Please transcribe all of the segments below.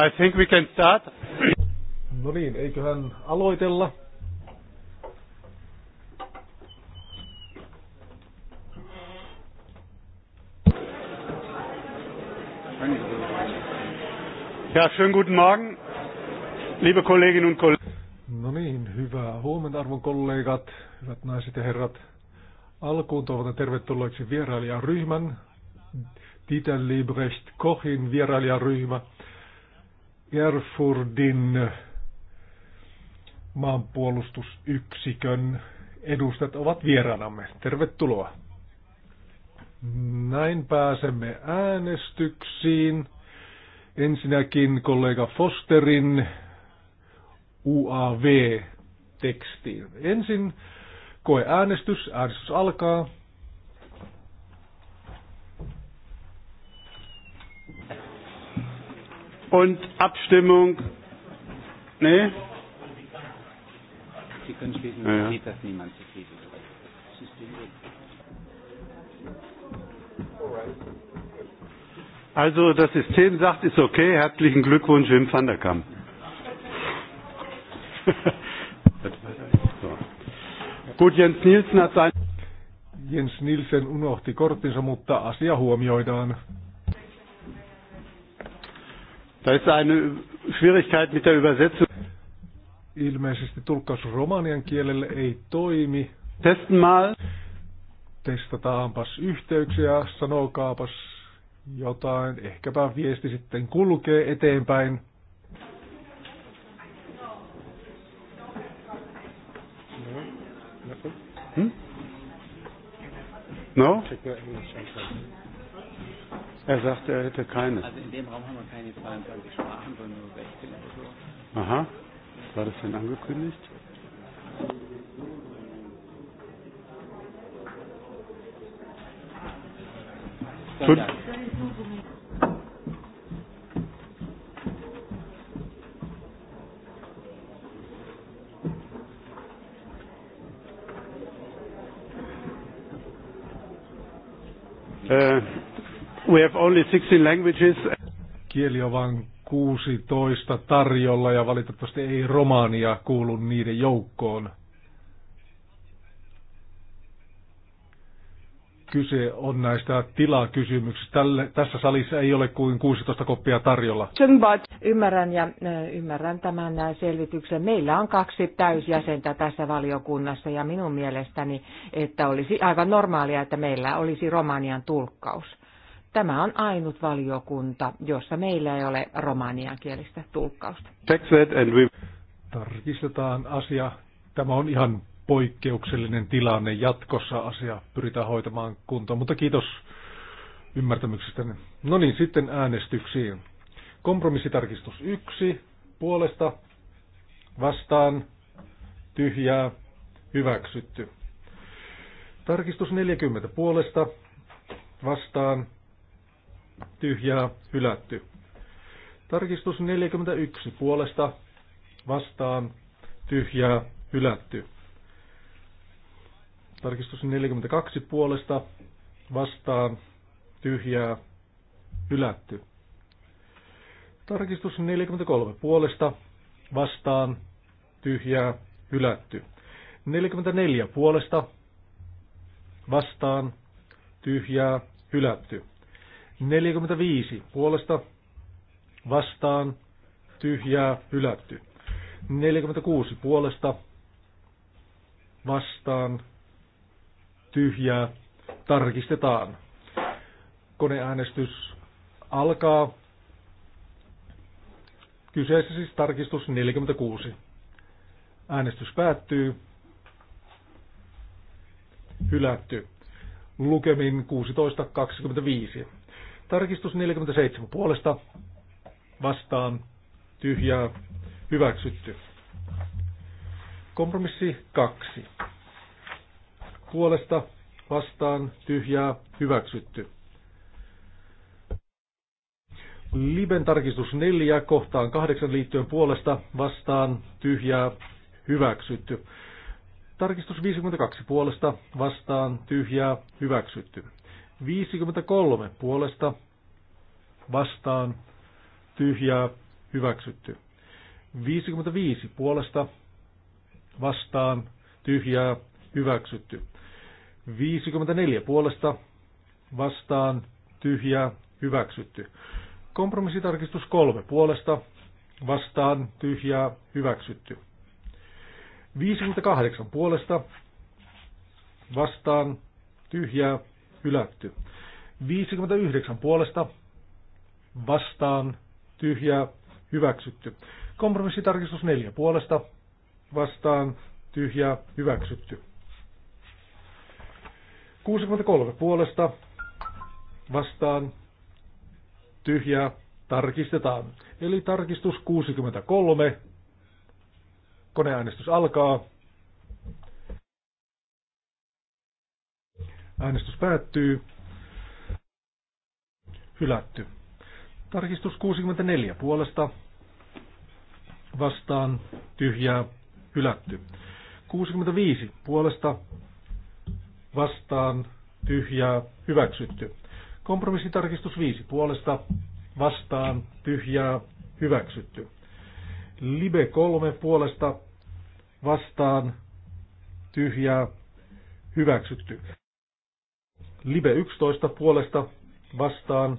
I think we can start. No niin, eiköhän aloitella. Ja, schönen guten Morgen, liebe Kolleginnen und Kollegen. No niin, hyvää huomenta arvon kollegat, hyvät naiset ja herrat. Alkuun toivotan tervetulleeksi vierailijaryhmän, Dieter Liebrecht Kohin vierailijaryhmä, Erfurdin maanpuolustusyksikön edustajat ovat vieraanamme. Tervetuloa. Näin pääsemme äänestyksiin. Ensinnäkin kollega Fosterin UAV-tekstiin. Ensin koeäänestys, äänestys alkaa. Und Abstimmung. Ne? Also das System sagt, ist okay. Herzlichen Glückwunsch, Wim van der Kamp. Gut, Jens Nielsen hat sein... Jens Nielsen unohti korttinsa, mutta asia huomioidaan. Da ist eine Schwierigkeit mit der Übersetzung. Ilmeisesti tulkkaus romanian kielelle ei toimi. Testen mal. Testataanpas yhteyksiä, sanokaapas jotain. Ehkäpä viesti sitten kulkee eteenpäin. Hmm? No? Er sagte, er hätte keine. Also in dem Raum haben wir keine 22 Sprachen, sondern nur 16 oder so. Aha. War das denn angekündigt? Sonntag. Gut. Uh, we have only 16 languages. Kieli on vain 16 tarjolla ja valitettavasti ei romaania kuulu niiden joukkoon. kyse on näistä tilakysymyksistä. Tälle, tässä salissa ei ole kuin 16 koppia tarjolla. Ymmärrän ja ymmärrän tämän selvityksen. Meillä on kaksi täysjäsentä tässä valiokunnassa ja minun mielestäni, että olisi aivan normaalia, että meillä olisi romanian tulkkaus. Tämä on ainut valiokunta, jossa meillä ei ole romaniankielistä tulkkausta. Tarkistetaan asia. Tämä on ihan poikkeuksellinen tilanne. Jatkossa asia pyritään hoitamaan kuntoon, mutta kiitos ymmärtämyksestä. No niin, sitten äänestyksiin. Kompromissitarkistus 1, puolesta, vastaan, tyhjää, hyväksytty. Tarkistus 40, puolesta, vastaan, tyhjää, hylätty. Tarkistus 41, puolesta, vastaan, tyhjää, hylätty. Tarkistus 42 puolesta vastaan tyhjää hylätty. Tarkistus 43 puolesta vastaan tyhjää hylätty. 44 puolesta vastaan tyhjää hylätty. 45 puolesta vastaan tyhjää hylätty. 46 puolesta vastaan tyhjää tarkistetaan. Koneäänestys alkaa. Kyseessä siis tarkistus 46. Äänestys päättyy. Hylätty. Lukemin 16.25. Tarkistus 47 puolesta vastaan tyhjää hyväksytty. Kompromissi 2 puolesta vastaan tyhjää hyväksytty. Liben tarkistus 4 kohtaan 8 liittyen puolesta vastaan tyhjää hyväksytty. Tarkistus 52 puolesta vastaan tyhjää hyväksytty. 53 puolesta vastaan tyhjää hyväksytty. 55 puolesta vastaan tyhjää hyväksytty. 54 puolesta vastaan tyhjää hyväksytty. Kompromissitarkistus 3 puolesta vastaan tyhjää hyväksytty. 58 puolesta vastaan tyhjää hylätty. 59 puolesta vastaan tyhjää hyväksytty. Kompromissitarkistus 4 puolesta vastaan tyhjää hyväksytty. 63 puolesta vastaan tyhjää tarkistetaan. Eli tarkistus 63. Koneäänestys alkaa. Äänestys päättyy. Hylätty. Tarkistus 64 puolesta vastaan tyhjää hylätty. 65 puolesta vastaan tyhjää hyväksytty. Kompromissitarkistus 5 puolesta vastaan tyhjää hyväksytty. Libe 3 puolesta vastaan tyhjää hyväksytty. Libe 11 puolesta vastaan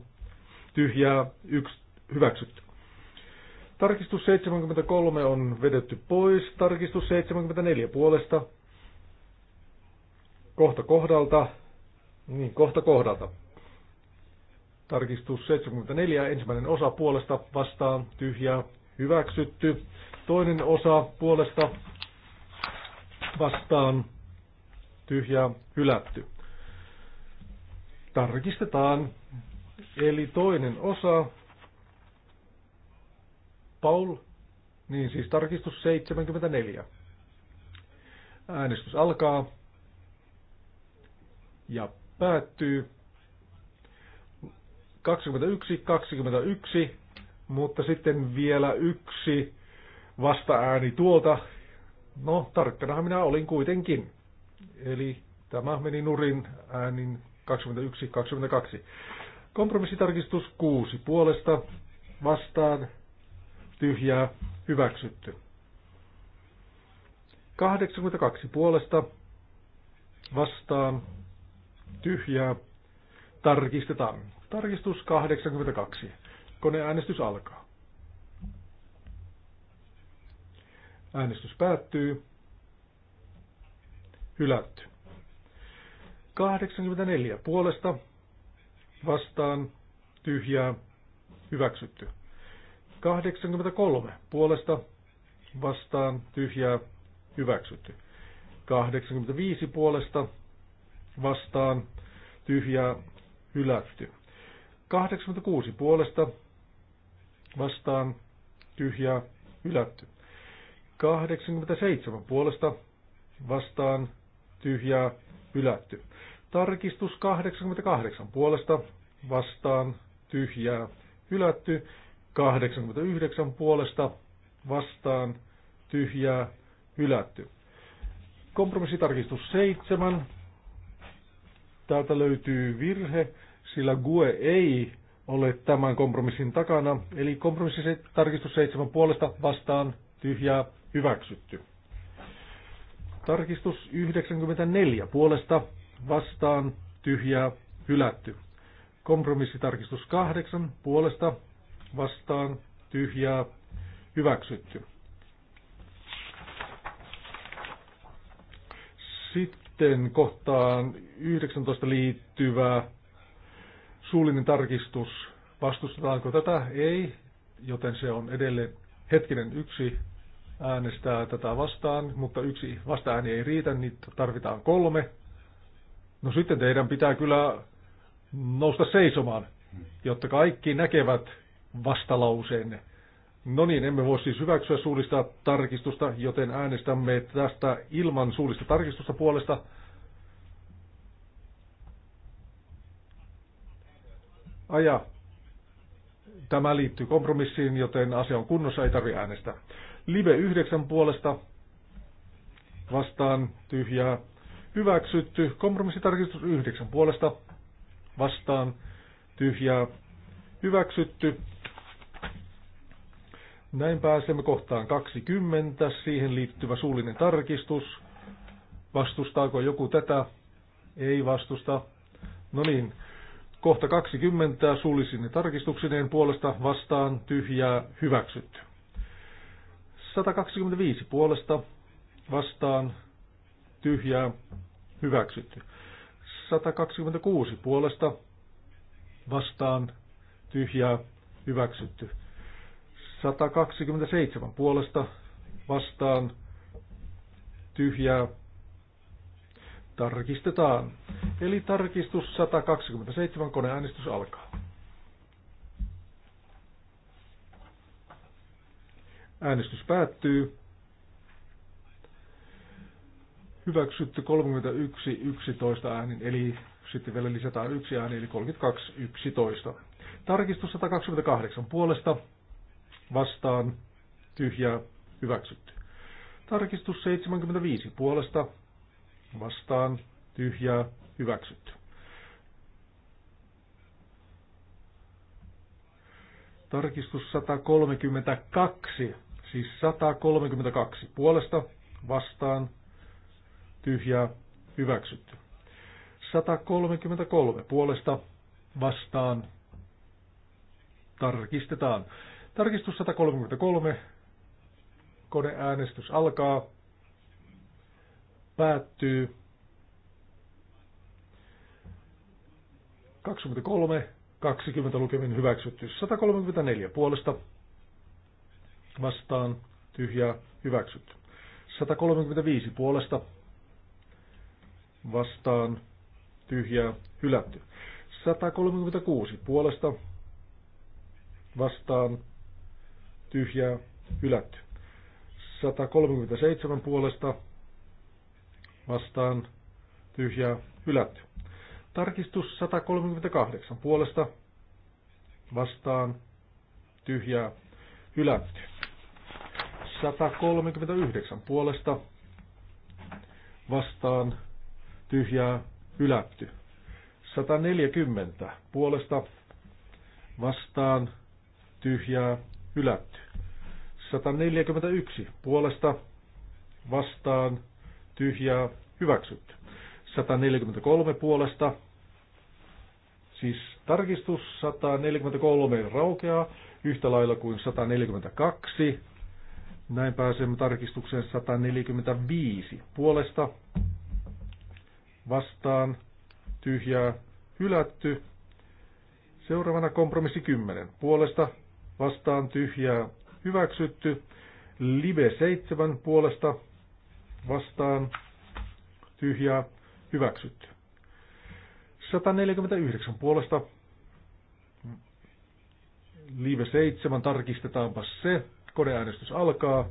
tyhjää yks, hyväksytty. Tarkistus 73 on vedetty pois. Tarkistus 74 puolesta kohta kohdalta, niin kohta kohdalta. Tarkistus 74, ensimmäinen osa puolesta vastaan, tyhjää, hyväksytty. Toinen osa puolesta vastaan, tyhjää, hylätty. Tarkistetaan. Eli toinen osa. Paul, niin siis tarkistus 74. Äänestys alkaa ja päättyy 21, 21, mutta sitten vielä yksi vastaääni tuolta. No, tarkkanahan minä olin kuitenkin. Eli tämä meni nurin äänin 21, 22. Kompromissitarkistus 6 puolesta vastaan tyhjää hyväksytty. 82 puolesta vastaan tyhjää. Tarkistetaan. Tarkistus 82. Koneäänestys alkaa. Äänestys päättyy. Hylätty. 84 puolesta vastaan tyhjää hyväksytty. 83 puolesta vastaan tyhjää hyväksytty. 85 puolesta vastaan tyhjää hylätty. 86 puolesta vastaan tyhjää hylätty. 87 puolesta vastaan tyhjää hylätty. Tarkistus 88 puolesta vastaan tyhjää hylätty. 89 puolesta vastaan tyhjää hylätty. Kompromissitarkistus 7 täältä löytyy virhe, sillä GUE ei ole tämän kompromissin takana, eli kompromissi tarkistus 7 puolesta vastaan tyhjää hyväksytty. Tarkistus 94 puolesta vastaan tyhjää hylätty. Kompromissitarkistus 8 puolesta vastaan tyhjää hyväksytty. Sitten sitten kohtaan 19 liittyvä suullinen tarkistus. Vastustetaanko tätä? Ei, joten se on edelleen hetkinen yksi äänestää tätä vastaan, mutta yksi vastaääni ei riitä, niin tarvitaan kolme. No sitten teidän pitää kyllä nousta seisomaan, jotta kaikki näkevät vastalauseenne. No niin, emme voi siis hyväksyä suullista tarkistusta, joten äänestämme tästä ilman suullista tarkistusta puolesta. Aja. Tämä liittyy kompromissiin, joten asia on kunnossa, ei tarvitse äänestää. Live 9 puolesta vastaan tyhjää hyväksytty. Kompromissitarkistus 9 puolesta vastaan tyhjää hyväksytty. Näin pääsemme kohtaan 20, siihen liittyvä suullinen tarkistus. Vastustaako joku tätä? Ei vastusta. No niin, kohta 20 suullisin tarkistuksineen puolesta vastaan tyhjää hyväksytty. 125 puolesta vastaan tyhjää hyväksytty. 126 puolesta vastaan tyhjää hyväksytty. 127 puolesta vastaan tyhjää tarkistetaan. Eli tarkistus 127, koneäänestys alkaa. Äänestys päättyy. Hyväksytty 31, 11 äänin, eli sitten vielä lisätään yksi ääni, eli 32, 11. Tarkistus 128 puolesta vastaan tyhjää hyväksytty. Tarkistus 75 puolesta vastaan tyhjää hyväksytty. Tarkistus 132, siis 132 puolesta vastaan tyhjää hyväksytty. 133 puolesta vastaan tarkistetaan. Tarkistus 133. Koneäänestys alkaa. Päättyy. 23, 20 lukemin hyväksytty. 134 puolesta vastaan tyhjää hyväksytty. 135 puolesta vastaan tyhjää hylätty. 136 puolesta vastaan tyhjää hylätty. 137 puolesta vastaan tyhjää hylätty. Tarkistus 138 puolesta vastaan tyhjää hylätty. 139 puolesta vastaan tyhjää hylätty. 140 puolesta vastaan tyhjää hylätty. 141 puolesta vastaan tyhjää hyväksytty. 143 puolesta, siis tarkistus 143 raukeaa yhtä lailla kuin 142. Näin pääsemme tarkistukseen 145 puolesta vastaan tyhjää hylätty. Seuraavana kompromissi 10 puolesta vastaan tyhjää hyväksytty. Live 7 puolesta vastaan tyhjää hyväksytty. 149 puolesta Live 7, tarkistetaanpa se. Kodeäänestys alkaa.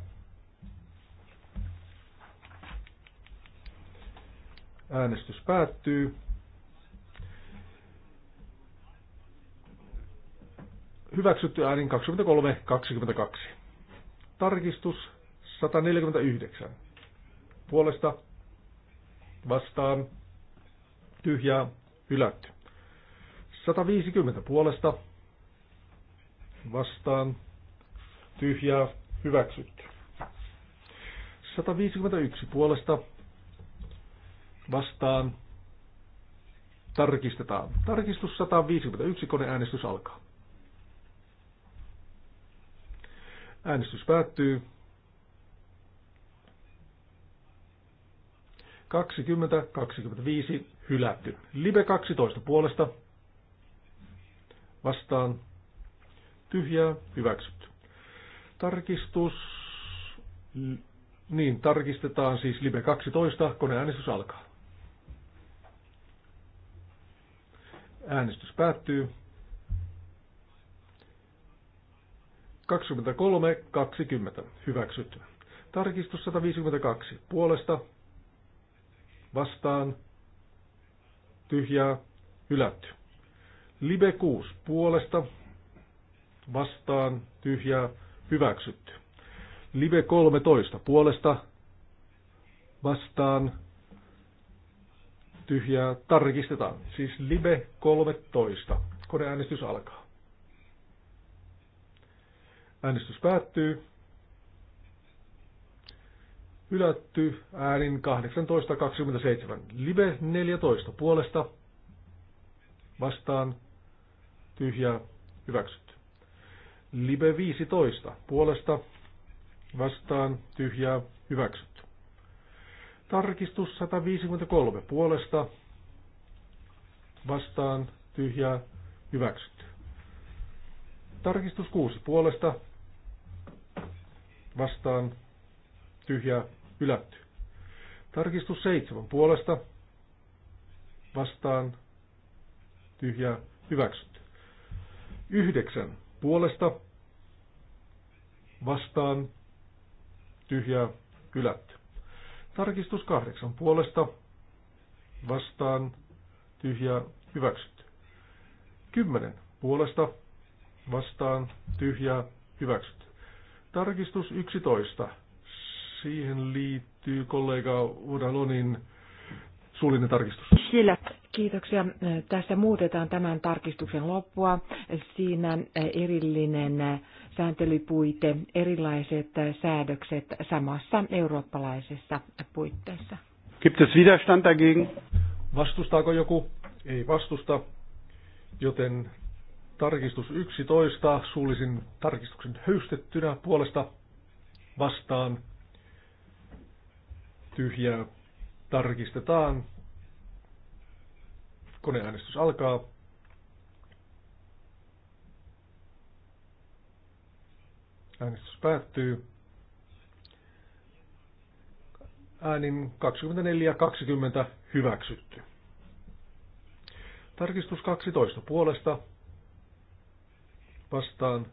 Äänestys päättyy. Hyväksytty äänin 23-22. Tarkistus 149. Puolesta vastaan tyhjää hylätty. 150 puolesta vastaan tyhjää hyväksytty. 151 puolesta vastaan tarkistetaan. Tarkistus 151, koneäänestys alkaa. Äänestys päättyy. 20-25 hylätty. Live 12 puolesta vastaan tyhjää hyväksytty. Tarkistus, niin tarkistetaan siis Live 12, koneäänestys alkaa. Äänestys päättyy. 23.20. Hyväksytty. Tarkistus 152. Puolesta. Vastaan. Tyhjää. Hylätty. Libe 6. Puolesta. Vastaan. Tyhjää. Hyväksytty. Live 13 puolesta vastaan tyhjää tarkistetaan. Siis Live 13. Koneäänestys alkaa. Äänestys päättyy. Hylätty äänin 18.27. Live 14 puolesta. Vastaan. Tyhjää. Hyväksytty. Live 15 puolesta. Vastaan. Tyhjää. Hyväksytty. Tarkistus 153 puolesta. Vastaan. Tyhjää. Hyväksytty. Tarkistus 6 puolesta vastaan tyhjää hylätty. Tarkistus 7 puolesta vastaan tyhjää hyväksytty. 9 puolesta vastaan tyhjää hylätty. Tarkistus 8 puolesta vastaan tyhjää hyväksytty. 10 puolesta vastaan tyhjää hyväksytty. Tarkistus 11. Siihen liittyy kollega Udalonin suullinen tarkistus. Kyllä, Kiitoksia. Tässä muutetaan tämän tarkistuksen loppua. Siinä erillinen sääntelypuite, erilaiset säädökset samassa eurooppalaisessa puitteissa. Gibt es Widerstand dagegen? Vastustaako joku? Ei vastusta, joten Tarkistus 11, suullisin tarkistuksen höystettynä puolesta vastaan tyhjää tarkistetaan. Koneäänestys alkaa. Äänestys päättyy. Äänin 24-20 hyväksytty. Tarkistus 12 puolesta vastaan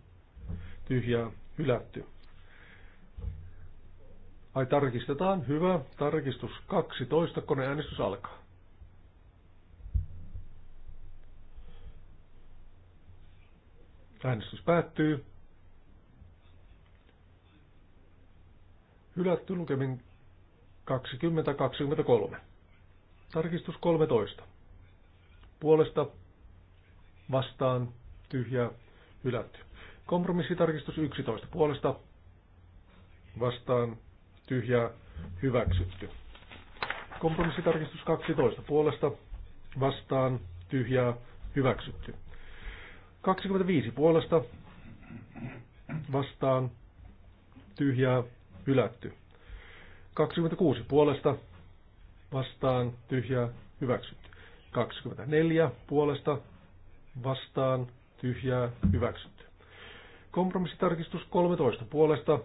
tyhjää hylätty. Ai tarkistetaan, hyvä. Tarkistus 12, koneäänestys alkaa. Äänestys päättyy. Hylätty lukemin 20-23. Tarkistus 13. Puolesta vastaan tyhjää Hylätty. Kompromissitarkistus 11 puolesta vastaan tyhjää hyväksytty. Kompromissitarkistus 12 puolesta vastaan tyhjää hyväksytty. 25 puolesta vastaan tyhjää hylätty. 26 puolesta vastaan tyhjää hyväksytty. 24 puolesta vastaan tyhjää hyväksytty. Kompromissitarkistus 13 puolesta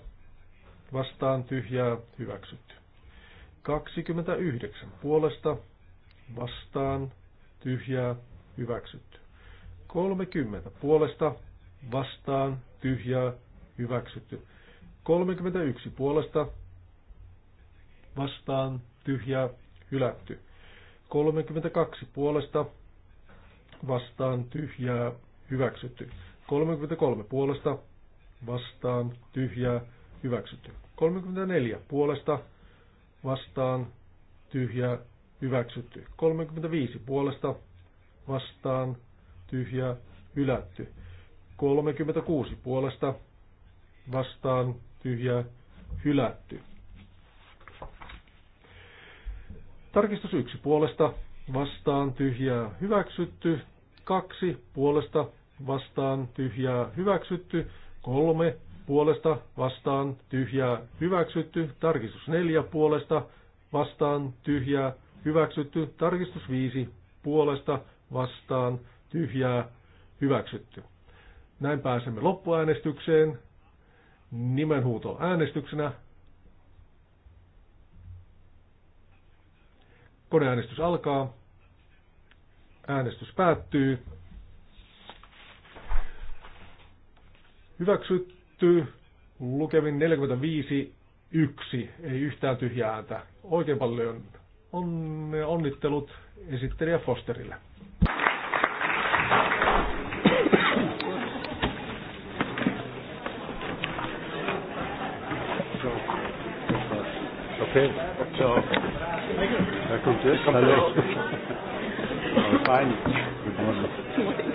vastaan tyhjää hyväksytty. 29 puolesta vastaan tyhjää hyväksytty. 30 puolesta vastaan tyhjää hyväksytty. 31 puolesta vastaan tyhjää hylätty. 32 puolesta vastaan tyhjää hyväksytty. 33 puolesta vastaan tyhjää hyväksytty. 34 puolesta vastaan tyhjää hyväksytty. 35 puolesta vastaan tyhjää hylätty. 36 puolesta vastaan tyhjää hylätty. Tarkistus 1 puolesta vastaan tyhjää hyväksytty. 2 puolesta vastaan tyhjää hyväksytty, kolme puolesta vastaan tyhjää hyväksytty, tarkistus neljä puolesta vastaan tyhjää hyväksytty, tarkistus viisi puolesta vastaan tyhjää hyväksytty. Näin pääsemme loppuäänestykseen nimenhuuto äänestyksenä. Koneäänestys alkaa. Äänestys päättyy. Hyväksytty Lukevin 45 yksi, ei yhtään tyhjää ääntä. Oikein paljon on, onnittelut esittelijä Fosterille. Okay. So, da kommt jetzt. Hallo. Fein. Guten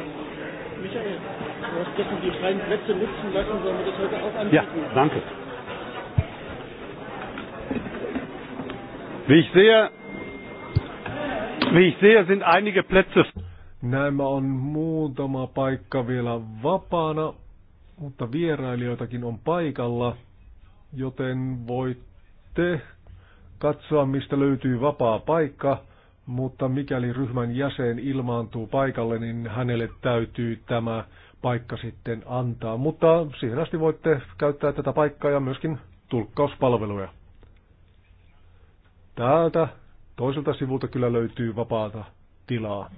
Michael, du hast gestern die freien Plätze nutzen lassen, sollen wir das heute auch anbieten? Ja, danke. Wie ich sehe, wie ich sehe, sind einige Plätze. Näin on muutama paikka vielä vapaana, mutta vierailijoitakin on paikalla, joten voitte katsoa, mistä löytyy vapaa paikka mutta mikäli ryhmän jäsen ilmaantuu paikalle, niin hänelle täytyy tämä paikka sitten antaa. Mutta siihen asti voitte käyttää tätä paikkaa ja myöskin tulkkauspalveluja. Täältä toiselta sivulta kyllä löytyy vapaata tilaa.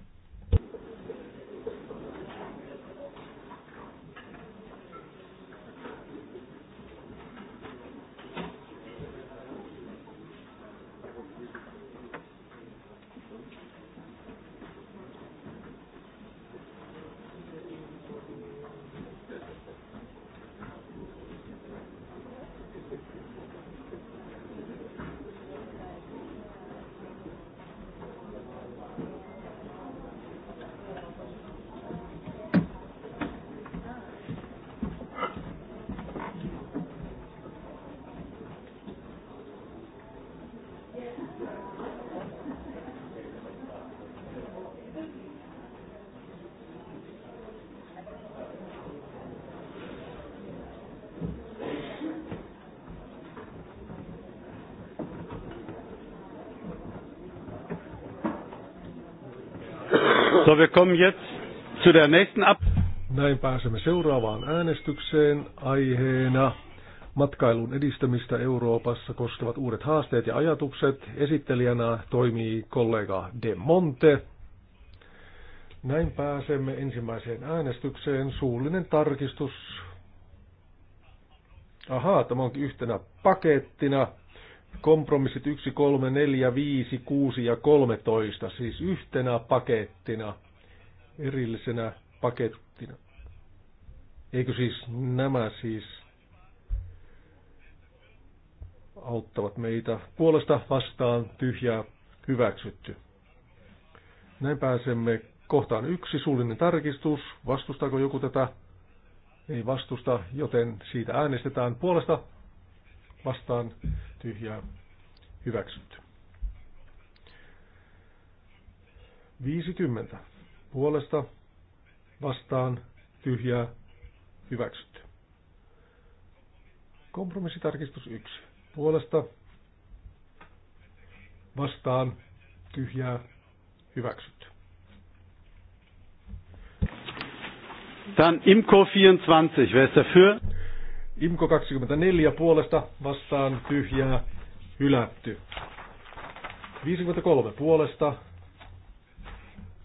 wir kommen jetzt zu der nächsten Ab Näin pääsemme seuraavaan äänestykseen aiheena matkailun edistämistä Euroopassa koskevat uudet haasteet ja ajatukset. Esittelijänä toimii kollega De Monte. Näin pääsemme ensimmäiseen äänestykseen. Suullinen tarkistus. Ahaa, tämä onkin yhtenä pakettina. Kompromissit 1, 3, 4, 5, 6 ja 13, siis yhtenä pakettina erillisenä pakettina. Eikö siis nämä siis auttavat meitä puolesta vastaan tyhjää hyväksytty. Näin pääsemme kohtaan yksi suullinen tarkistus. Vastustaako joku tätä? Ei vastusta, joten siitä äänestetään puolesta vastaan tyhjää hyväksytty. 50 puolesta vastaan tyhjää hyväksytty. Kompromissitarkistus 1 puolesta vastaan tyhjää hyväksytty. Dann Imko 24, wer ist dafür? Imko 24 puolesta vastaan tyhjää hylätty. 53 puolesta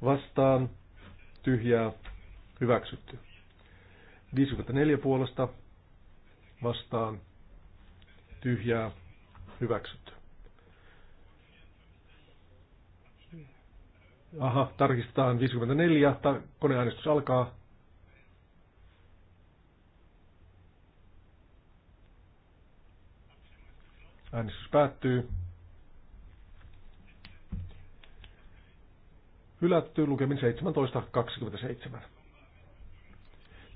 vastaan tyhjää, hyväksytty. 54 puolesta vastaan, tyhjää, hyväksytty. Aha, tarkistetaan 54, ta- koneäänestys alkaa. Äänestys päättyy. Hylätty lukemin 17.27.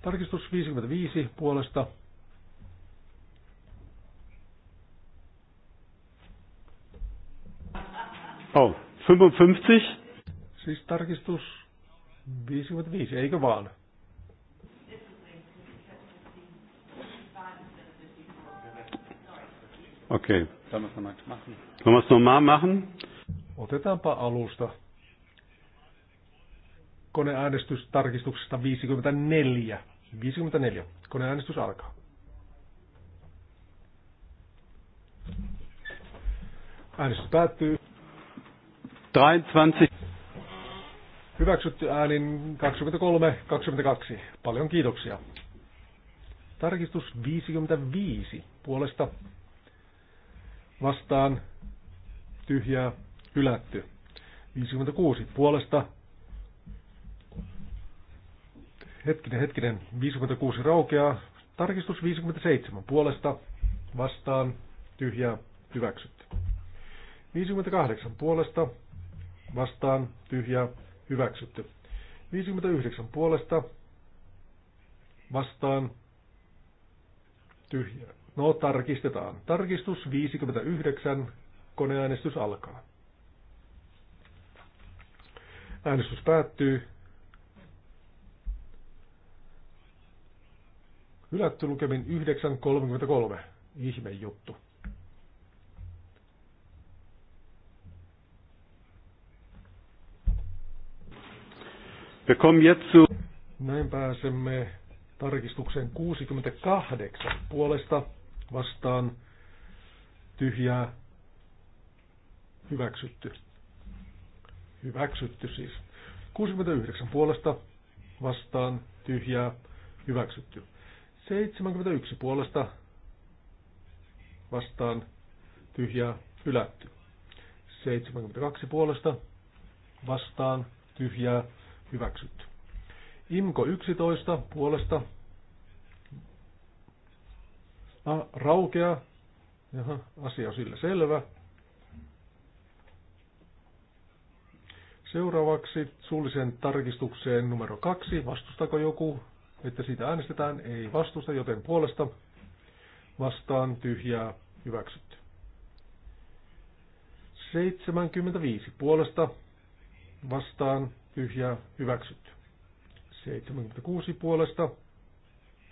Tarkistus 55 puolesta Oh, 55? Siis tarkistus 55, eikö vaan? Okei. Okay. Sollen wir es nochmal machen? alusta koneäänestys tarkistuksesta 54. 54. Koneäänestys alkaa. Äänestys päättyy. 23. Hyväksytty äänin 23-22. Paljon kiitoksia. Tarkistus 55 puolesta vastaan tyhjää hylätty. 56 puolesta Hetkinen, hetkinen. 56 raukeaa. Tarkistus 57. Puolesta vastaan tyhjää hyväksytty. 58. Puolesta vastaan tyhjää hyväksytty. 59. Puolesta vastaan tyhjää. No tarkistetaan. Tarkistus 59. Koneäänestys alkaa. Äänestys päättyy. Hylätty lukemin 9.33. Ihme juttu. Näin pääsemme tarkistukseen 68 puolesta vastaan tyhjää hyväksytty. Hyväksytty siis. 69 puolesta vastaan tyhjää hyväksytty. 71 puolesta vastaan tyhjää hylätty. 72 puolesta vastaan tyhjää hyväksytty. Imko 11 puolesta a raukea. Jaha, asia on sillä selvä. Seuraavaksi suullisen tarkistukseen numero kaksi. Vastustako joku? että siitä äänestetään ei vastusta, joten puolesta vastaan tyhjää hyväksytty. 75 puolesta vastaan tyhjää hyväksytty. 76 puolesta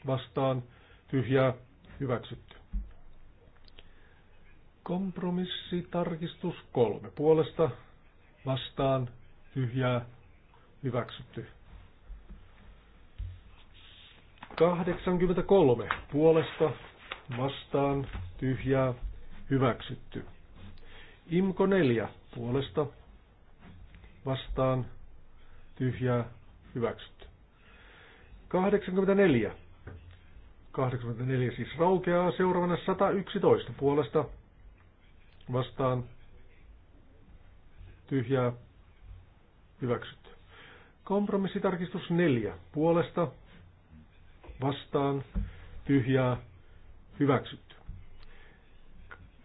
vastaan tyhjää hyväksytty. Kompromissi tarkistus kolme puolesta vastaan tyhjää hyväksytty. 83 puolesta vastaan tyhjää hyväksytty. Imko 4 puolesta vastaan tyhjää hyväksytty. 84. 84 siis raukeaa seuraavana 111 puolesta vastaan tyhjää hyväksytty. Kompromissitarkistus 4 puolesta vastaan tyhjää hyväksytty.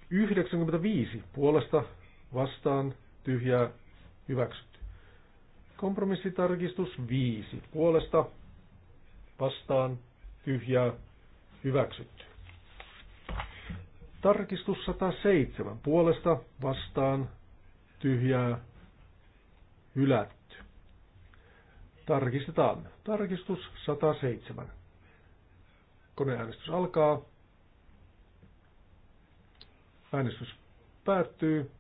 95 puolesta vastaan tyhjää hyväksytty. Kompromissitarkistus 5 puolesta vastaan tyhjää hyväksytty. Tarkistus 107 puolesta vastaan tyhjää hylätty. Tarkistetaan. Tarkistus 107. Koneäänestys alkaa. Äänestys päättyy.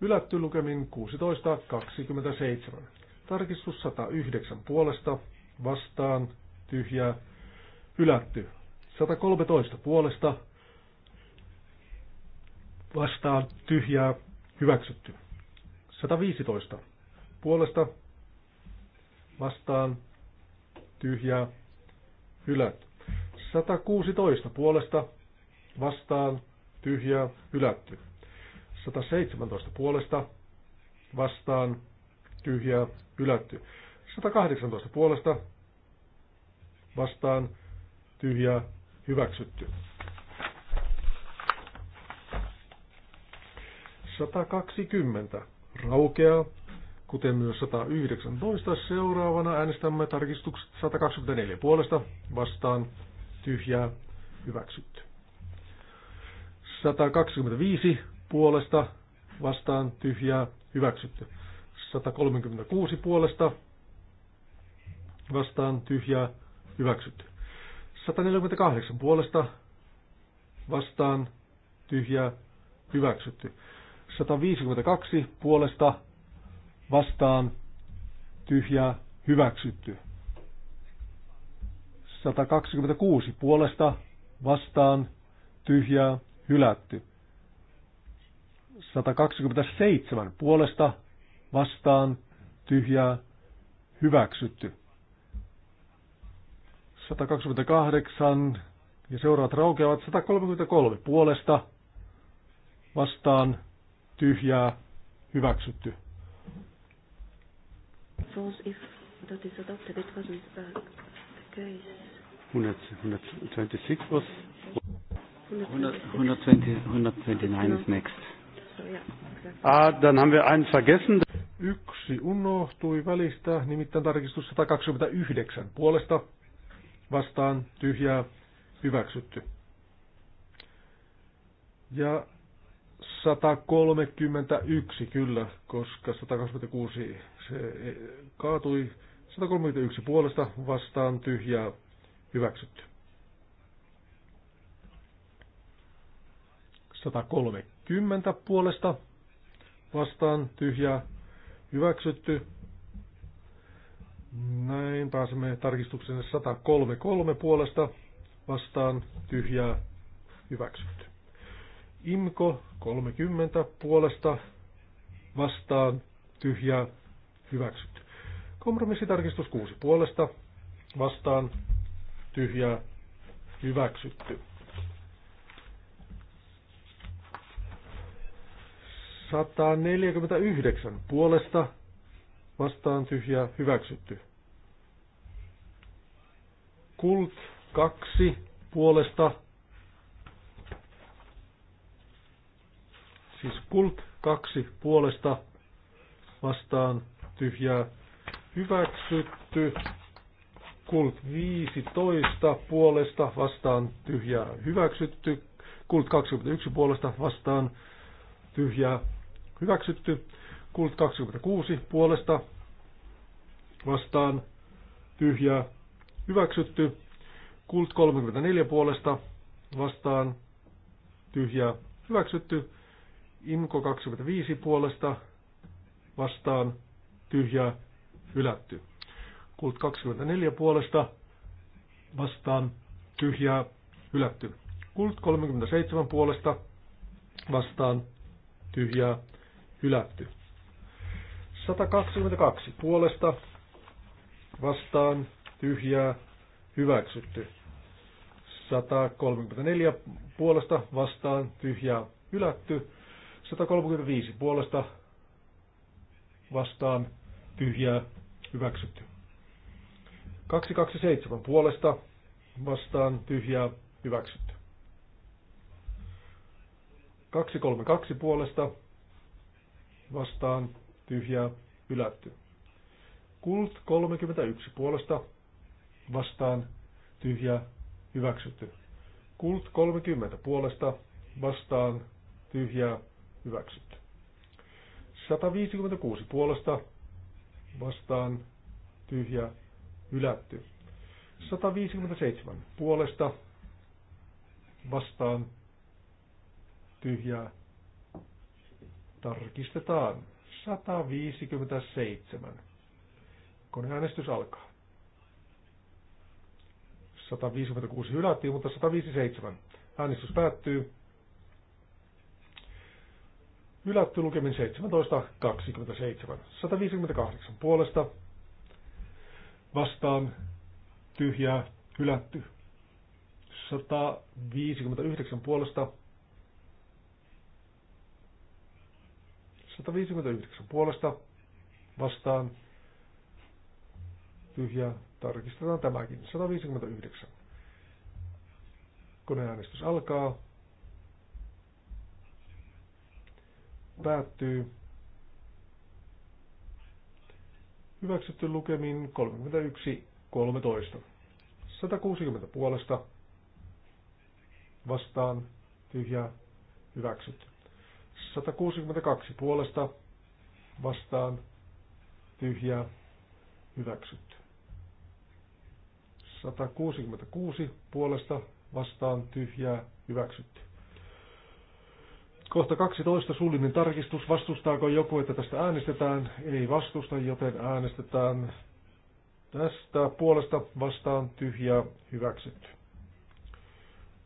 Ylätty lukemin 16.27. Tarkistus 109 puolesta, vastaan, tyhjää, Ylätty. 113 puolesta, vastaan, tyhjää, hyväksytty. 115 puolesta, vastaan tyhjää hylätty. 116 puolesta vastaan tyhjää hylätty. 117 puolesta vastaan tyhjää hylätty. 118 puolesta vastaan tyhjää hyväksytty. 120 raukeaa kuten myös 119. Seuraavana äänestämme tarkistukset 124 puolesta vastaan tyhjää hyväksytty. 125 puolesta vastaan tyhjää hyväksytty. 136 puolesta vastaan tyhjää hyväksytty. 148 puolesta vastaan tyhjää hyväksytty. 152 puolesta vastaan tyhjää hyväksytty. 126 puolesta vastaan tyhjää hylätty. 127 puolesta vastaan tyhjää hyväksytty. 128 ja seuraavat raukeavat 133 puolesta vastaan tyhjää hyväksytty falls if that is adopted. It wasn't uh, the case. 126 was. 120, 129 no. is next. So, yeah, exactly. Ah, Yksi unohtui välistä, nimittäin tarkistus 129. Puolesta vastaan tyhjää hyväksytty. Ja 131 kyllä, koska 126 se eh, kaatui. 131 puolesta vastaan tyhjää hyväksytty. 130 puolesta vastaan tyhjää hyväksytty. Näin pääsemme tarkistukseen 133 puolesta vastaan tyhjää hyväksytty. Imko 30 puolesta vastaan tyhjää hyväksytty. Kompromissitarkistus 6 puolesta vastaan tyhjää hyväksytty. 149 puolesta vastaan tyhjää hyväksytty. Kult 2 puolesta Siis kult kaksi puolesta vastaan tyhjää hyväksytty. Kult 15 puolesta vastaan tyhjää hyväksytty. Kult 21 puolesta vastaan tyhjää hyväksytty. Kult 26 puolesta vastaan tyhjää hyväksytty. Kult 34 puolesta vastaan tyhjää hyväksytty. Imko 25 puolesta vastaan tyhjää hylätty. Kult 24 puolesta vastaan tyhjää hylätty. Kult 37 puolesta vastaan tyhjää hylätty. 122 puolesta vastaan tyhjää hyväksytty. 134 puolesta vastaan tyhjää hylätty. 135 puolesta vastaan tyhjää hyväksytty. 227 puolesta vastaan tyhjää hyväksytty. 232 puolesta vastaan tyhjää hylätty. Kult 31 puolesta vastaan tyhjää hyväksytty. Kult 30 puolesta vastaan tyhjää Hyväksytty. 156 puolesta vastaan tyhjä hylätty. 157 puolesta vastaan tyhjä tarkistetaan. 157. Koneäänestys alkaa. 156 hylättiin, mutta 157. Äänestys päättyy. Ylätty lukemin 17.27. 158 puolesta vastaan tyhjää hylätty. 159 puolesta 159 puolesta vastaan tyhjää. Tarkistetaan tämäkin. 159. Koneäänestys alkaa. päättyy. Hyväksytty lukemin 31 13. 160 puolesta vastaan tyhjä hyväksytty. 162 puolesta vastaan tyhjä hyväksytty. 166 puolesta vastaan tyhjää hyväksytty. Kohta 12 suullinen tarkistus. Vastustaako joku, että tästä äänestetään? Ei vastusta, joten äänestetään tästä puolesta vastaan tyhjä hyväksytty.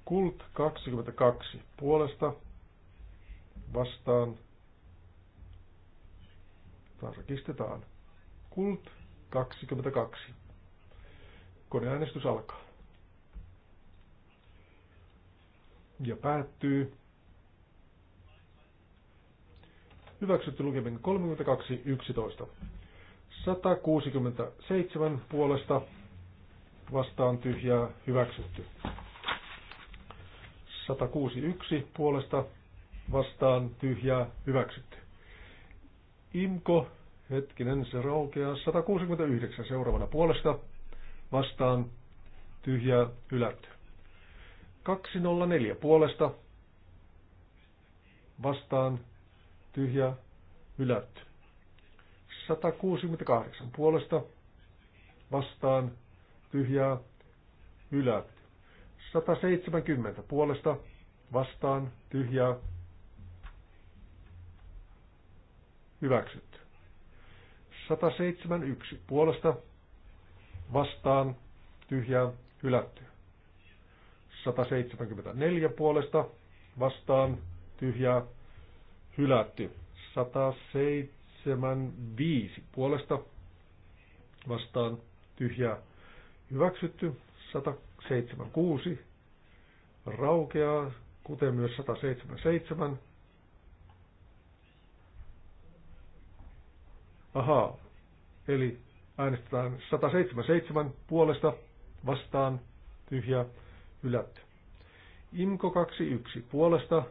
Kult 22 puolesta vastaan tarkistetaan. Kult 22. Koneäänestys alkaa. Ja päättyy Hyväksytty lukemin 32.11. 167 puolesta vastaan tyhjää hyväksytty. 161 puolesta vastaan tyhjää hyväksytty. Imko, hetkinen, se raukeaa. 169 seuraavana puolesta vastaan tyhjää hylätty. 204 puolesta vastaan tyhjää, hylätty. 168 puolesta vastaan tyhjää, hylätty. 170 puolesta vastaan tyhjää, hyväksytty. 171 puolesta vastaan tyhjää, hylätty. 174 puolesta vastaan tyhjää, hylätty. 175 puolesta vastaan tyhjää hyväksytty. 176 raukeaa, kuten myös 177. Ahaa, eli äänestetään 177 puolesta vastaan tyhjää hylätty. Imko 21 puolesta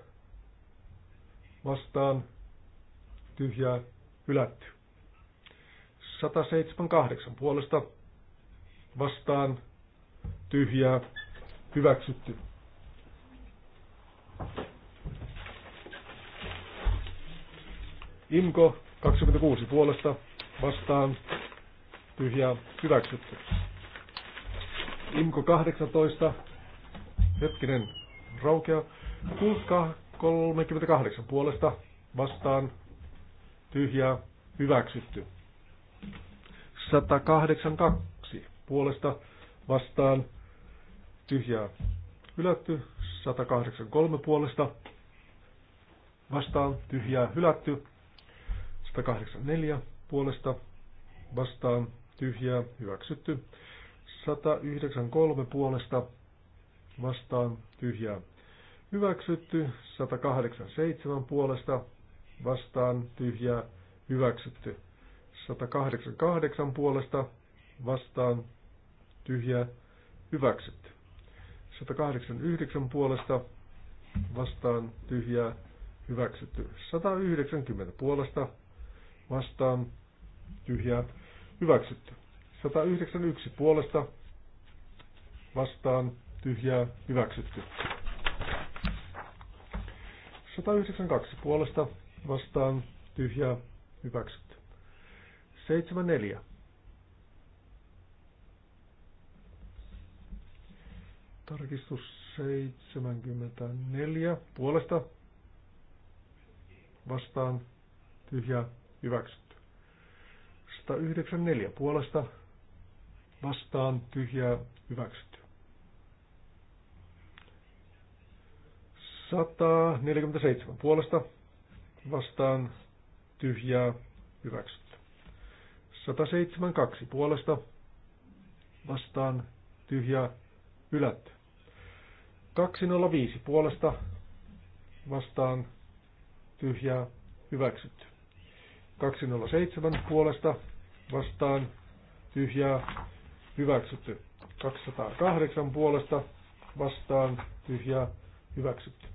vastaan tyhjää hylätty. 178 puolesta vastaan tyhjää hyväksytty. Imko 26 puolesta vastaan tyhjää hyväksytty. Imko 18, hetkinen, raukea. 38 puolesta vastaan tyhjää hyväksytty. 182 puolesta vastaan tyhjää hylätty. 183 puolesta vastaan tyhjää hylätty. 184 puolesta vastaan tyhjää hyväksytty. 193 puolesta vastaan tyhjää hyväksytty, 187 puolesta vastaan tyhjää hyväksytty, 188 puolesta vastaan tyhjää hyväksytty, 189 puolesta vastaan tyhjää hyväksytty, 190 puolesta vastaan tyhjää hyväksytty, 191 puolesta vastaan tyhjää hyväksytty. 192 puolesta vastaan tyhjää hyväksytty. 74. Tarkistus 74 puolesta vastaan tyhjää hyväksytty. 194 puolesta vastaan tyhjää hyväksytty. 147 puolesta vastaan tyhjää hyväksytty. 172 puolesta vastaan tyhjää hylätty. 205 puolesta vastaan tyhjää hyväksytty. 207 puolesta vastaan tyhjää hyväksytty. 208 puolesta vastaan tyhjää hyväksytty.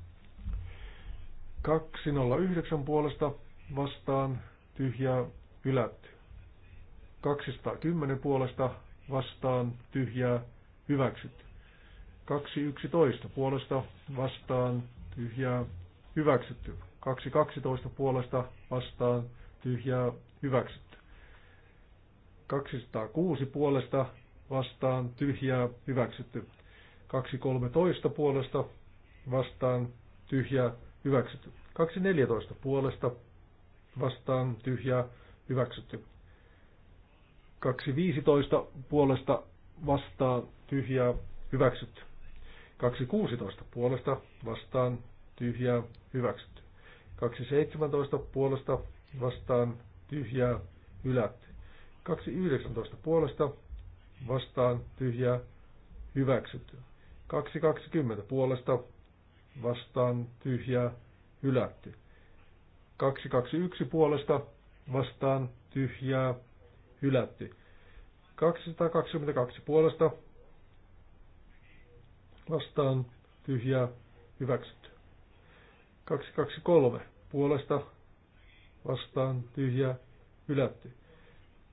209 puolesta vastaan tyhjää hylätty. 210 puolesta vastaan tyhjää hyväksytty. 211 puolesta vastaan tyhjää hyväksytty. 212 puolesta vastaan tyhjää hyväksytty. 206 puolesta vastaan tyhjää hyväksytty. 213 puolesta vastaan tyhjää hyväksytty. 2.14 puolesta vastaan tyhjää hyväksytty. 2.15 puolesta vastaan tyhjää hyväksytty. 2.16 puolesta vastaan tyhjää hyväksytty. 2.17 puolesta vastaan tyhjää hylätty. 2.19 puolesta vastaan tyhjää hyväksytty. 2.20 puolesta vastaan tyhjää hylätty. 221 puolesta vastaan tyhjää hylätty. 222 puolesta vastaan tyhjää hyväksytty. 223 puolesta vastaan tyhjää hylätty.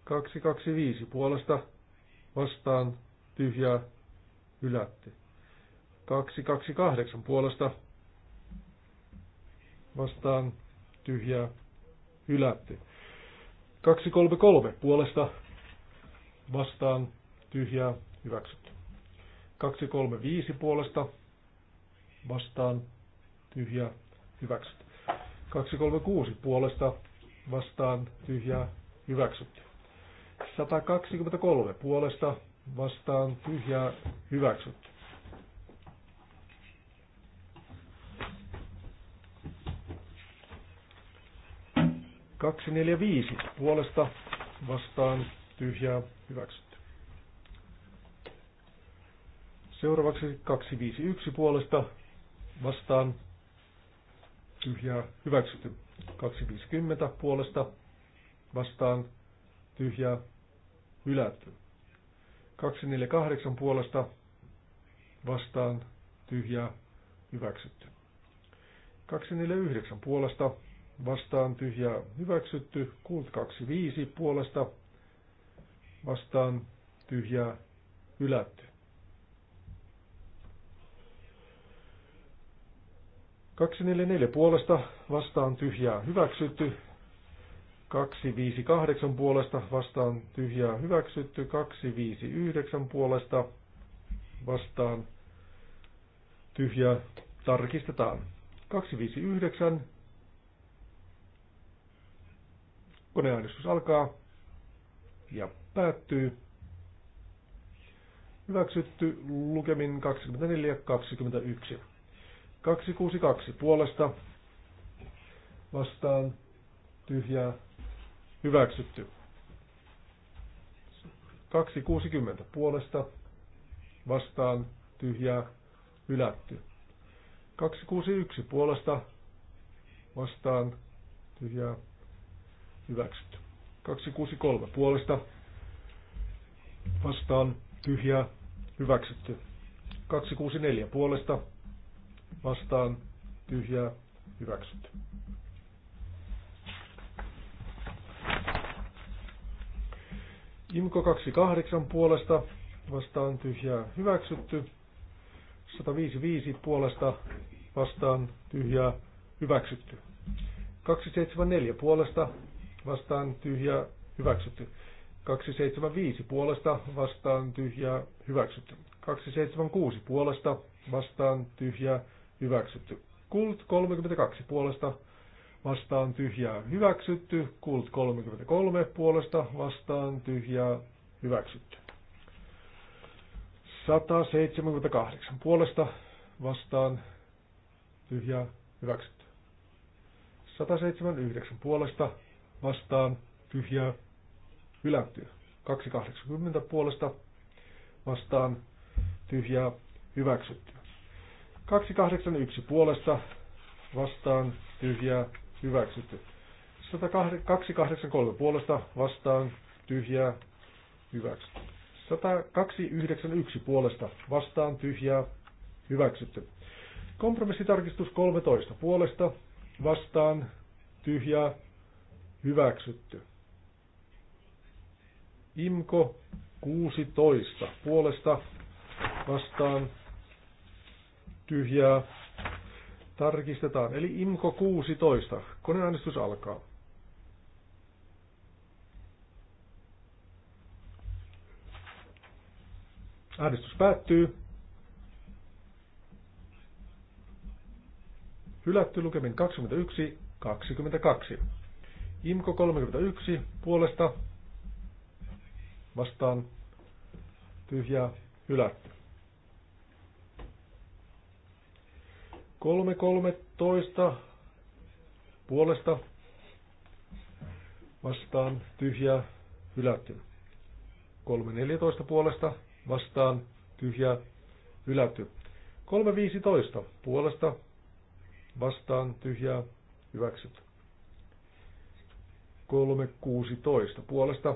225 puolesta vastaan tyhjää hylätty. 228 puolesta vastaan tyhjää hylätty. 233 puolesta vastaan tyhjää hyväksytty. 235 puolesta vastaan tyhjää hyväksytty. 236 puolesta vastaan tyhjää hyväksytty. 123 puolesta vastaan tyhjää hyväksytty. 245 puolesta vastaan tyhjää hyväksytty. Seuraavaksi 251 puolesta vastaan tyhjää hyväksytty. 250 puolesta vastaan tyhjää hylätty. 248 puolesta vastaan tyhjää hyväksytty. 249 puolesta vastaan tyhjää hyväksytty, kult 25 puolesta vastaan tyhjää hylätty. 244 puolesta vastaan tyhjää hyväksytty. 258 puolesta vastaan tyhjää hyväksytty. 259 puolesta vastaan tyhjää tarkistetaan. 259 Koneäänestys alkaa ja päättyy. Hyväksytty lukemin 24-21. 262 puolesta vastaan tyhjää hyväksytty. 260 puolesta vastaan tyhjää hylätty. 261 puolesta vastaan tyhjää hyväksytty. 263 puolesta vastaan tyhjää hyväksytty. 264 puolesta vastaan tyhjää hyväksytty. Imko 28 puolesta vastaan tyhjää hyväksytty. 155 puolesta vastaan tyhjää hyväksytty. 274 puolesta vastaan tyhjää hyväksytty. 275 puolesta vastaan tyhjää hyväksytty. 276 puolesta vastaan tyhjää hyväksytty. Kult 32 puolesta vastaan tyhjää hyväksytty. Kult 33 puolesta vastaan tyhjää hyväksytty. 178 puolesta vastaan tyhjää hyväksytty. 179 puolesta vastaan tyhjää hylättyä. 280 puolesta vastaan tyhjää hyväksyttyä. 281 puolesta vastaan tyhjää hyväksytty. 283 puolesta vastaan tyhjää hyväksytty. 1291 puolesta vastaan tyhjää hyväksytty. Kompromissitarkistus 13 puolesta vastaan tyhjää Hyväksytty. Imko 16 puolesta vastaan tyhjää tarkistetaan. Eli IMKO 16. Koneäänestys alkaa. Äänestys päättyy. Hylätty lukemin 21, 22. Imko 31 puolesta vastaan tyhjää hylätty. 3.13 puolesta vastaan tyhjää hylätty. 3.14 puolesta vastaan tyhjää hylätty. 3.15 puolesta vastaan tyhjää hyväksytty. 316 puolesta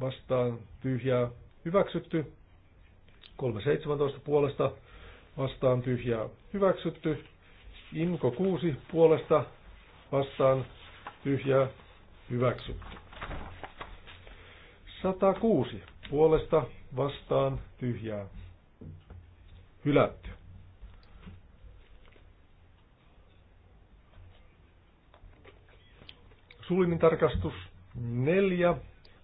vastaan tyhjää hyväksytty. 317 puolesta vastaan tyhjää hyväksytty. Inko 6 puolesta vastaan tyhjää hyväksytty. 106 puolesta vastaan tyhjää hylätty. Sulimin tarkastus 4.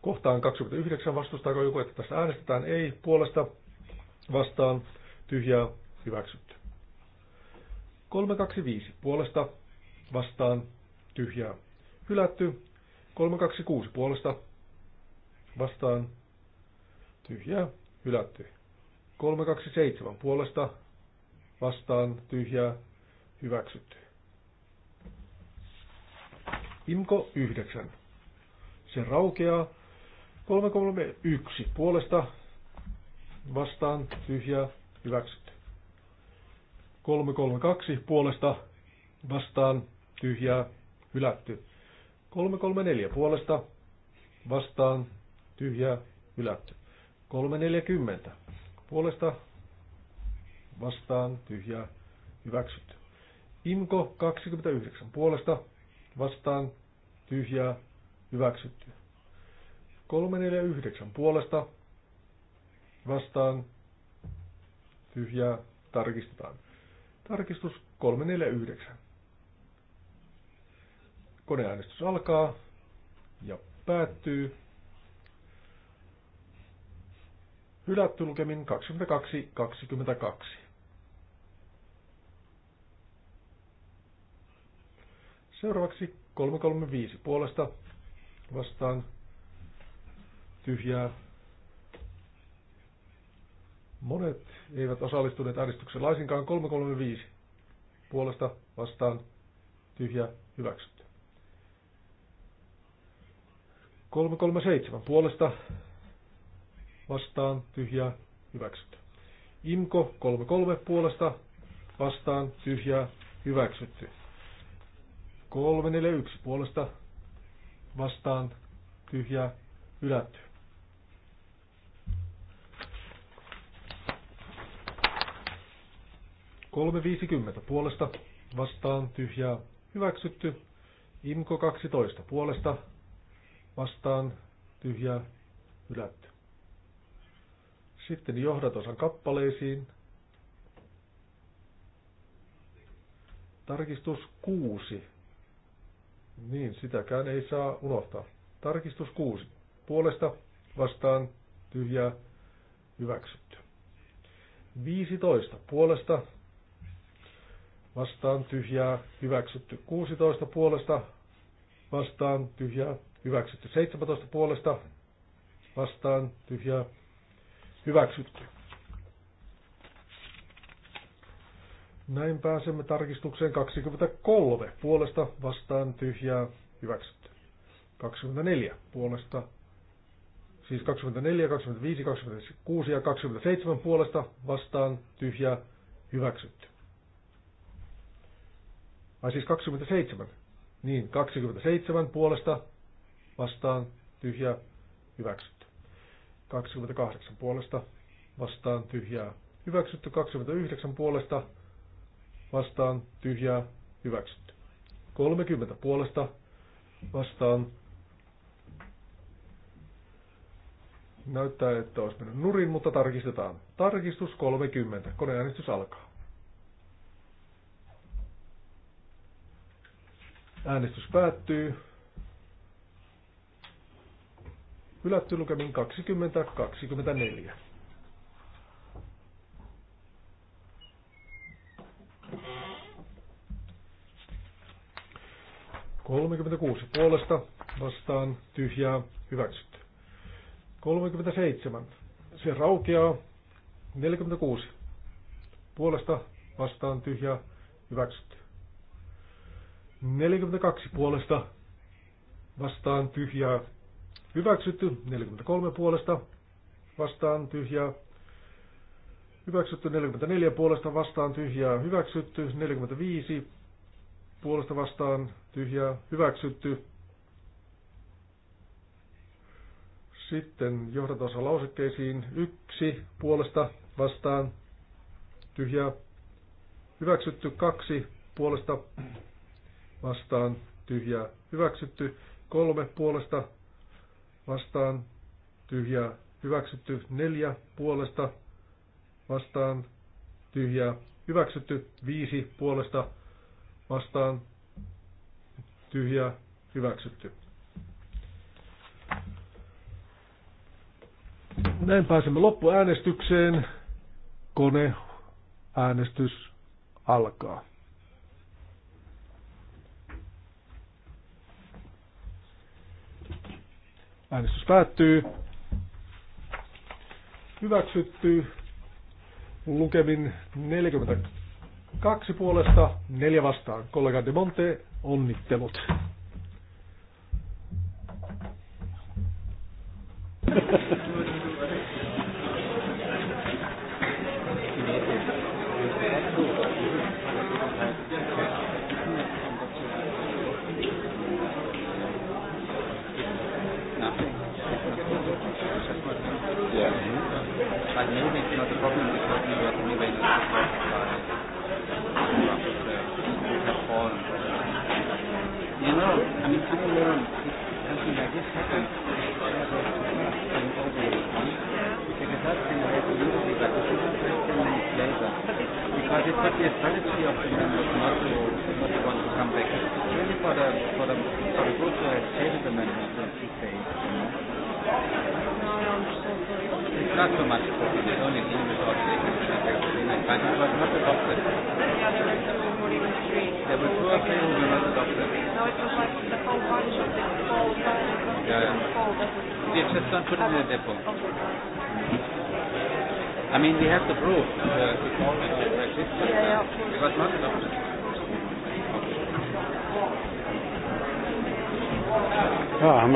Kohtaan 29. Vastustaako joku, että tästä äänestetään? Ei. Puolesta vastaan tyhjää hyväksytty. 325. Puolesta vastaan tyhjää hylätty. 326. Puolesta vastaan tyhjää hylätty. 327. Puolesta vastaan tyhjää hyväksytty. Imko 9. Se raukeaa 331 puolesta vastaan tyhjä hyväksytty. 332 puolesta vastaan tyhjää hylätty. 334 puolesta vastaan tyhjää hylätty. 340 puolesta vastaan tyhjää hyväksytty. Imko 29 puolesta vastaan tyhjää hyväksytty. 349 puolesta vastaan tyhjää tarkistetaan. Tarkistus 349. Koneäänestys alkaa ja päättyy. Hylätty lukemin 22, 22. Seuraavaksi 335 puolesta vastaan tyhjää. Monet eivät osallistuneet äänestykseen laisinkaan 335 puolesta vastaan tyhjä hyväksytty. 337 puolesta vastaan tyhjä hyväksytty. Imko 33 puolesta vastaan tyhjä hyväksytty. 3 4 1 puolesta vastaan tyhjää hylätty. Kolme viisikymmentä puolesta vastaan tyhjää hyväksytty. Imko 12 puolesta vastaan tyhjää hylätty. Sitten johdatosan kappaleisiin. Tarkistus 6 niin, sitäkään ei saa unohtaa. Tarkistus 6. Puolesta vastaan tyhjää hyväksytty. 15. Puolesta vastaan tyhjää hyväksytty. 16. Puolesta vastaan tyhjää hyväksytty. 17. Puolesta vastaan tyhjää hyväksytty. Näin pääsemme tarkistukseen 23. Puolesta vastaan tyhjää hyväksytty. 24. Puolesta siis 24, 25, 26 ja 27 puolesta vastaan tyhjää hyväksytty. Vai siis 27. Niin, 27 puolesta vastaan tyhjää hyväksytty. 28 puolesta vastaan tyhjää hyväksytty. 29 puolesta vastaan tyhjää hyväksytty. 30 puolesta vastaan Näyttää, että olisi mennyt nurin, mutta tarkistetaan. Tarkistus 30. Koneäänestys alkaa. Äänestys päättyy. Hylätty lukemin 20-24. 36 puolesta vastaan tyhjää hyväksytty. 37. Se raukeaa. 46 puolesta vastaan tyhjää hyväksytty. 42 puolesta vastaan tyhjää hyväksytty. 43 puolesta vastaan tyhjää hyväksytty. 44 puolesta vastaan tyhjää hyväksytty. 45 puolesta vastaan tyhjää hyväksytty. Sitten johdatonsa lausekkeisiin yksi puolesta vastaan tyhjää hyväksytty, kaksi puolesta vastaan tyhjää hyväksytty, kolme puolesta vastaan tyhjää hyväksytty, neljä puolesta vastaan tyhjää hyväksytty, viisi puolesta vastaan, vastaan tyhjä hyväksytty. Näin pääsemme loppuäänestykseen. Kone äänestys alkaa. Äänestys päättyy. Hyväksytty lukemin 40 Kaksi puolesta, neljä vastaan. Kollega De Monte, onnittelut.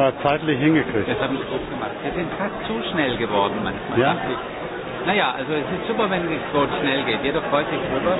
haben wir zeitlich hingekriegt. Das haben wir gut gemacht. Wir sind fast zu schnell geworden manchmal. Ja? Naja, also es ist super, wenn es so schnell geht. Jeder freut sich drüber.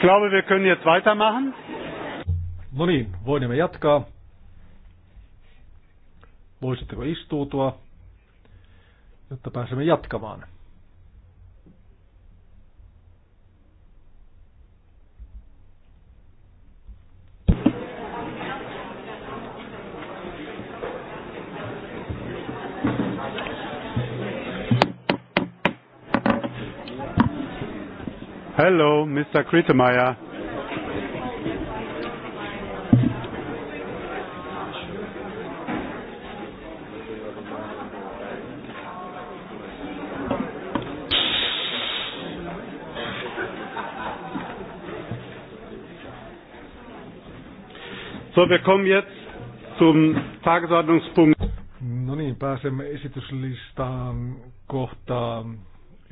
Ich glaube, wir können jetzt weitermachen. No niin, voimme jatkaa. Voisitteko istuutua, jotta pääsemme jatkamaan? Hello, Mr. Kritemeyer. So, wir kommen jetzt zum Tagesordnungspunkt. No niin, pääsemme esityslistaan kohtaan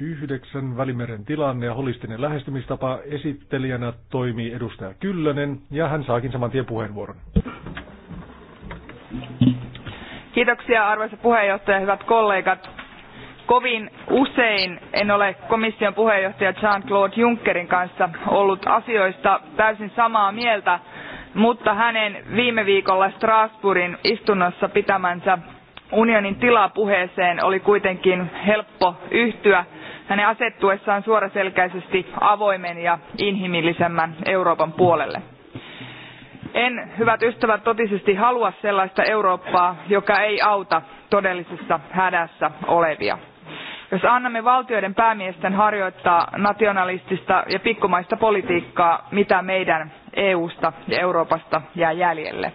9 Välimeren tilanne ja holistinen lähestymistapa. Esittelijänä toimii edustaja Kyllönen ja hän saakin saman tien puheenvuoron. Kiitoksia arvoisa puheenjohtaja, hyvät kollegat. Kovin usein en ole komission puheenjohtaja Jean-Claude Junckerin kanssa ollut asioista täysin samaa mieltä, mutta hänen viime viikolla Strasbourgin istunnossa pitämänsä unionin tilapuheeseen oli kuitenkin helppo yhtyä – hänen asettuessaan suoraselkäisesti avoimen ja inhimillisemmän Euroopan puolelle. En, hyvät ystävät, totisesti halua sellaista Eurooppaa, joka ei auta todellisessa hädässä olevia. Jos annamme valtioiden päämiesten harjoittaa nationalistista ja pikkumaista politiikkaa, mitä meidän EUsta ja Euroopasta jää jäljelle?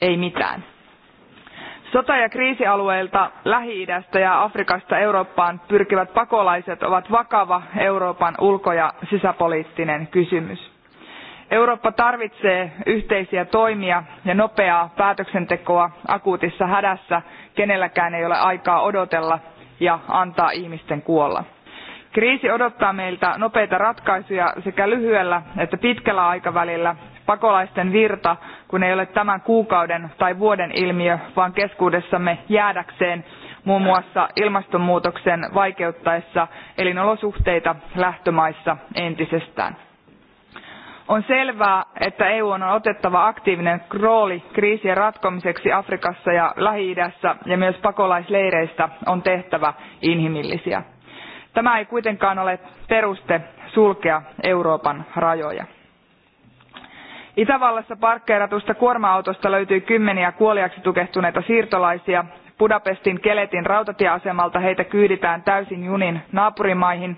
Ei mitään. Sota- ja kriisialueilta Lähi-idästä ja Afrikasta Eurooppaan pyrkivät pakolaiset ovat vakava Euroopan ulko- ja sisäpoliittinen kysymys. Eurooppa tarvitsee yhteisiä toimia ja nopeaa päätöksentekoa akuutissa hädässä. Kenelläkään ei ole aikaa odotella ja antaa ihmisten kuolla. Kriisi odottaa meiltä nopeita ratkaisuja sekä lyhyellä että pitkällä aikavälillä. Pakolaisten virta kun ei ole tämän kuukauden tai vuoden ilmiö, vaan keskuudessamme jäädäkseen muun muassa ilmastonmuutoksen vaikeuttaessa elinolosuhteita lähtömaissa entisestään. On selvää, että EU on otettava aktiivinen rooli kriisien ratkomiseksi Afrikassa ja Lähi-idässä ja myös pakolaisleireistä on tehtävä inhimillisiä. Tämä ei kuitenkaan ole peruste sulkea Euroopan rajoja. Itävallassa parkkeeratusta kuorma-autosta löytyi kymmeniä kuoliaksi tukehtuneita siirtolaisia. Budapestin Keletin rautatieasemalta heitä kyyditään täysin junin naapurimaihin.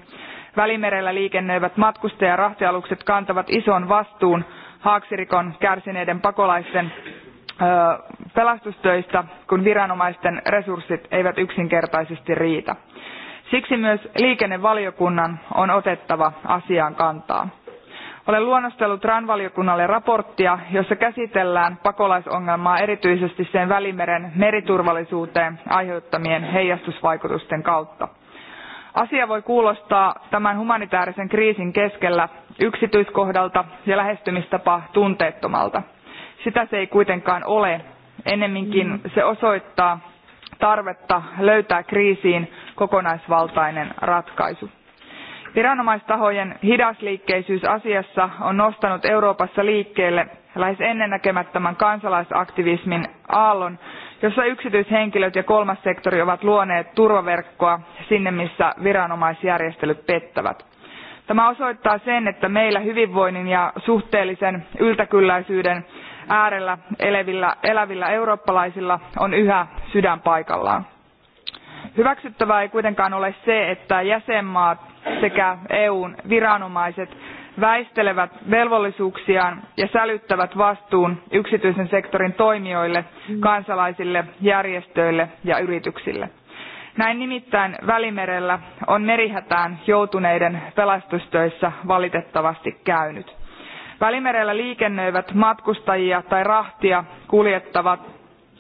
Välimerellä liikennöivät matkustaja- ja rahtialukset kantavat ison vastuun haaksirikon kärsineiden pakolaisten pelastustöistä, kun viranomaisten resurssit eivät yksinkertaisesti riitä. Siksi myös liikennevaliokunnan on otettava asiaan kantaa. Olen luonnostellut RAN-valiokunnalle raporttia, jossa käsitellään pakolaisongelmaa erityisesti sen välimeren meriturvallisuuteen aiheuttamien heijastusvaikutusten kautta. Asia voi kuulostaa tämän humanitaarisen kriisin keskellä yksityiskohdalta ja lähestymistapa tunteettomalta. Sitä se ei kuitenkaan ole. Ennemminkin mm. se osoittaa tarvetta löytää kriisiin kokonaisvaltainen ratkaisu viranomaistahojen hidasliikkeisyys asiassa on nostanut euroopassa liikkeelle lähes ennennäkemättömän kansalaisaktivismin aallon jossa yksityishenkilöt ja kolmas sektori ovat luoneet turvaverkkoa sinne missä viranomaisjärjestelyt pettävät. tämä osoittaa sen että meillä hyvinvoinnin ja suhteellisen yltäkylläisyyden äärellä elävillä, elävillä eurooppalaisilla on yhä sydän paikallaan. hyväksyttävää ei kuitenkaan ole se että jäsenmaat sekä EUn viranomaiset väistelevät velvollisuuksiaan ja sälyttävät vastuun yksityisen sektorin toimijoille, kansalaisille, järjestöille ja yrityksille. Näin nimittäin Välimerellä on merihätään joutuneiden pelastustöissä valitettavasti käynyt. Välimerellä liikennöivät matkustajia tai rahtia kuljettavat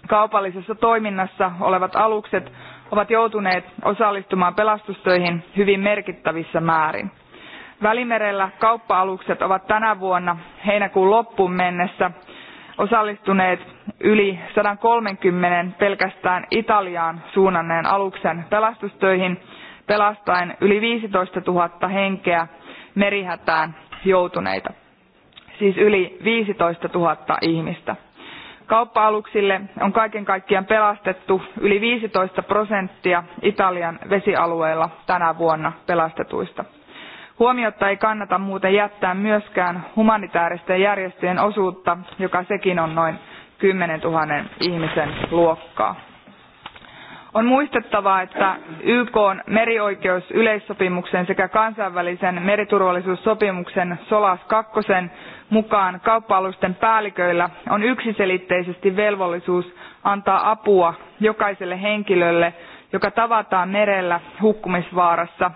kaupallisessa toiminnassa olevat alukset ovat joutuneet osallistumaan pelastustöihin hyvin merkittävissä määrin. Välimerellä kauppa-alukset ovat tänä vuonna heinäkuun loppuun mennessä osallistuneet yli 130 pelkästään Italiaan suunnanneen aluksen pelastustöihin pelastaen yli viisitoista 000 henkeä merihätään joutuneita, siis yli viisitoista 000 ihmistä kauppa aluksille on kaiken kaikkiaan pelastettu yli viisitoista prosenttia italian vesialueilla tänä vuonna pelastetuista. huomiotta ei kannata muuten jättää myöskään humanitaaristen järjestöjen osuutta joka sekin on noin kymmenen nolla ihmisen luokkaa. On muistettava, että YK on merioikeusyleissopimuksen sekä kansainvälisen meriturvallisuussopimuksen SOLAS 2 mukaan kauppa-alusten päälliköillä on yksiselitteisesti velvollisuus antaa apua jokaiselle henkilölle, joka tavataan merellä hukkumisvaarassa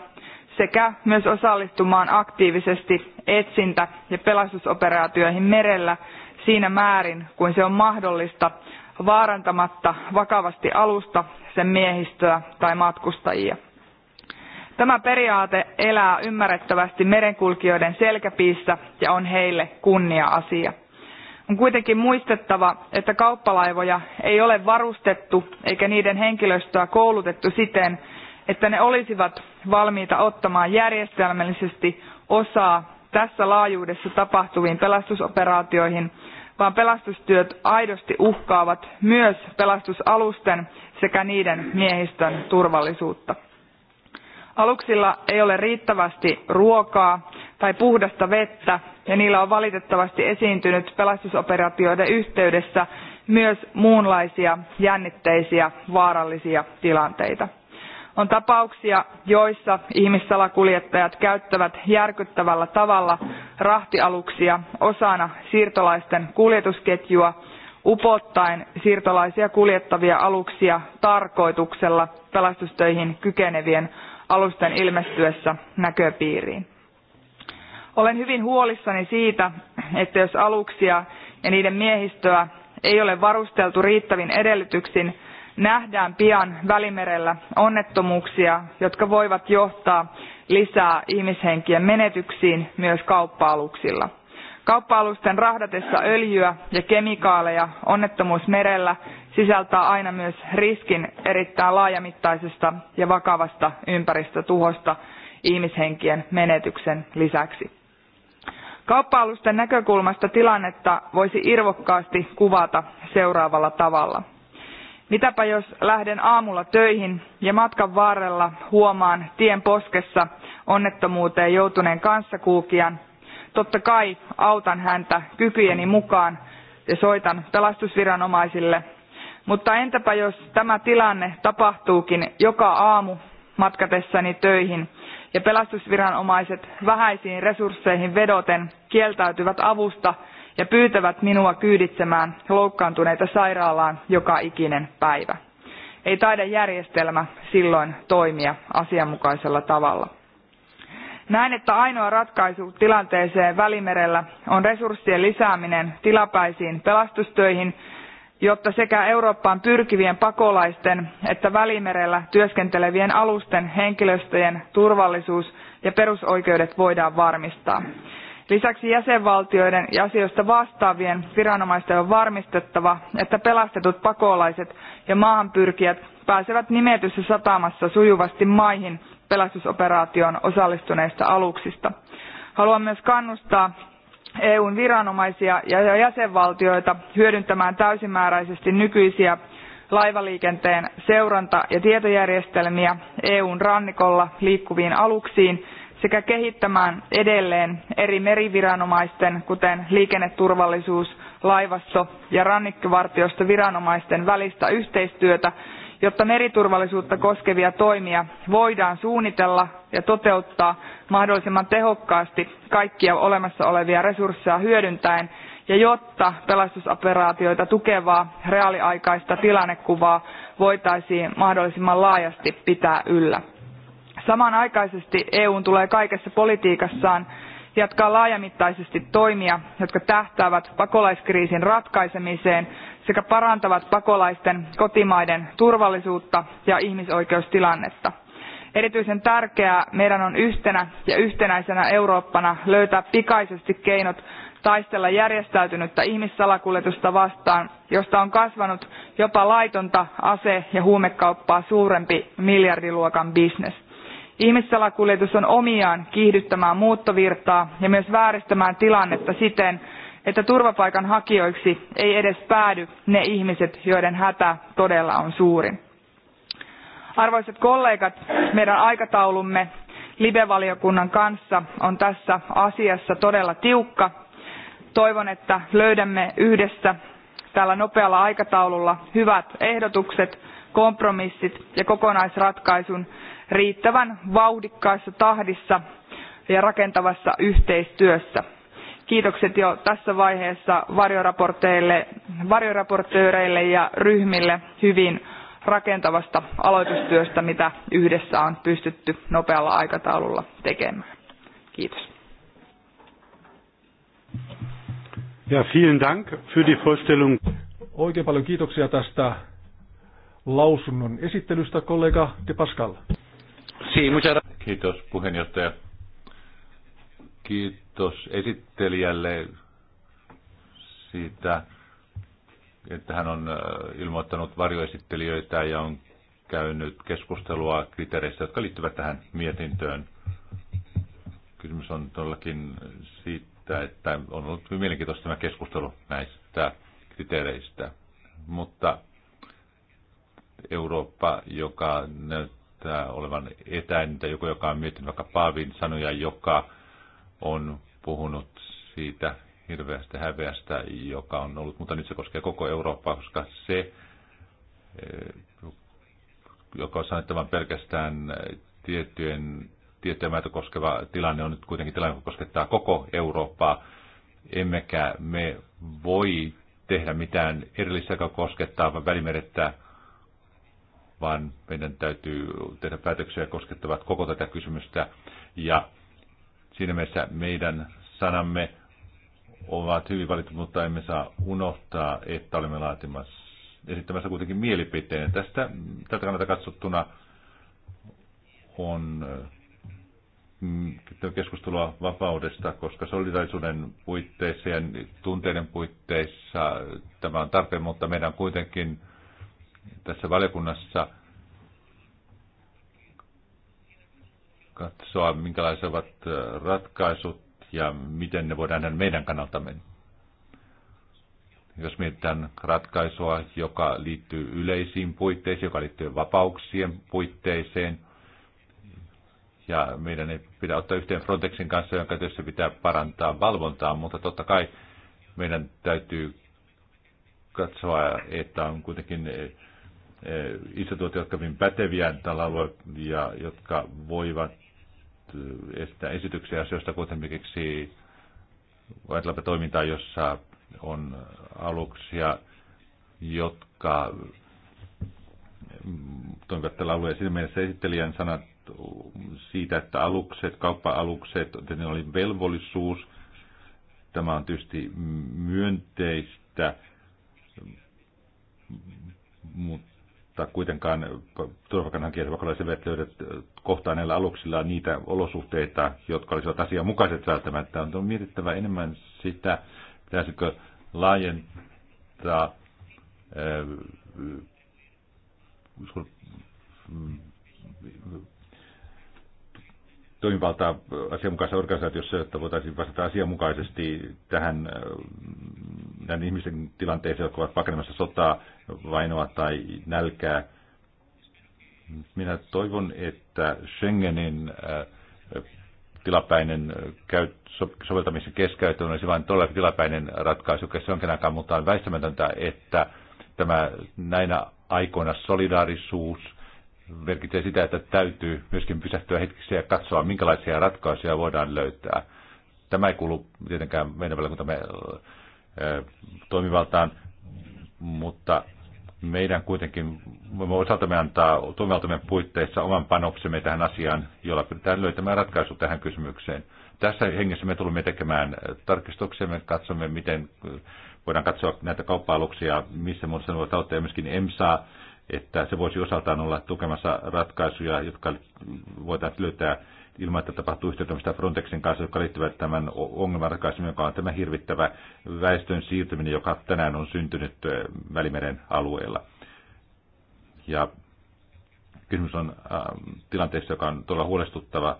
sekä myös osallistumaan aktiivisesti etsintä- ja pelastusoperaatioihin merellä siinä määrin kuin se on mahdollista vaarantamatta vakavasti alusta sen miehistöä tai matkustajia. Tämä periaate elää ymmärrettävästi merenkulkijoiden selkäpiissä ja on heille kunnia-asia. On kuitenkin muistettava, että kauppalaivoja ei ole varustettu eikä niiden henkilöstöä koulutettu siten, että ne olisivat valmiita ottamaan järjestelmällisesti osaa tässä laajuudessa tapahtuviin pelastusoperaatioihin vaan pelastustyöt aidosti uhkaavat myös pelastusalusten sekä niiden miehistön turvallisuutta. Aluksilla ei ole riittävästi ruokaa tai puhdasta vettä ja niillä on valitettavasti esiintynyt pelastusoperaatioiden yhteydessä myös muunlaisia jännitteisiä vaarallisia tilanteita on tapauksia joissa ihmissalakuljettajat käyttävät järkyttävällä tavalla rahtialuksia osana siirtolaisten kuljetusketjua upottaen siirtolaisia kuljettavia aluksia tarkoituksella pelastustöihin kykenevien alusten ilmestyessä näköpiiriin. Olen hyvin huolissani siitä, että jos aluksia ja niiden miehistöä ei ole varusteltu riittävin edellytyksin nähdään pian välimerellä onnettomuuksia jotka voivat johtaa lisää ihmishenkien menetyksiin myös kauppa aluksilla. kauppa alusten rahdatessa öljyä ja kemikaaleja onnettomuus merellä sisältää aina myös riskin erittäin laajamittaisesta ja vakavasta ympäristötuhosta ihmishenkien menetyksen lisäksi. kauppa alusten näkökulmasta tilannetta voisi irvokkaasti kuvata seuraavalla tavalla Mitäpä jos lähden aamulla töihin ja matkan varrella huomaan tien poskessa onnettomuuteen joutuneen kanssakulkijan. Totta kai autan häntä kykyjeni mukaan ja soitan pelastusviranomaisille. Mutta entäpä jos tämä tilanne tapahtuukin joka aamu matkatessani töihin ja pelastusviranomaiset vähäisiin resursseihin vedoten kieltäytyvät avusta – ja pyytävät minua kyyditsemään loukkaantuneita sairaalaan joka ikinen päivä. Ei taida järjestelmä silloin toimia asianmukaisella tavalla. Näen, että ainoa ratkaisu tilanteeseen Välimerellä on resurssien lisääminen tilapäisiin pelastustöihin, jotta sekä Eurooppaan pyrkivien pakolaisten että Välimerellä työskentelevien alusten henkilöstöjen turvallisuus ja perusoikeudet voidaan varmistaa. Lisäksi jäsenvaltioiden ja asioista vastaavien viranomaisten on varmistettava, että pelastetut pakolaiset ja maahanpyrkijät pääsevät nimetyssä satamassa sujuvasti maihin pelastusoperaatioon osallistuneista aluksista. Haluan myös kannustaa EUn viranomaisia ja jäsenvaltioita hyödyntämään täysimääräisesti nykyisiä laivaliikenteen seuranta- ja tietojärjestelmiä EUn rannikolla liikkuviin aluksiin sekä kehittämään edelleen eri meriviranomaisten, kuten liikenneturvallisuus, laivasto ja rannikkovartiosta viranomaisten välistä yhteistyötä, jotta meriturvallisuutta koskevia toimia voidaan suunnitella ja toteuttaa mahdollisimman tehokkaasti kaikkia olemassa olevia resursseja hyödyntäen ja jotta pelastusoperaatioita tukevaa reaaliaikaista tilannekuvaa voitaisiin mahdollisimman laajasti pitää yllä samanaikaisesti eun tulee kaikessa politiikassaan jatkaa laajamittaisesti toimia jotka tähtäävät pakolaiskriisin ratkaisemiseen sekä parantavat pakolaisten kotimaiden turvallisuutta ja ihmisoikeustilannetta. erityisen tärkeää meidän on yhtenä ja yhtenäisenä eurooppana löytää pikaisesti keinot taistella järjestäytynyttä ihmissalakuljetusta vastaan josta on kasvanut jopa laitonta ase ja huumekauppaa suurempi miljardiluokan bisnes Ihmissalakuljetus on omiaan kiihdyttämään muuttovirtaa ja myös vääristämään tilannetta siten, että turvapaikanhakijoiksi ei edes päädy ne ihmiset, joiden hätä todella on suurin. Arvoisat kollegat, meidän aikataulumme Libevaliokunnan kanssa on tässä asiassa todella tiukka. Toivon, että löydämme yhdessä tällä nopealla aikataululla hyvät ehdotukset, kompromissit ja kokonaisratkaisun, riittävän vauhdikkaassa tahdissa ja rakentavassa yhteistyössä. Kiitokset jo tässä vaiheessa varjoraportööreille ja ryhmille hyvin rakentavasta aloitustyöstä, mitä yhdessä on pystytty nopealla aikataululla tekemään. Kiitos. Ja, vielen Dank für die Vorstellung. Oikein paljon kiitoksia tästä lausunnon esittelystä, kollega De Pascal. Kiitos puheenjohtaja. Kiitos esittelijälle siitä, että hän on äh, ilmoittanut varjoesittelijöitä ja on käynyt keskustelua kriteereistä, jotka liittyvät tähän mietintöön. Kysymys on todellakin siitä, että on ollut hyvin mielenkiintoista tämä keskustelu näistä kriteereistä. Mutta Eurooppa, joka näyttää näyttää olevan etäintä. Joku, joka on miettinyt vaikka Paavin sanoja, joka on puhunut siitä hirveästä häveästä, joka on ollut, mutta nyt se koskee koko Eurooppaa, koska se, eh, joka on sanottava pelkästään tiettyjen, tiettyjä määtä koskeva tilanne, on nyt kuitenkin tilanne, joka koskettaa koko Eurooppaa. Emmekä me voi tehdä mitään erillistä, joka koskettaa välimerettä vaan meidän täytyy tehdä päätöksiä koskettavat koko tätä kysymystä. Ja siinä mielessä meidän sanamme ovat hyvin valittu, mutta emme saa unohtaa, että olemme laatimassa, esittämässä kuitenkin mielipiteen. Tästä, tältä kannalta katsottuna on mm, keskustelua vapaudesta, koska solidaisuuden puitteissa ja tunteiden puitteissa tämä on tarpeen, mutta meidän kuitenkin tässä valiokunnassa katsoa, minkälaiset ovat ratkaisut ja miten ne voidaan nähdä meidän kannaltamme. Jos mietitään ratkaisua, joka liittyy yleisiin puitteisiin, joka liittyy vapauksien puitteiseen, ja meidän ei pidä ottaa yhteen Frontexin kanssa, jonka tietysti pitää parantaa valvontaa, mutta totta kai meidän täytyy katsoa, että on kuitenkin instituutioita, jotka hyvin päteviä tällä alueella ja jotka voivat estää esityksiä asioista, kuten esimerkiksi ajatellaanpa toimintaa, jossa on aluksia, jotka mm, toimivat tällä alueella. Siinä mielessä esittelijän sanat siitä, että alukset, kauppa-alukset, että ne oli velvollisuus. Tämä on tietysti myönteistä, mutta tai kuitenkaan turvapaikanhakijat ja pakolaiset eivät löydä äh, näillä aluksilla niitä olosuhteita, jotka olisivat asianmukaiset välttämättä. On mietittävä enemmän sitä, pitäisikö laajentaa äh, mm, toimivaltaa asianmukaisessa organisaatiossa, jotta voitaisiin vastata asianmukaisesti tähän äh, näiden ihmisten tilanteeseen, jotka ovat pakenemassa sotaa, vainoa tai nälkää. Minä toivon, että Schengenin äh, tilapäinen äh, soveltamisen keskeytön olisi vain todella tilapäinen ratkaisu, joka se onkin aikaa, mutta on väistämätöntä, että tämä näinä aikoina solidaarisuus merkitsee sitä, että täytyy myöskin pysähtyä hetkeksi ja katsoa, minkälaisia ratkaisuja voidaan löytää. Tämä ei kuulu tietenkään meidän valiokuntamme äh, toimivaltaan, mutta meidän kuitenkin, me osaltamme antaa toimivaltamme puitteissa oman panoksemme tähän asiaan, jolla pyritään löytämään ratkaisu tähän kysymykseen. Tässä hengessä me tulemme tekemään tarkistuksia, me katsomme, miten voidaan katsoa näitä kauppa-aluksia, missä muodossa ne voivat auttaa, ja myöskin EMSA, että se voisi osaltaan olla tukemassa ratkaisuja, jotka voitaisiin löytää ilman, että tapahtuu yhteyttä Frontexin kanssa, jotka liittyvät tämän ongelman ratkaisemiseen, joka on tämä hirvittävä väestön siirtyminen, joka tänään on syntynyt Välimeren alueella. Ja kysymys on äh, tilanteessa, joka on todella huolestuttava.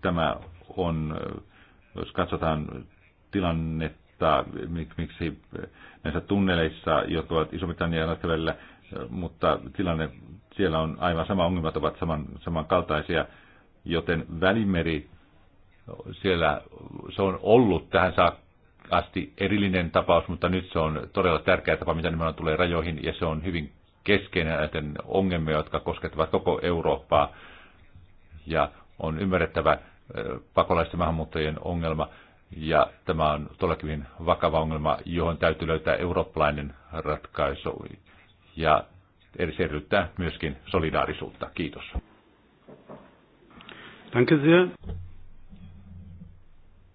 Tämä on, jos katsotaan tilannetta, miksi näissä tunneleissa, jotka ovat Iso-Britannian välillä, mutta tilanne siellä on aivan sama ongelmat ovat saman, samankaltaisia, joten Välimeri siellä se on ollut tähän saakka asti erillinen tapaus, mutta nyt se on todella tärkeä tapa, mitä nimenomaan tulee rajoihin, ja se on hyvin keskeinen näiden ongelmia, jotka koskettavat koko Eurooppaa. Ja on ymmärrettävä pakolaisten maahanmuuttajien ongelma, ja tämä on todellakin vakava ongelma, johon täytyy löytää eurooppalainen ratkaisu. Ja eli se edellyttää myöskin solidaarisuutta. Kiitos. Danke sehr.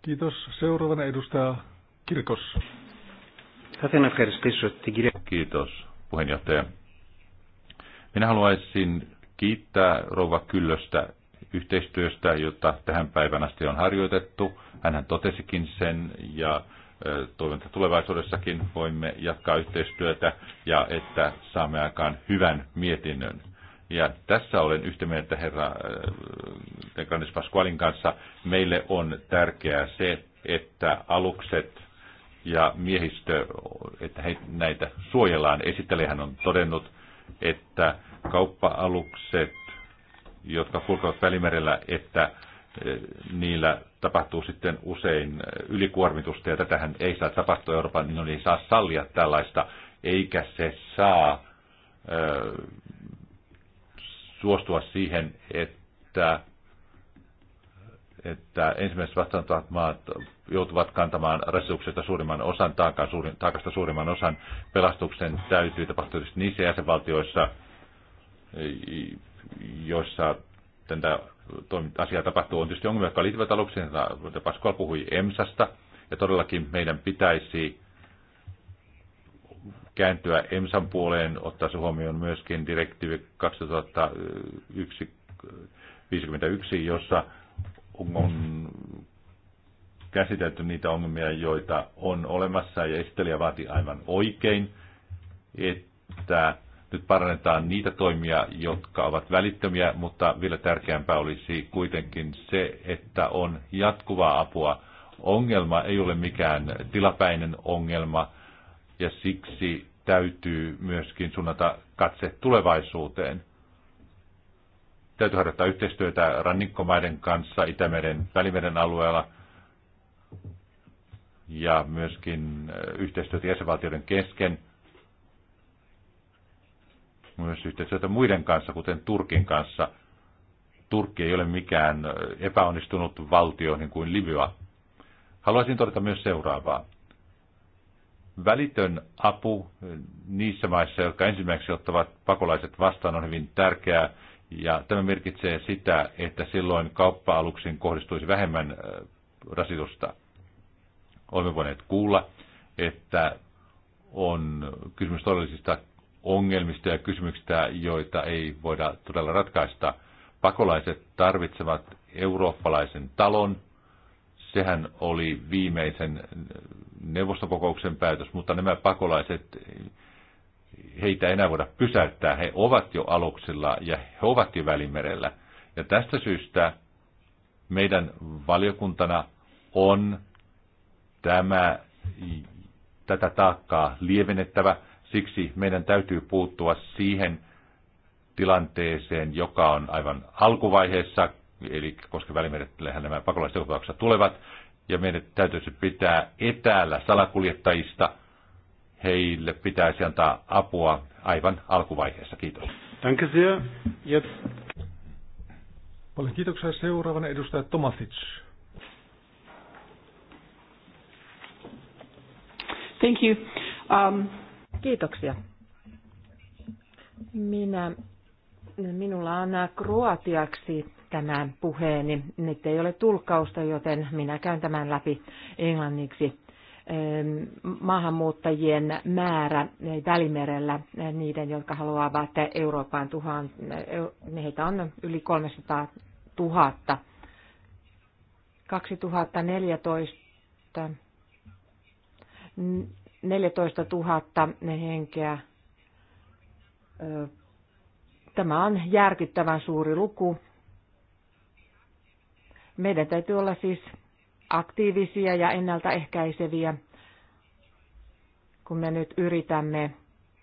Kiitos. Seuraavana edustaja Kirkos. Kiitos, puheenjohtaja. Minä haluaisin kiittää Rova Kyllöstä yhteistyöstä, jota tähän päivän asti on harjoitettu. Hänhän totesikin sen ja Toivon, että tulevaisuudessakin voimme jatkaa yhteistyötä ja että saamme aikaan hyvän mietinnön. Ja tässä olen yhtä mieltä herra Dekanis Pasqualin kanssa. Meille on tärkeää se, että alukset ja miehistö, että he, näitä suojellaan. Esittelijähän on todennut, että kauppa-alukset, jotka kulkevat välimerellä, että niillä tapahtuu sitten usein eh, ylikuormitusta, ja tätähän ei saa tapahtua Euroopan, niin ei saa sallia tällaista, eikä se saa ö, eh, suostua siihen, että että ensimmäiset vastaanottavat maat joutuvat kantamaan resurssista suurimman osan, taakan, suurin, taakasta suurimman osan pelastuksen täytyy tapahtua niissä jäsenvaltioissa, eh, joissa tätä asia tapahtuu, on tietysti ongelmia, jotka liittyvät aluksiin. Pascual puhui EMSasta, ja todellakin meidän pitäisi kääntyä EMSan puoleen, ottaa se huomioon myöskin direktiivi 2051, jossa on käsitelty niitä ongelmia, joita on olemassa, ja esittelijä vaati aivan oikein, että nyt parannetaan niitä toimia, jotka ovat välittömiä, mutta vielä tärkeämpää olisi kuitenkin se, että on jatkuvaa apua. Ongelma ei ole mikään tilapäinen ongelma ja siksi täytyy myöskin suunnata katse tulevaisuuteen. Täytyy harjoittaa yhteistyötä rannikkomaiden kanssa Itämeren, Välimeren alueella ja myöskin yhteistyötä jäsenvaltioiden kesken – myös yhteistyötä muiden kanssa, kuten Turkin kanssa. Turkki ei ole mikään epäonnistunut valtio niin kuin Libya. Haluaisin todeta myös seuraavaa. Välitön apu niissä maissa, jotka ensimmäiseksi ottavat pakolaiset vastaan, on hyvin tärkeää. Ja tämä merkitsee sitä, että silloin kauppa-aluksiin kohdistuisi vähemmän rasitusta. Olemme voineet kuulla, että on kysymys todellisista ongelmista ja kysymyksistä, joita ei voida todella ratkaista. Pakolaiset tarvitsevat eurooppalaisen talon. Sehän oli viimeisen neuvostokokouksen päätös, mutta nämä pakolaiset, heitä ei enää voida pysäyttää. He ovat jo aluksilla ja he ovat jo välimerellä. Ja tästä syystä meidän valiokuntana on tämä, tätä taakkaa lievennettävä – Siksi meidän täytyy puuttua siihen tilanteeseen, joka on aivan alkuvaiheessa, eli koska välimerettelehän nämä pakolaiset tulevat, ja meidän täytyisi pitää etäällä salakuljettajista. Heille pitäisi antaa apua aivan alkuvaiheessa. Kiitos. Danke sehr. Jetzt. Paljon kiitoksia. Seuraavana edustaja Tomasic. Thank you. Um, Kiitoksia. Minä, minulla on kroatiaksi tämä puheeni. Nyt ei ole tulkkausta, joten minä käyn tämän läpi englanniksi. Maahanmuuttajien määrä Välimerellä, niiden, jotka haluavat Eurooppaan tuhan, heitä on yli 300 000. 2014 14 000 henkeä. Tämä on järkyttävän suuri luku. Meidän täytyy olla siis aktiivisia ja ennaltaehkäiseviä, kun me nyt yritämme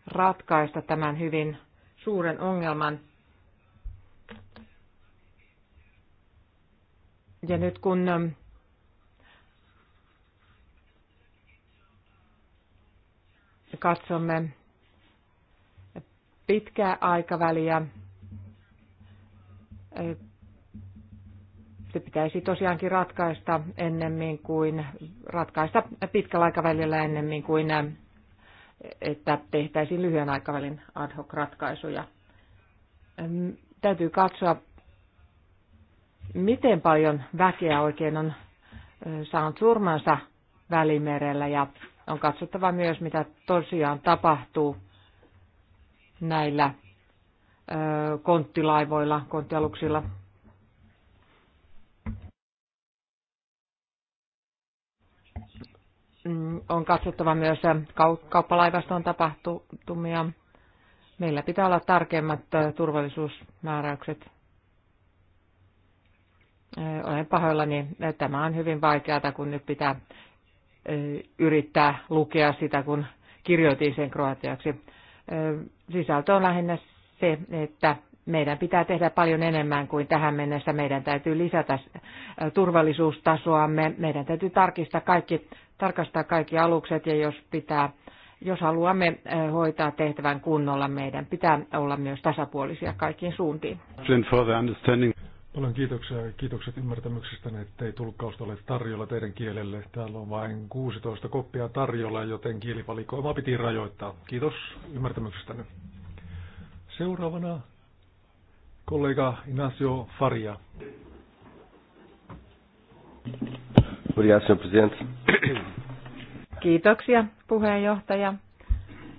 ratkaista tämän hyvin suuren ongelman. Ja nyt kun katsomme pitkää aikaväliä. Se pitäisi tosiaankin ratkaista ennemmin kuin ratkaista pitkällä aikavälillä ennemmin kuin että tehtäisiin lyhyen aikavälin ad hoc ratkaisuja. Täytyy katsoa, miten paljon väkeä oikein on saanut surmansa Välimerellä ja on katsottava myös, mitä tosiaan tapahtuu näillä konttilaivoilla, konttialuksilla. Mm, on katsottava myös kauppalaivaston tapahtumia. Meillä pitää olla tarkemmat turvallisuusmääräykset. Olen pahoillani, että tämä on hyvin vaikeaa, kun nyt pitää yrittää lukea sitä, kun kirjoitin sen kroatiaksi. Sisältö on lähinnä se, että meidän pitää tehdä paljon enemmän kuin tähän mennessä. Meidän täytyy lisätä turvallisuustasoamme, meidän täytyy tarkistaa kaikki, tarkastaa kaikki alukset ja jos pitää jos haluamme hoitaa tehtävän kunnolla, meidän pitää olla myös tasapuolisia kaikkiin suuntiin. Paljon kiitoksia ja kiitokset ymmärtämyksestä, että ei tulkkausta ole tarjolla teidän kielelle. Täällä on vain 16 koppia tarjolla, joten kielivalikoima piti rajoittaa. Kiitos ymmärtämyksestä. Seuraavana kollega Inacio Faria. Kiitoksia puheenjohtaja.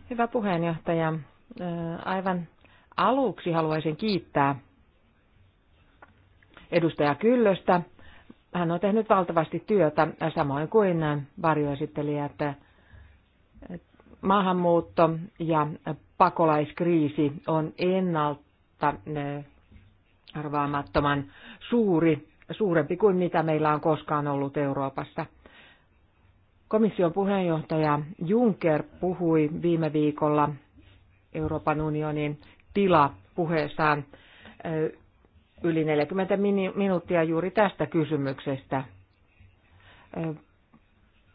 Hyvä puheenjohtaja. Aivan aluksi haluaisin kiittää edustaja Kyllöstä. Hän on tehnyt valtavasti työtä, samoin kuin varjoesittelijät maahanmuutto ja pakolaiskriisi on ennalta arvaamattoman suuri, suurempi kuin mitä meillä on koskaan ollut Euroopassa. Komission puheenjohtaja Juncker puhui viime viikolla Euroopan unionin tila puheessaan yli 40 minuuttia juuri tästä kysymyksestä.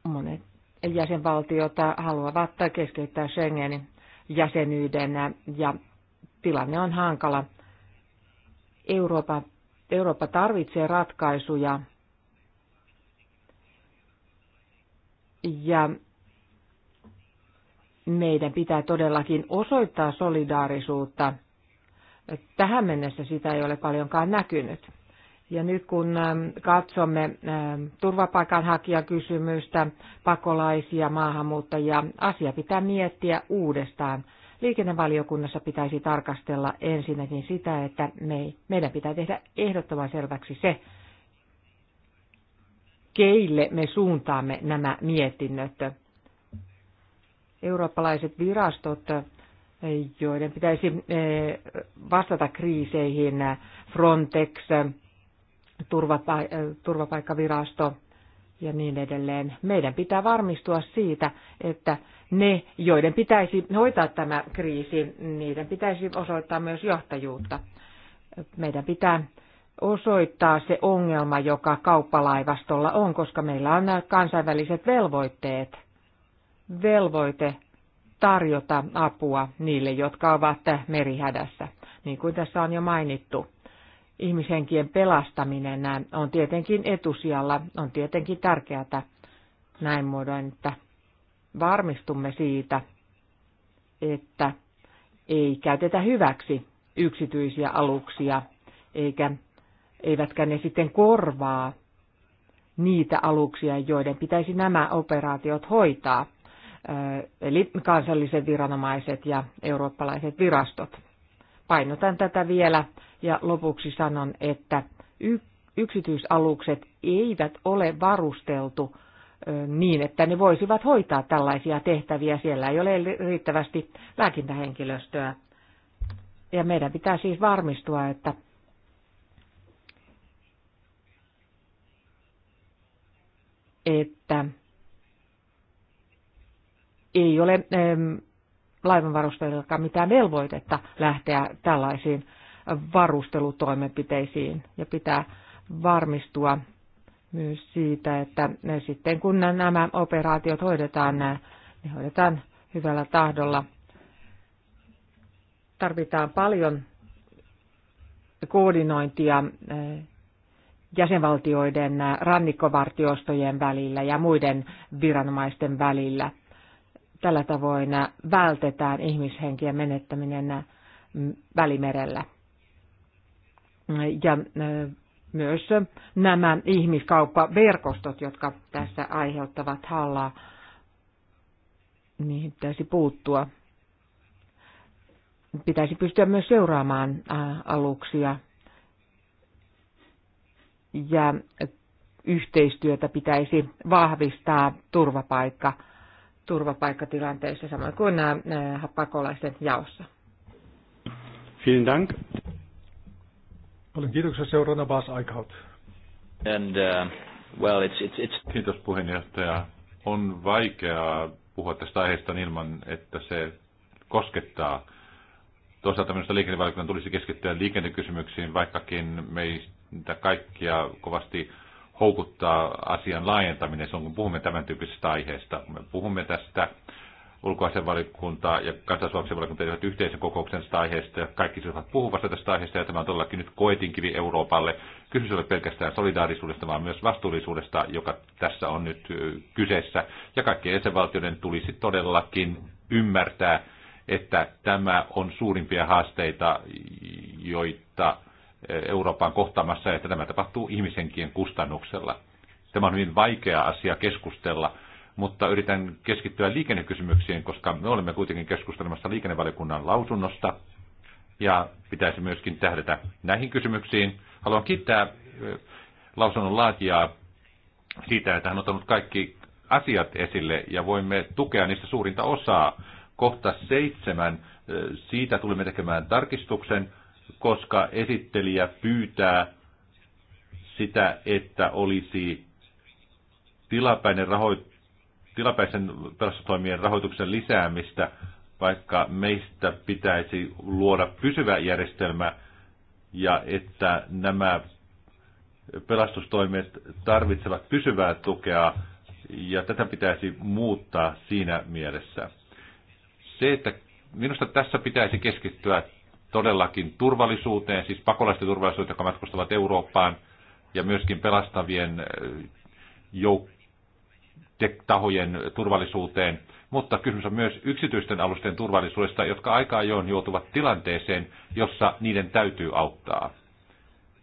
Monet jäsenvaltiota haluavat keskeyttää Schengenin jäsenyyden ja tilanne on hankala. Eurooppa, Eurooppa tarvitsee ratkaisuja ja meidän pitää todellakin osoittaa solidaarisuutta – Tähän mennessä sitä ei ole paljonkaan näkynyt. Ja nyt kun ähm, katsomme ähm, turvapaikanhakijakysymystä, pakolaisia, maahanmuuttajia, asia pitää miettiä uudestaan. Liikennevaliokunnassa pitäisi tarkastella ensinnäkin sitä, että me, meidän pitää tehdä ehdottoman selväksi se, keille me suuntaamme nämä mietinnöt. Eurooppalaiset virastot joiden pitäisi eh, vastata kriiseihin, Frontex, eh, turvapaikkavirasto ja niin edelleen. Meidän pitää varmistua siitä, että ne, joiden pitäisi hoitaa tämä kriisi, niiden pitäisi osoittaa myös johtajuutta. Meidän pitää osoittaa se ongelma, joka kauppalaivastolla on, koska meillä on nämä kansainväliset velvoitteet. Velvoite tarjota apua niille, jotka ovat merihädässä. Niin kuin tässä on jo mainittu, ihmishenkien pelastaminen on tietenkin etusijalla, on tietenkin tärkeää näin muodoin, että varmistumme siitä, että ei käytetä hyväksi yksityisiä aluksia, eikä, eivätkä ne sitten korvaa niitä aluksia, joiden pitäisi nämä operaatiot hoitaa eli kansalliset viranomaiset ja eurooppalaiset virastot. Painotan tätä vielä ja lopuksi sanon, että yksityisalukset eivät ole varusteltu niin, että ne voisivat hoitaa tällaisia tehtäviä. Siellä ei ole riittävästi lääkintähenkilöstöä. Ja meidän pitää siis varmistua, että että ei ole laivanvarustajillakaan mitään velvoitetta lähteä tällaisiin varustelutoimenpiteisiin ja pitää varmistua myös siitä, että sitten kun nämä operaatiot hoidetaan, ne hoidetaan hyvällä tahdolla. Tarvitaan paljon koordinointia eh, jäsenvaltioiden rannikkovartiostojen välillä ja muiden viranomaisten välillä – tällä tavoin vältetään ihmishenkien menettäminen välimerellä. Ja myös nämä ihmiskauppaverkostot, jotka tässä aiheuttavat hallaa, niihin pitäisi puuttua. Pitäisi pystyä myös seuraamaan aluksia ja yhteistyötä pitäisi vahvistaa turvapaikka turvapaikkatilanteissa, samoin kuin nämä äh, pakolaisten jaossa. Vielen Dank. Paljon kiitoksia seuraavana Bas Eichhout. And, uh, well, it's, it's, it's... Kiitos puheenjohtaja. On vaikea puhua tästä aiheesta ilman, että se koskettaa. Toisaalta minusta liikennevaliokunnan tulisi keskittyä liikennekysymyksiin, vaikkakin meistä kaikkia kovasti houkuttaa asian laajentaminen, se on kun puhumme tämän tyyppisestä aiheesta. Me puhumme tästä ulkoasevaliokunta ja kansallisvaliokunta tekevät yhteisen kokouksen tästä aiheesta, ja kaikki ovat puhuvasta tästä aiheesta, ja tämä on todellakin nyt koetinkivi Euroopalle. Kysymys ei ole pelkästään solidaarisuudesta, vaan myös vastuullisuudesta, joka tässä on nyt kyseessä, ja kaikkien jäsenvaltioiden tulisi todellakin ymmärtää, että tämä on suurimpia haasteita, joita Eurooppaan kohtaamassa, että tämä tapahtuu ihmisenkien kustannuksella. Tämä on hyvin vaikea asia keskustella, mutta yritän keskittyä liikennekysymyksiin, koska me olemme kuitenkin keskustelemassa liikennevaliokunnan lausunnosta, ja pitäisi myöskin tähdätä näihin kysymyksiin. Haluan kiittää lausunnon laatijaa siitä, että hän on ottanut kaikki asiat esille ja voimme tukea niistä suurinta osaa. Kohta seitsemän, siitä tulemme tekemään tarkistuksen koska esittelijä pyytää sitä, että olisi tilapäinen rahoit- tilapäisen pelastustoimien rahoituksen lisäämistä, vaikka meistä pitäisi luoda pysyvä järjestelmä ja että nämä pelastustoimet tarvitsevat pysyvää tukea ja tätä pitäisi muuttaa siinä mielessä. Se, että minusta tässä pitäisi keskittyä todellakin turvallisuuteen, siis pakolaisten turvallisuuteen, jotka matkustavat Eurooppaan, ja myöskin pelastavien tahojen turvallisuuteen. Mutta kysymys on myös yksityisten alusten turvallisuudesta, jotka aika ajoin joutuvat tilanteeseen, jossa niiden täytyy auttaa.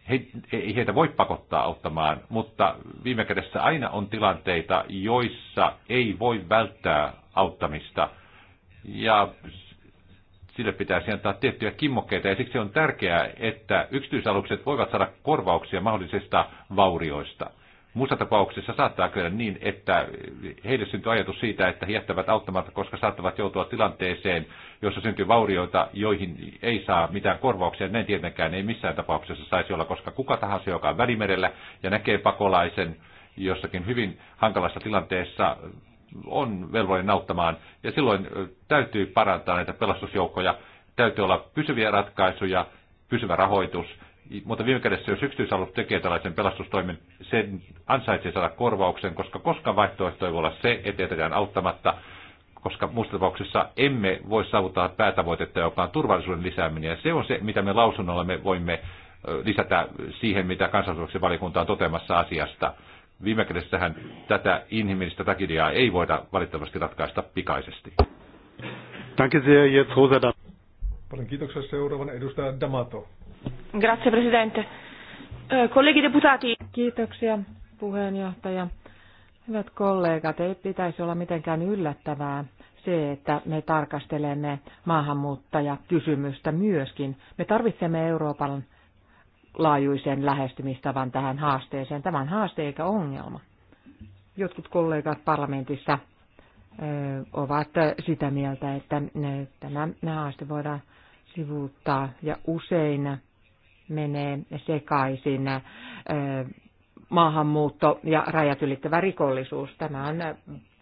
He, ei heitä voi pakottaa auttamaan, mutta viime kädessä aina on tilanteita, joissa ei voi välttää auttamista. Ja sille pitäisi antaa tiettyjä kimmokkeita, ja siksi on tärkeää, että yksityisalukset voivat saada korvauksia mahdollisista vaurioista. Muussa tapauksessa saattaa käydä niin, että heille syntyy ajatus siitä, että he jättävät auttamatta, koska saattavat joutua tilanteeseen, jossa syntyy vaurioita, joihin ei saa mitään korvauksia. Näin tietenkään ei missään tapauksessa saisi olla, koska kuka tahansa, joka on välimerellä ja näkee pakolaisen jossakin hyvin hankalassa tilanteessa, on velvollinen auttamaan. Ja silloin täytyy parantaa näitä pelastusjoukkoja. Täytyy olla pysyviä ratkaisuja, pysyvä rahoitus. Mutta viime kädessä, jos yksityisalus tekee tällaisen pelastustoimen, sen ansaitsee saada korvauksen, koska koskaan vaihtoehto ei voi olla se, että jätetään auttamatta, koska muussa tapauksessa emme voi saavuttaa päätavoitetta, joka on turvallisuuden lisääminen. Ja se on se, mitä me lausunnolla me voimme lisätä siihen, mitä kansallisuuksien valikunta on toteamassa asiasta viime kädessähän tätä inhimillistä tragediaa ei voida valitettavasti ratkaista pikaisesti. Paljon kiitoksia seuraavan edustaja Damato. Grazie Presidente. Kollegi eh, deputati. Kiitoksia puheenjohtaja. Hyvät kollegat, ei pitäisi olla mitenkään yllättävää se, että me tarkastelemme maahanmuuttajakysymystä myöskin. Me tarvitsemme Euroopan laajuisen lähestymistavan tähän haasteeseen. Tämä on haaste eikä ongelma. Jotkut kollegat parlamentissa ovat sitä mieltä, että tämä haaste voidaan sivuuttaa ja usein menee sekaisin maahanmuutto ja rajat ylittävä rikollisuus. Tämä on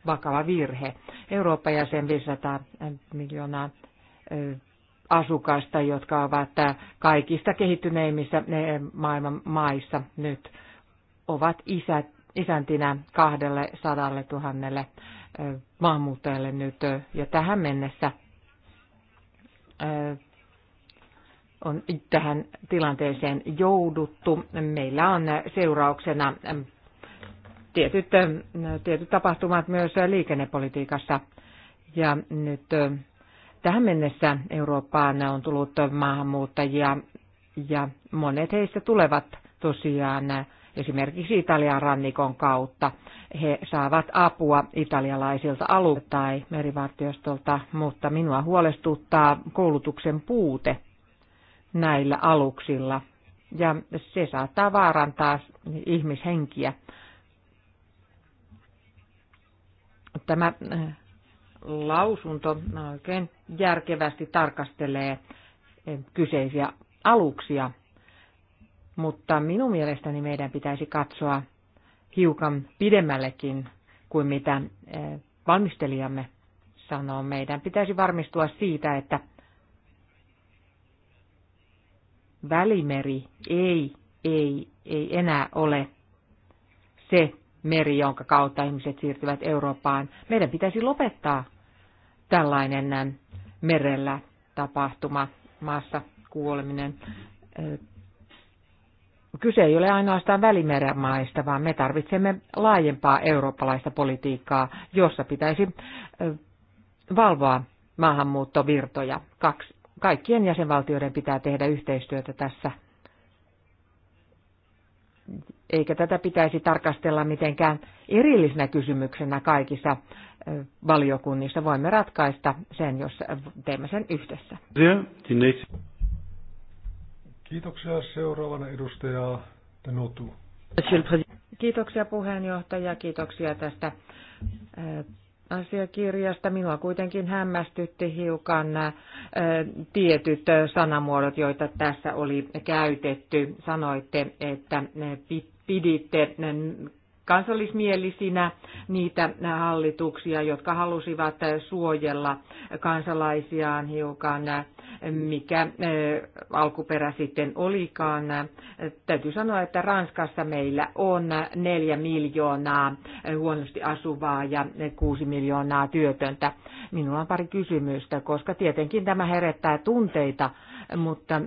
vakava virhe. Eurooppa ja sen 500 miljoonaa asukasta, jotka ovat kaikista kehittyneimmissä maailman maissa nyt, ovat isät, isäntinä 200 000 maahanmuuttajalle nyt. Ja tähän mennessä on tähän tilanteeseen jouduttu. Meillä on seurauksena tietyt, tietyt tapahtumat myös liikennepolitiikassa. Ja nyt Tähän mennessä Eurooppaan on tullut maahanmuuttajia ja monet heistä tulevat tosiaan esimerkiksi Italian rannikon kautta. He saavat apua italialaisilta alu- tai merivartiostolta, mutta minua huolestuttaa koulutuksen puute näillä aluksilla. Ja se saattaa vaarantaa ihmishenkiä. Tämä lausunto oikein järkevästi tarkastelee eh, kyseisiä aluksia. Mutta minun mielestäni meidän pitäisi katsoa hiukan pidemmällekin kuin mitä eh, valmistelijamme sanoo. Meidän pitäisi varmistua siitä, että välimeri ei, ei, ei enää ole se meri, jonka kautta ihmiset siirtyvät Eurooppaan. Meidän pitäisi lopettaa tällainen eh, merellä tapahtuma, maassa kuoleminen. Kyse ei ole ainoastaan välimeren maista, vaan me tarvitsemme laajempaa eurooppalaista politiikkaa, jossa pitäisi valvoa maahanmuuttovirtoja. kaikkien jäsenvaltioiden pitää tehdä yhteistyötä tässä eikä tätä pitäisi tarkastella mitenkään erillisenä kysymyksenä kaikissa valiokunnissa. Voimme ratkaista sen, jos teemme sen yhdessä. Kiitoksia. Seuraavana edustaja Tenotu. Kiitoksia puheenjohtaja, kiitoksia tästä asiakirjasta. Minua kuitenkin hämmästytti hiukan nämä tietyt sanamuodot, joita tässä oli käytetty. Sanoitte, että piditte kansallismielisinä niitä hallituksia, jotka halusivat suojella kansalaisiaan hiukan, mikä alkuperä sitten olikaan. Täytyy sanoa, että Ranskassa meillä on neljä miljoonaa huonosti asuvaa ja kuusi miljoonaa työtöntä. Minulla on pari kysymystä, koska tietenkin tämä herättää tunteita mutta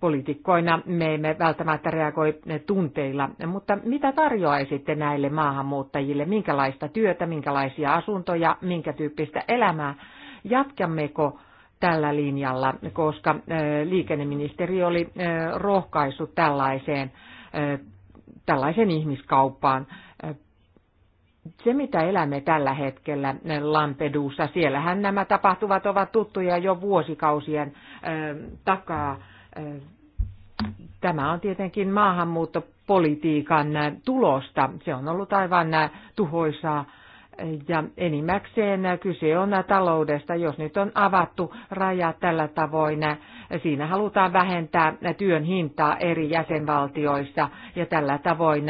poliitikkoina me emme välttämättä reagoi tunteilla. Mutta mitä tarjoaisitte näille maahanmuuttajille? Minkälaista työtä, minkälaisia asuntoja, minkä tyyppistä elämää? Jatkammeko tällä linjalla, koska liikenneministeri oli rohkaissut tällaiseen, tällaiseen ihmiskauppaan. Se, mitä elämme tällä hetkellä Lampedusa, siellähän nämä tapahtuvat ovat tuttuja jo vuosikausien Ähm, takaa. Ähm, tämä on tietenkin maahanmuuttopolitiikan äh, tulosta. Se on ollut aivan äh, tuhoisaa ja enimmäkseen kyse on taloudesta, jos nyt on avattu raja tällä tavoin. Siinä halutaan vähentää työn hintaa eri jäsenvaltioissa ja tällä tavoin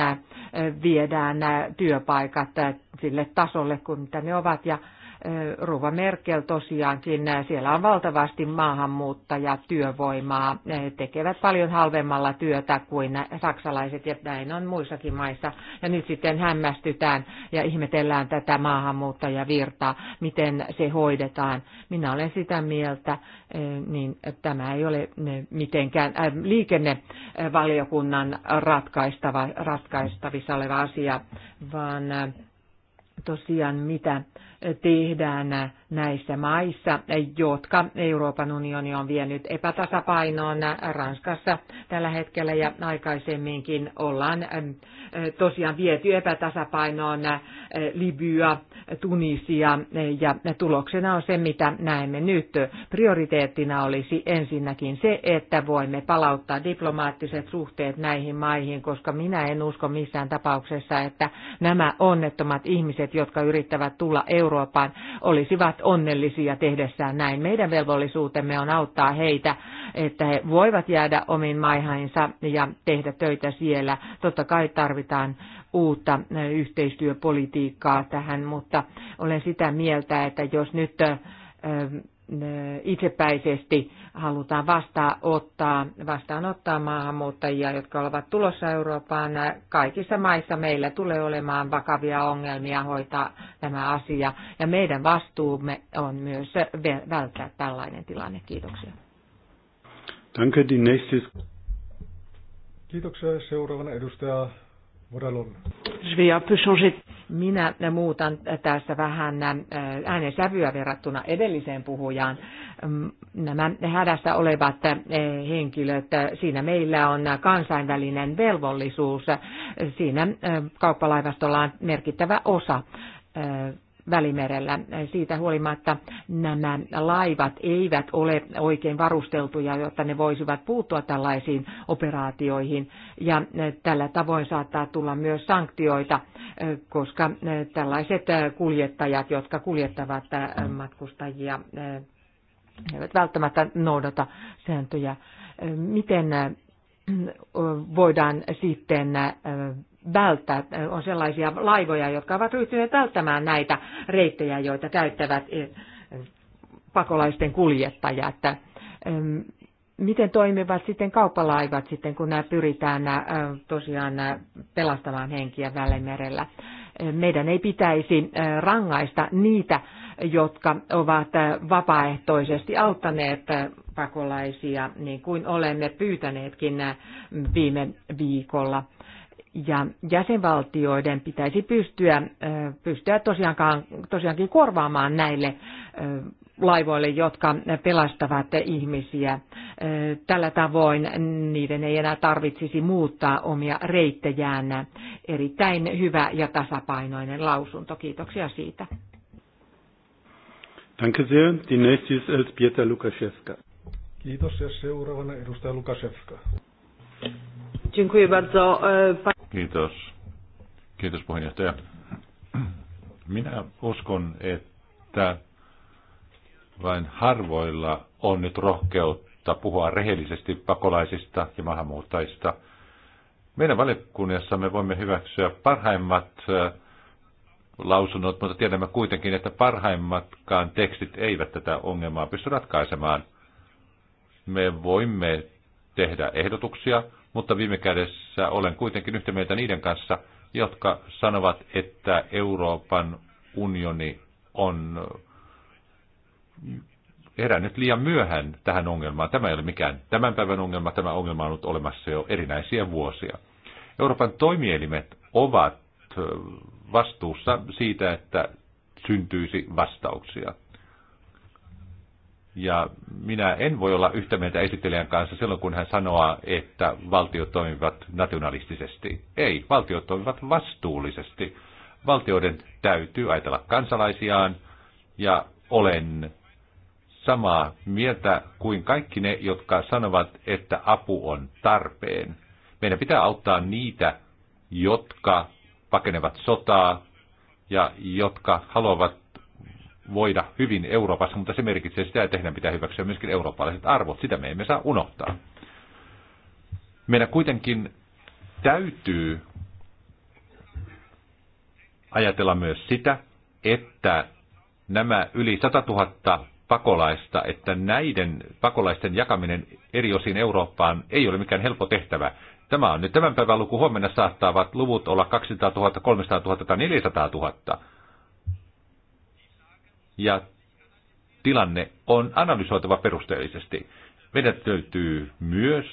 viedään työpaikat sille tasolle, kun mitä ne ovat. Ja Ruva Merkel tosiaankin, siellä on valtavasti työvoimaa tekevät paljon halvemmalla työtä kuin saksalaiset ja näin on muissakin maissa. Ja nyt sitten hämmästytään ja ihmetellään tätä maahanmuuttajavirtaa, miten se hoidetaan. Minä olen sitä mieltä, niin tämä ei ole mitenkään liikennevaliokunnan ratkaistava, ratkaistavissa oleva asia, vaan tosiaan mitä tehdään näissä maissa, jotka Euroopan unioni on vienyt epätasapainoon Ranskassa tällä hetkellä ja aikaisemminkin ollaan ähm, tosiaan viety epätasapainoon äh, Libya, Tunisia äh, ja tuloksena on se, mitä näemme nyt. Prioriteettina olisi ensinnäkin se, että voimme palauttaa diplomaattiset suhteet näihin maihin, koska minä en usko missään tapauksessa, että nämä onnettomat ihmiset, jotka yrittävät tulla Euroopan Euroopan olisivat onnellisia tehdessään näin. Meidän velvollisuutemme on auttaa heitä, että he voivat jäädä omiin maihansa ja tehdä töitä siellä. Totta kai tarvitaan uutta yhteistyöpolitiikkaa tähän, mutta olen sitä mieltä, että jos nyt itsepäisesti halutaan vastaanottaa, vastaanottaa maahanmuuttajia, jotka ovat tulossa Eurooppaan. Kaikissa maissa meillä tulee olemaan vakavia ongelmia hoitaa tämä asia, ja meidän vastuumme on myös välttää tällainen tilanne. Kiitoksia. Danke, die nächste. Kiitoksia. Seuraavana edustaja minä muutan tässä vähän äh, äänen sävyä verrattuna edelliseen puhujaan. Mm, nämä hädässä olevat äh, henkilöt, äh, siinä meillä on kansainvälinen velvollisuus. Siinä kauppalaivastolla on merkittävä osa Välimerellä. Siitä huolimatta nämä laivat eivät ole oikein varusteltuja, jotta ne voisivat puuttua tällaisiin operaatioihin. Ja tällä tavoin saattaa tulla myös sanktioita, koska tällaiset kuljettajat, jotka kuljettavat matkustajia, eivät välttämättä noudata sääntöjä. Miten voidaan sitten välttää, on sellaisia laivoja, jotka ovat ryhtyneet välttämään näitä reittejä, joita käyttävät eh, pakolaisten kuljettajat. Eh, miten toimivat sitten kauppalaivat sitten, kun nämä pyritään eh, tosiaan pelastamaan henkiä Välimerellä? Meidän ei pitäisi rangaista niitä, jotka ovat vapaaehtoisesti auttaneet pakolaisia, niin kuin olemme pyytäneetkin viime viikolla – ja jäsenvaltioiden pitäisi pystyä, pystyä tosiaankin korvaamaan näille laivoille, jotka pelastavat ihmisiä. Tällä tavoin niiden ei enää tarvitsisi muuttaa omia reittejään. Erittäin hyvä ja tasapainoinen lausunto. Kiitoksia siitä. Danke sehr. Die nächste ist Lukaschewska. Kiitos ja seuraavana edustaja Lukaschewska. Dziękuję bardzo. E, Kiitos. Kiitos puheenjohtaja. Minä uskon, että vain harvoilla on nyt rohkeutta puhua rehellisesti pakolaisista ja maahanmuuttajista. Meidän valiokunnassamme voimme hyväksyä parhaimmat e, lausunnot, mutta tiedämme kuitenkin, että parhaimmatkaan tekstit eivät tätä ongelmaa pysty ratkaisemaan. Me voimme tehdä ehdotuksia, mutta viime kädessä olen kuitenkin yhtä mieltä niiden kanssa, jotka sanovat, että Euroopan unioni on herännyt liian myöhään tähän ongelmaan. Tämä ei ole mikään tämän päivän ongelma, tämä ongelma on ollut olemassa jo erinäisiä vuosia. Euroopan toimielimet ovat vastuussa siitä, että syntyisi vastauksia. Ja minä en voi olla yhtä mieltä esittelijän kanssa silloin, kun hän sanoo, että valtiot toimivat nationalistisesti. Ei, valtiot toimivat vastuullisesti. Valtioiden täytyy ajatella kansalaisiaan, ja olen samaa mieltä kuin kaikki ne, jotka sanovat, että apu on tarpeen. Meidän pitää auttaa niitä, jotka pakenevat sotaa ja jotka haluavat voida hyvin Euroopassa, mutta se merkitsee sitä, että heidän pitää hyväksyä myöskin eurooppalaiset arvot. Sitä me emme saa unohtaa. Meidän kuitenkin täytyy ajatella myös sitä, että nämä yli 100 000 pakolaista, että näiden pakolaisten jakaminen eri osiin Eurooppaan ei ole mikään helppo tehtävä. Tämä on nyt tämän päivän luku. Huomenna saattavat luvut olla 200 000, 300 000 tai 400 000 ja tilanne on analysoitava perusteellisesti. Meidän täytyy myös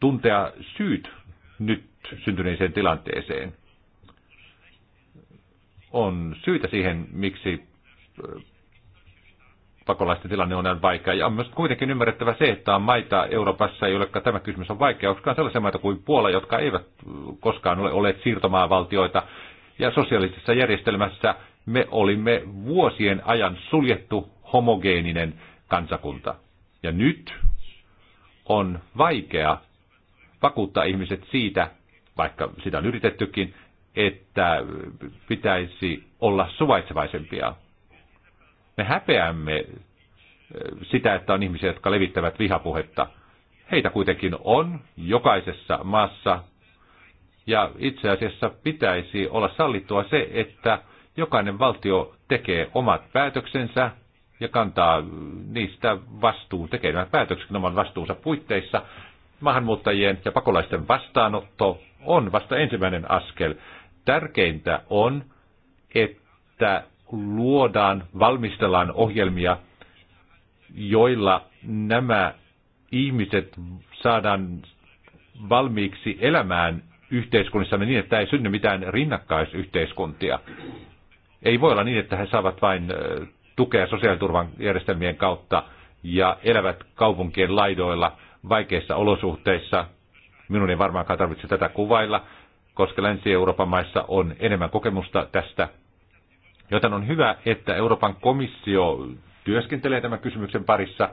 tuntea syyt nyt syntyneeseen tilanteeseen. On syytä siihen, miksi pakolaisten tilanne on näin vaikea. Ja on myös kuitenkin ymmärrettävä se, että on maita Euroopassa, joille tämä kysymys on vaikea. Onko sellaisia maita kuin Puola, jotka eivät koskaan ole olleet siirtomaavaltioita. Ja sosiaalisessa järjestelmässä me olimme vuosien ajan suljettu homogeeninen kansakunta. Ja nyt on vaikea vakuuttaa ihmiset siitä, vaikka sitä on yritettykin, että pitäisi olla suvaitsevaisempia. Me häpeämme äh, sitä, että on ihmisiä, jotka levittävät vihapuhetta. Heitä kuitenkin on jokaisessa maassa. Ja itse asiassa pitäisi olla sallittua se, että Jokainen valtio tekee omat päätöksensä ja kantaa niistä vastuun, tekee nämä päätökset oman vastuunsa puitteissa. Maahanmuuttajien ja pakolaisten vastaanotto on vasta ensimmäinen askel. Tärkeintä on, että luodaan, valmistellaan ohjelmia, joilla nämä ihmiset saadaan valmiiksi elämään yhteiskunnissamme niin, että ei synny mitään rinnakkaisyhteiskuntia. Ei voi olla niin, että he saavat vain tukea sosiaaliturvan järjestelmien kautta ja elävät kaupunkien laidoilla vaikeissa olosuhteissa. Minun ei varmaankaan tarvitse tätä kuvailla, koska Länsi-Euroopan maissa on enemmän kokemusta tästä. Joten on hyvä, että Euroopan komissio työskentelee tämän kysymyksen parissa.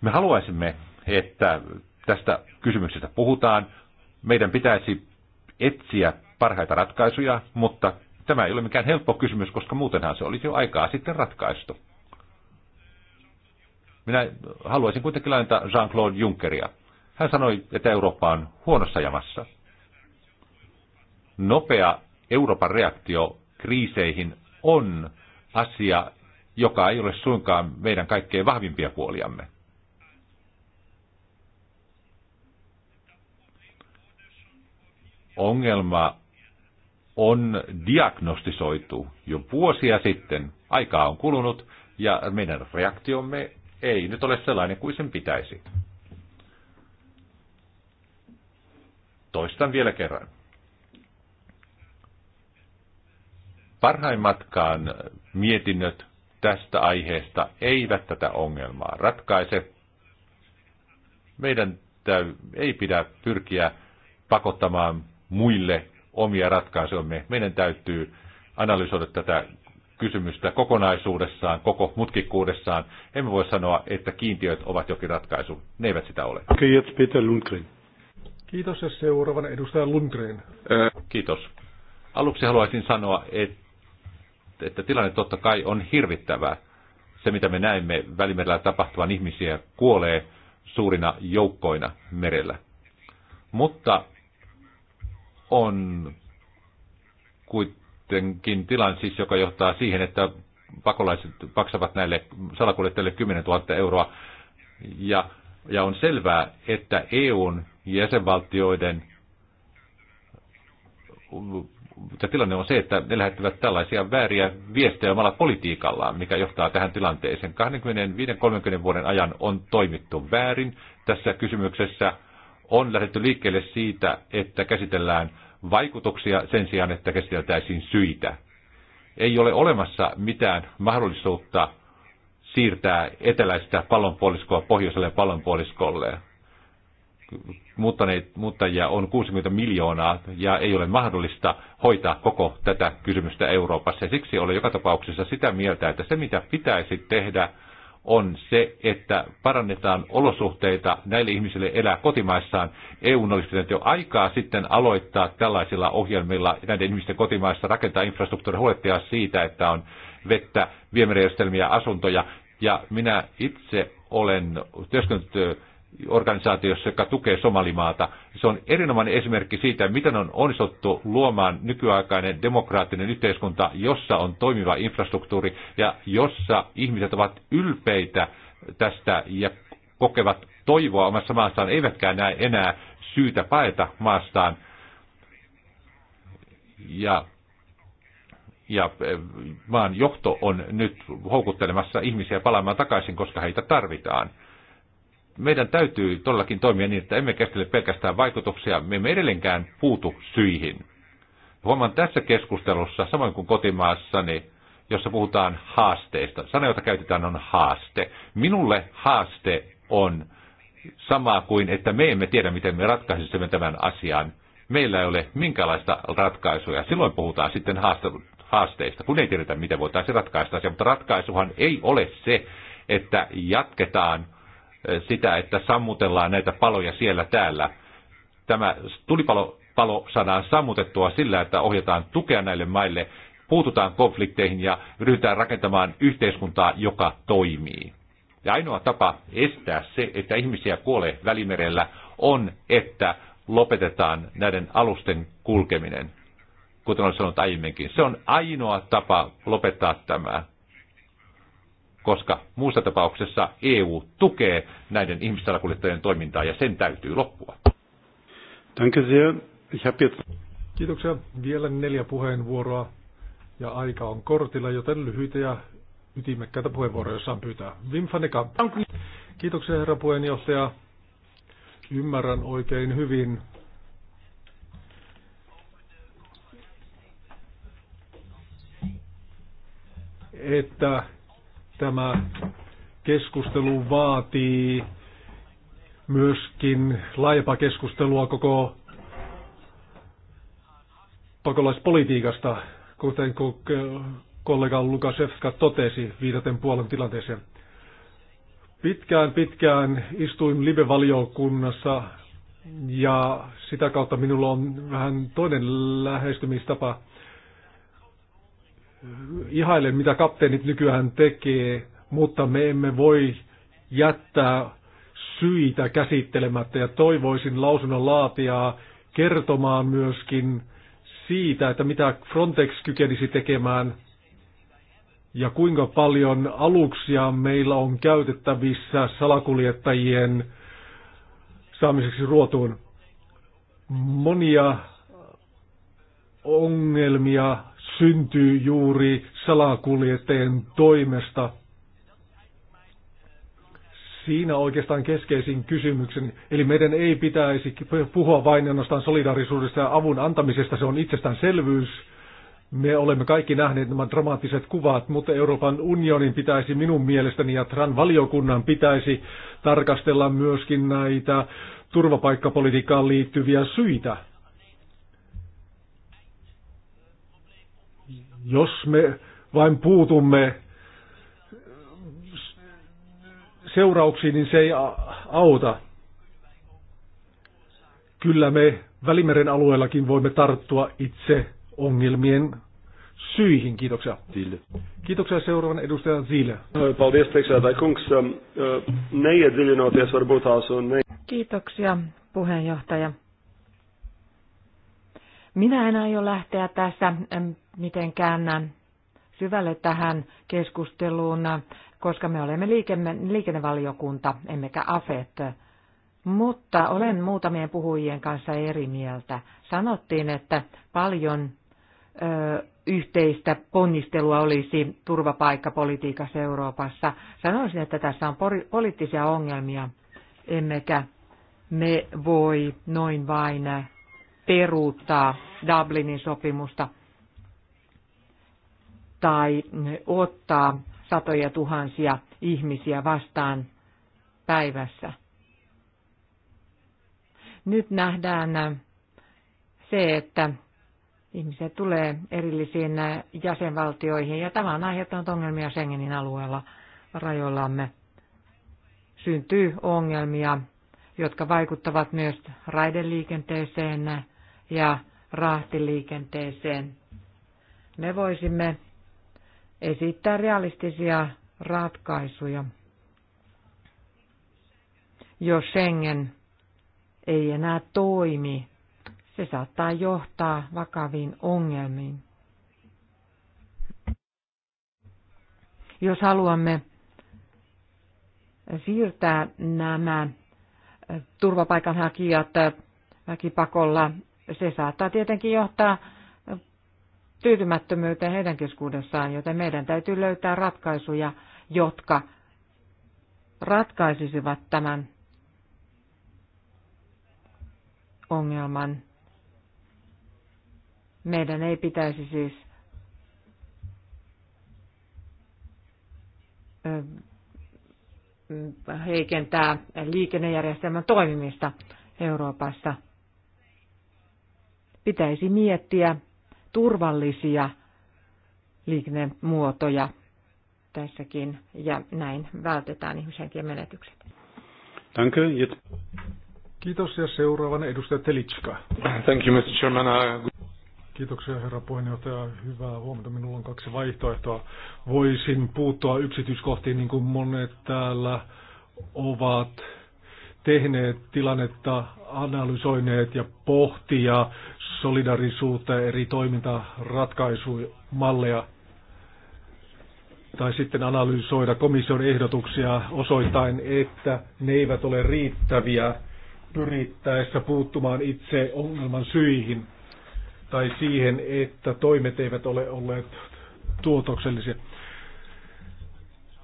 Me haluaisimme, että tästä kysymyksestä puhutaan. Meidän pitäisi etsiä parhaita ratkaisuja, mutta Tämä ei ole mikään helppo kysymys, koska muutenhan se olisi jo aikaa sitten ratkaistu. Minä haluaisin kuitenkin lainata Jean-Claude Junckeria. Hän sanoi, että Eurooppa on huonossa jamassa. Nopea Euroopan reaktio kriiseihin on asia, joka ei ole suinkaan meidän kaikkein vahvimpia puoliamme. Ongelma on diagnostisoitu jo vuosia sitten. Aikaa on kulunut ja meidän reaktiomme ei nyt ole sellainen kuin sen pitäisi. Toistan vielä kerran. Parhaimmatkaan mietinnöt tästä aiheesta eivät tätä ongelmaa ratkaise. Meidän ei pidä pyrkiä pakottamaan muille omia ratkaisuamme. Meidän täytyy analysoida tätä kysymystä kokonaisuudessaan, koko mutkikkuudessaan. Emme voi sanoa, että kiintiöt ovat jokin ratkaisu. Ne eivät sitä ole. Kiitos, Peter Lundgren. Kiitos ja seuraavana edustaja Lundgren. Äh. Kiitos. Aluksi haluaisin sanoa, että, että tilanne totta kai on hirvittävää, Se, mitä me näemme välimerellä tapahtuvan ihmisiä, kuolee suurina joukkoina merellä. Mutta on kuitenkin tilanne, siis, joka johtaa siihen, että pakolaiset maksavat näille salakuljettajille 10 000 euroa. Ja, ja on selvää, että EUn jäsenvaltioiden mutta tilanne on se, että ne lähettävät tällaisia vääriä viestejä omalla politiikallaan, mikä johtaa tähän tilanteeseen. 25-30 vuoden ajan on toimittu väärin tässä kysymyksessä on lähdetty liikkeelle siitä, että käsitellään vaikutuksia sen sijaan, että käsiteltäisiin syitä. Ei ole olemassa mitään mahdollisuutta siirtää eteläistä pallonpuoliskoa pohjoiselle pallonpuoliskolle. Muuttaneet, muuttajia on 60 miljoonaa ja ei ole mahdollista hoitaa koko tätä kysymystä Euroopassa. Ja siksi olen joka tapauksessa sitä mieltä, että se mitä pitäisi tehdä on se, että parannetaan olosuhteita näille ihmisille elää kotimaissaan. EU olisi pitänyt jo aikaa sitten aloittaa tällaisilla ohjelmilla näiden ihmisten kotimaissa, rakentaa infrastruktuuria, huolehtia siitä, että on vettä, viemärijärjestelmiä, asuntoja. Ja minä itse olen työskennellyt organisaatiossa, joka tukee Somalimaata. Se on erinomainen esimerkki siitä, miten on onnistuttu luomaan nykyaikainen demokraattinen yhteiskunta, jossa on toimiva infrastruktuuri ja jossa ihmiset ovat ylpeitä tästä ja kokevat toivoa omassa maassaan, eivätkä näe enää syytä paeta maastaan. Ja, ja e, maan johto on nyt houkuttelemassa ihmisiä palaamaan takaisin, koska heitä tarvitaan meidän täytyy todellakin toimia niin, että emme käsittele pelkästään vaikutuksia, me emme edelleenkään puutu syihin. Huomaan tässä keskustelussa, samoin kuin kotimaassani, jossa puhutaan haasteista. Sana, jota käytetään, on haaste. Minulle haaste on sama kuin, että me emme tiedä, miten me ratkaisisimme tämän asian. Meillä ei ole minkälaista ratkaisuja. Silloin puhutaan sitten haasteista, kun ei tiedetä, miten voitaisiin ratkaista asia. Mutta ratkaisuhan ei ole se, että jatketaan – Eh, sitä, että sammutellaan näitä paloja siellä täällä. Tämä tulipalo palo saadaan sammutettua sillä, että ohjataan tukea näille maille, puututaan konflikteihin ja ryhdytään rakentamaan yhteiskuntaa, joka toimii. Ja ainoa tapa estää se, että ihmisiä kuolee välimerellä, on, että lopetetaan näiden alusten kulkeminen. Kuten olen sanonut aiemminkin, se on ainoa tapa lopettaa tämä koska muussa tapauksessa EU tukee näiden ihmissalakuljettajien toimintaa ja sen täytyy loppua. Danke sehr. Ich habe jetzt... Kiitoksia. Vielä neljä puheenvuoroa ja aika on kortilla, joten lyhyitä ja ytimekkäitä puheenvuoroja, jos saan pyytää. Wim van Kiitoksia herra puheenjohtaja. Ymmärrän oikein hyvin että Tämä keskustelu vaatii myöskin laajempaa keskustelua koko pakolaispolitiikasta, kuten kollega Lukasevska totesi viitaten Puolan tilanteeseen. Pitkään pitkään istuin libe valiokunnassa ja sitä kautta minulla on vähän toinen lähestymistapa – ihailen, mitä kapteenit nykyään tekee, mutta me emme voi jättää syitä käsittelemättä ja toivoisin lausunnon laatiaa kertomaan myöskin siitä, että mitä Frontex kykenisi tekemään ja kuinka paljon aluksia meillä on käytettävissä salakuljettajien saamiseksi ruotuun. Monia ongelmia syntyy juuri salakuljettajien toimesta. Siinä oikeastaan keskeisin kysymyksen. Eli meidän ei pitäisi puhua vain ainoastaan solidaarisuudesta ja avun antamisesta, se on itsestäänselvyys. Me olemme kaikki nähneet nämä dramaattiset kuvat, mutta Euroopan unionin pitäisi minun mielestäni ja Tran valiokunnan pitäisi tarkastella myöskin näitä turvapaikkapolitiikkaan liittyviä syitä. Jos me vain puutumme seurauksiin, niin se ei auta. Kyllä me Välimeren alueellakin voimme tarttua itse ongelmien syihin. Kiitoksia. Sille. Kiitoksia seuraavan edustajan Zille. Um, uh, Kiitoksia puheenjohtaja. Minä en aio lähteä tässä mitenkään syvälle tähän keskusteluun, koska me olemme liikennevaliokunta, emmekä AFET. Mutta olen muutamien puhujien kanssa eri mieltä. Sanottiin, että paljon ö, yhteistä ponnistelua olisi turvapaikkapolitiikassa Euroopassa. Sanoisin, että tässä on poliittisia ongelmia, emmekä me voi noin vain peruuttaa Dublinin sopimusta – tai ottaa satoja tuhansia ihmisiä vastaan päivässä. Nyt nähdään se, että ihmiset tulee erillisiin jäsenvaltioihin ja tämä on aiheuttanut ongelmia Schengenin alueella rajoillamme. Syntyy ongelmia, jotka vaikuttavat myös raideliikenteeseen ja rahtiliikenteeseen. Me voisimme esittää realistisia ratkaisuja, jos Schengen ei enää toimi. Se saattaa johtaa vakaviin ongelmiin. Jos haluamme siirtää nämä turvapaikanhakijat väkipakolla, se saattaa tietenkin johtaa tyytymättömyyteen heidän keskuudessaan, joten meidän täytyy löytää ratkaisuja, jotka ratkaisisivat tämän ongelman. Meidän ei pitäisi siis heikentää liikennejärjestelmän toimimista Euroopassa. Pitäisi miettiä turvallisia liikennemuotoja tässäkin ja näin vältetään ihmishenkien menetykset. Danke. Kiitos ja seuraavana edustaja Telitska. Thank you, Mr. Chairman. Uh, Kiitoksia herra puheenjohtaja. Hyvää huomenta. Minulla on kaksi vaihtoehtoa. Voisin puuttua yksityiskohtiin niin kuin monet täällä ovat tehneet tilannetta, analysoineet ja pohtia solidarisuutta ja eri toimintaratkaisumalleja tai sitten analysoida komission ehdotuksia osoittain, että ne eivät ole riittäviä pyrittäessä puuttumaan itse ongelman syihin tai siihen, että toimet eivät ole olleet tuotoksellisia.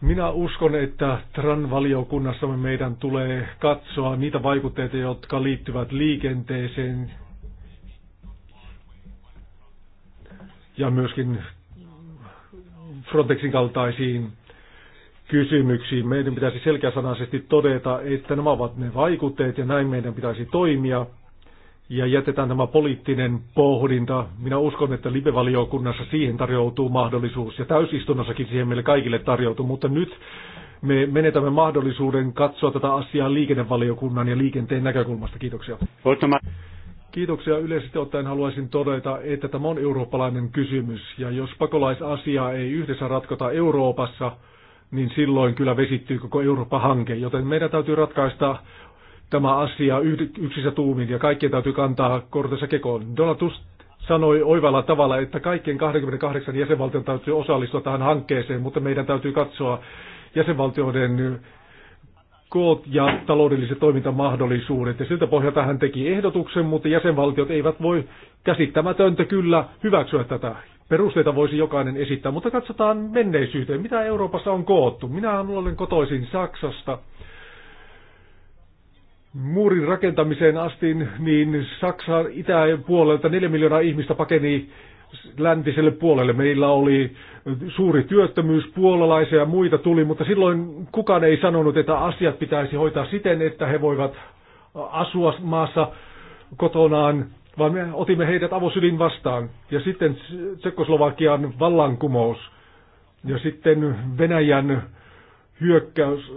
Minä uskon, että tran valiokunnassamme meidän tulee katsoa niitä vaikutteita, jotka liittyvät liikenteeseen ja myöskin Frontexin kaltaisiin kysymyksiin. Meidän pitäisi selkeäsanaisesti todeta, että nämä ovat ne vaikutteet ja näin meidän pitäisi toimia. Ja jätetään tämä poliittinen pohdinta. Minä uskon, että live siihen tarjoutuu mahdollisuus ja täysistunnossakin siihen meille kaikille tarjoutuu, mutta nyt me menetämme mahdollisuuden katsoa tätä asiaa liikennevaliokunnan ja liikenteen näkökulmasta. Kiitoksia. Kiitoksia. Yleisesti ottaen haluaisin todeta, että tämä on eurooppalainen kysymys. Ja jos pakolaisasiaa ei yhdessä ratkota Euroopassa, niin silloin kyllä vesittyy koko Eurooppa-hanke. Joten meidän täytyy ratkaista tämä asia yksissä tuumin ja kaikkien täytyy kantaa kortensa kekoon. Donald Tusk sanoi oivalla tavalla, että kaikkien 28 jäsenvaltion täytyy osallistua tähän hankkeeseen, mutta meidän täytyy katsoa jäsenvaltioiden koot ja taloudelliset toimintamahdollisuudet. Ja siltä pohjalta hän teki ehdotuksen, mutta jäsenvaltiot eivät voi käsittämätöntä kyllä hyväksyä tätä. Perusteita voisi jokainen esittää, mutta katsotaan menneisyyteen. Mitä Euroopassa on koottu? Minä olen kotoisin Saksasta. Muurin rakentamiseen asti, niin Saksa itäpuolelta 4 miljoonaa ihmistä pakeni läntiselle puolelle. Meillä oli suuri työttömyys, puolalaisia ja muita tuli, mutta silloin kukaan ei sanonut, että asiat pitäisi hoitaa siten, että he voivat asua maassa kotonaan, vaan me otimme heidät avosylin vastaan. Ja sitten Tsekoslovakian vallankumous ja sitten Venäjän hyökkäys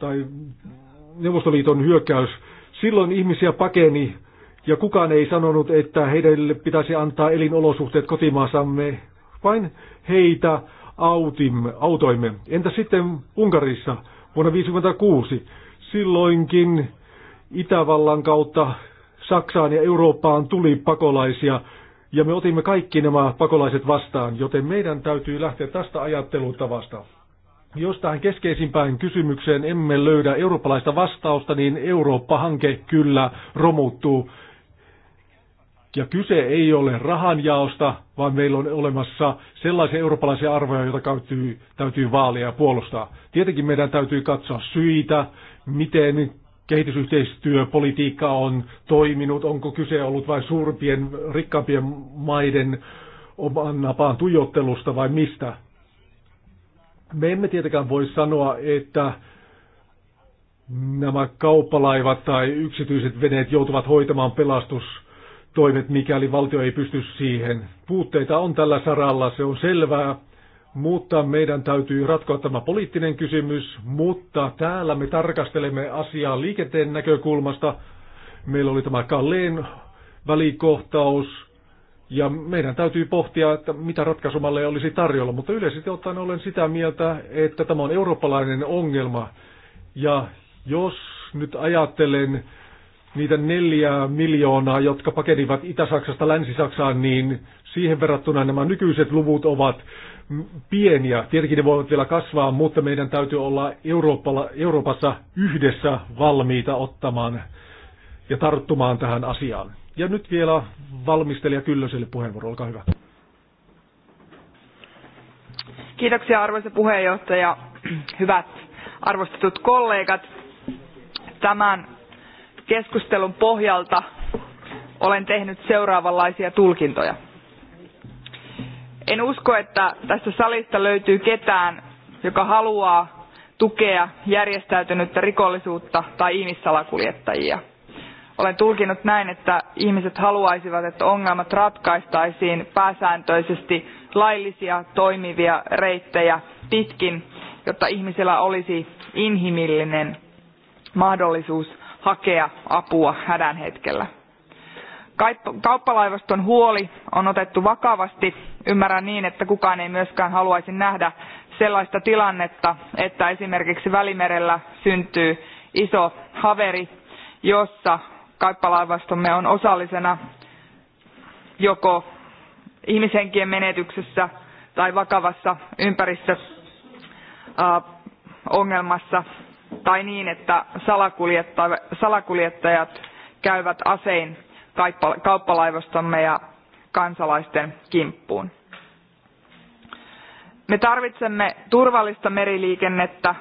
tai Neuvostoliiton hyökkäys. Silloin ihmisiä pakeni ja kukaan ei sanonut, että heidän pitäisi antaa elinolosuhteet kotimaassamme. Vain heitä autimme, autoimme. Entä sitten Unkarissa vuonna 1956? Silloinkin Itävallan kautta Saksaan ja Eurooppaan tuli pakolaisia ja me otimme kaikki nämä pakolaiset vastaan, joten meidän täytyy lähteä tästä ajattelutavasta. Jos tähän keskeisimpään kysymykseen emme löydä eurooppalaista vastausta, niin Eurooppa-hanke kyllä romuttuu. Ja kyse ei ole rahanjaosta, vaan meillä on olemassa sellaisia eurooppalaisia arvoja, joita täytyy, täytyy vaalia ja puolustaa. Tietenkin meidän täytyy katsoa syitä, miten kehitysyhteistyöpolitiikka on toiminut, onko kyse ollut vain suurimpien, rikkaampien maiden oman napaan tuijottelusta vai mistä. Me emme tietenkään voi sanoa, että nämä kauppalaivat tai yksityiset veneet joutuvat hoitamaan pelastus- toimet, mikäli valtio ei pysty siihen. Puutteita on tällä saralla, se on selvää, mutta meidän täytyy ratkoa tämä poliittinen kysymys, mutta täällä me tarkastelemme asiaa liikenteen näkökulmasta. Meillä oli tämä Kalleen välikohtaus, ja meidän täytyy pohtia, että mitä ratkaisumalle olisi tarjolla, mutta yleisesti ottaen olen sitä mieltä, että tämä on eurooppalainen ongelma. Ja jos nyt ajattelen niitä neljää miljoonaa, jotka pakenivat Itä-Saksasta Länsi-Saksaan, niin siihen verrattuna nämä nykyiset luvut ovat pieniä. Tietenkin ne voivat vielä kasvaa, mutta meidän täytyy olla Euroopalla, Euroopassa yhdessä valmiita ottamaan ja tarttumaan tähän asiaan. Ja nyt vielä valmistelija Kyllöselle puheenvuoro, olkaa hyvä. Kiitoksia arvoisa puheenjohtaja. Hyvät arvostetut kollegat. Tämän keskustelun pohjalta olen tehnyt seuraavanlaisia tulkintoja. En usko, että tässä salista löytyy ketään, joka haluaa tukea järjestäytynyttä rikollisuutta tai ihmissalakuljettajia. Olen tulkinut näin, että ihmiset haluaisivat, että ongelmat ratkaistaisiin pääsääntöisesti laillisia toimivia reittejä pitkin, jotta ihmisellä olisi inhimillinen mahdollisuus hakea apua hädän hetkellä. Kauppalaivaston huoli on otettu vakavasti. Ymmärrän niin, että kukaan ei myöskään haluaisi nähdä sellaista tilannetta, että esimerkiksi Välimerellä syntyy iso haveri, jossa kauppalaivastomme on osallisena joko ihmishenkien menetyksessä tai vakavassa ympäristöongelmassa tai niin, että salakuljettajat käyvät asein kauppalaivostamme ja kansalaisten kimppuun. Me tarvitsemme turvallista meriliikennettä.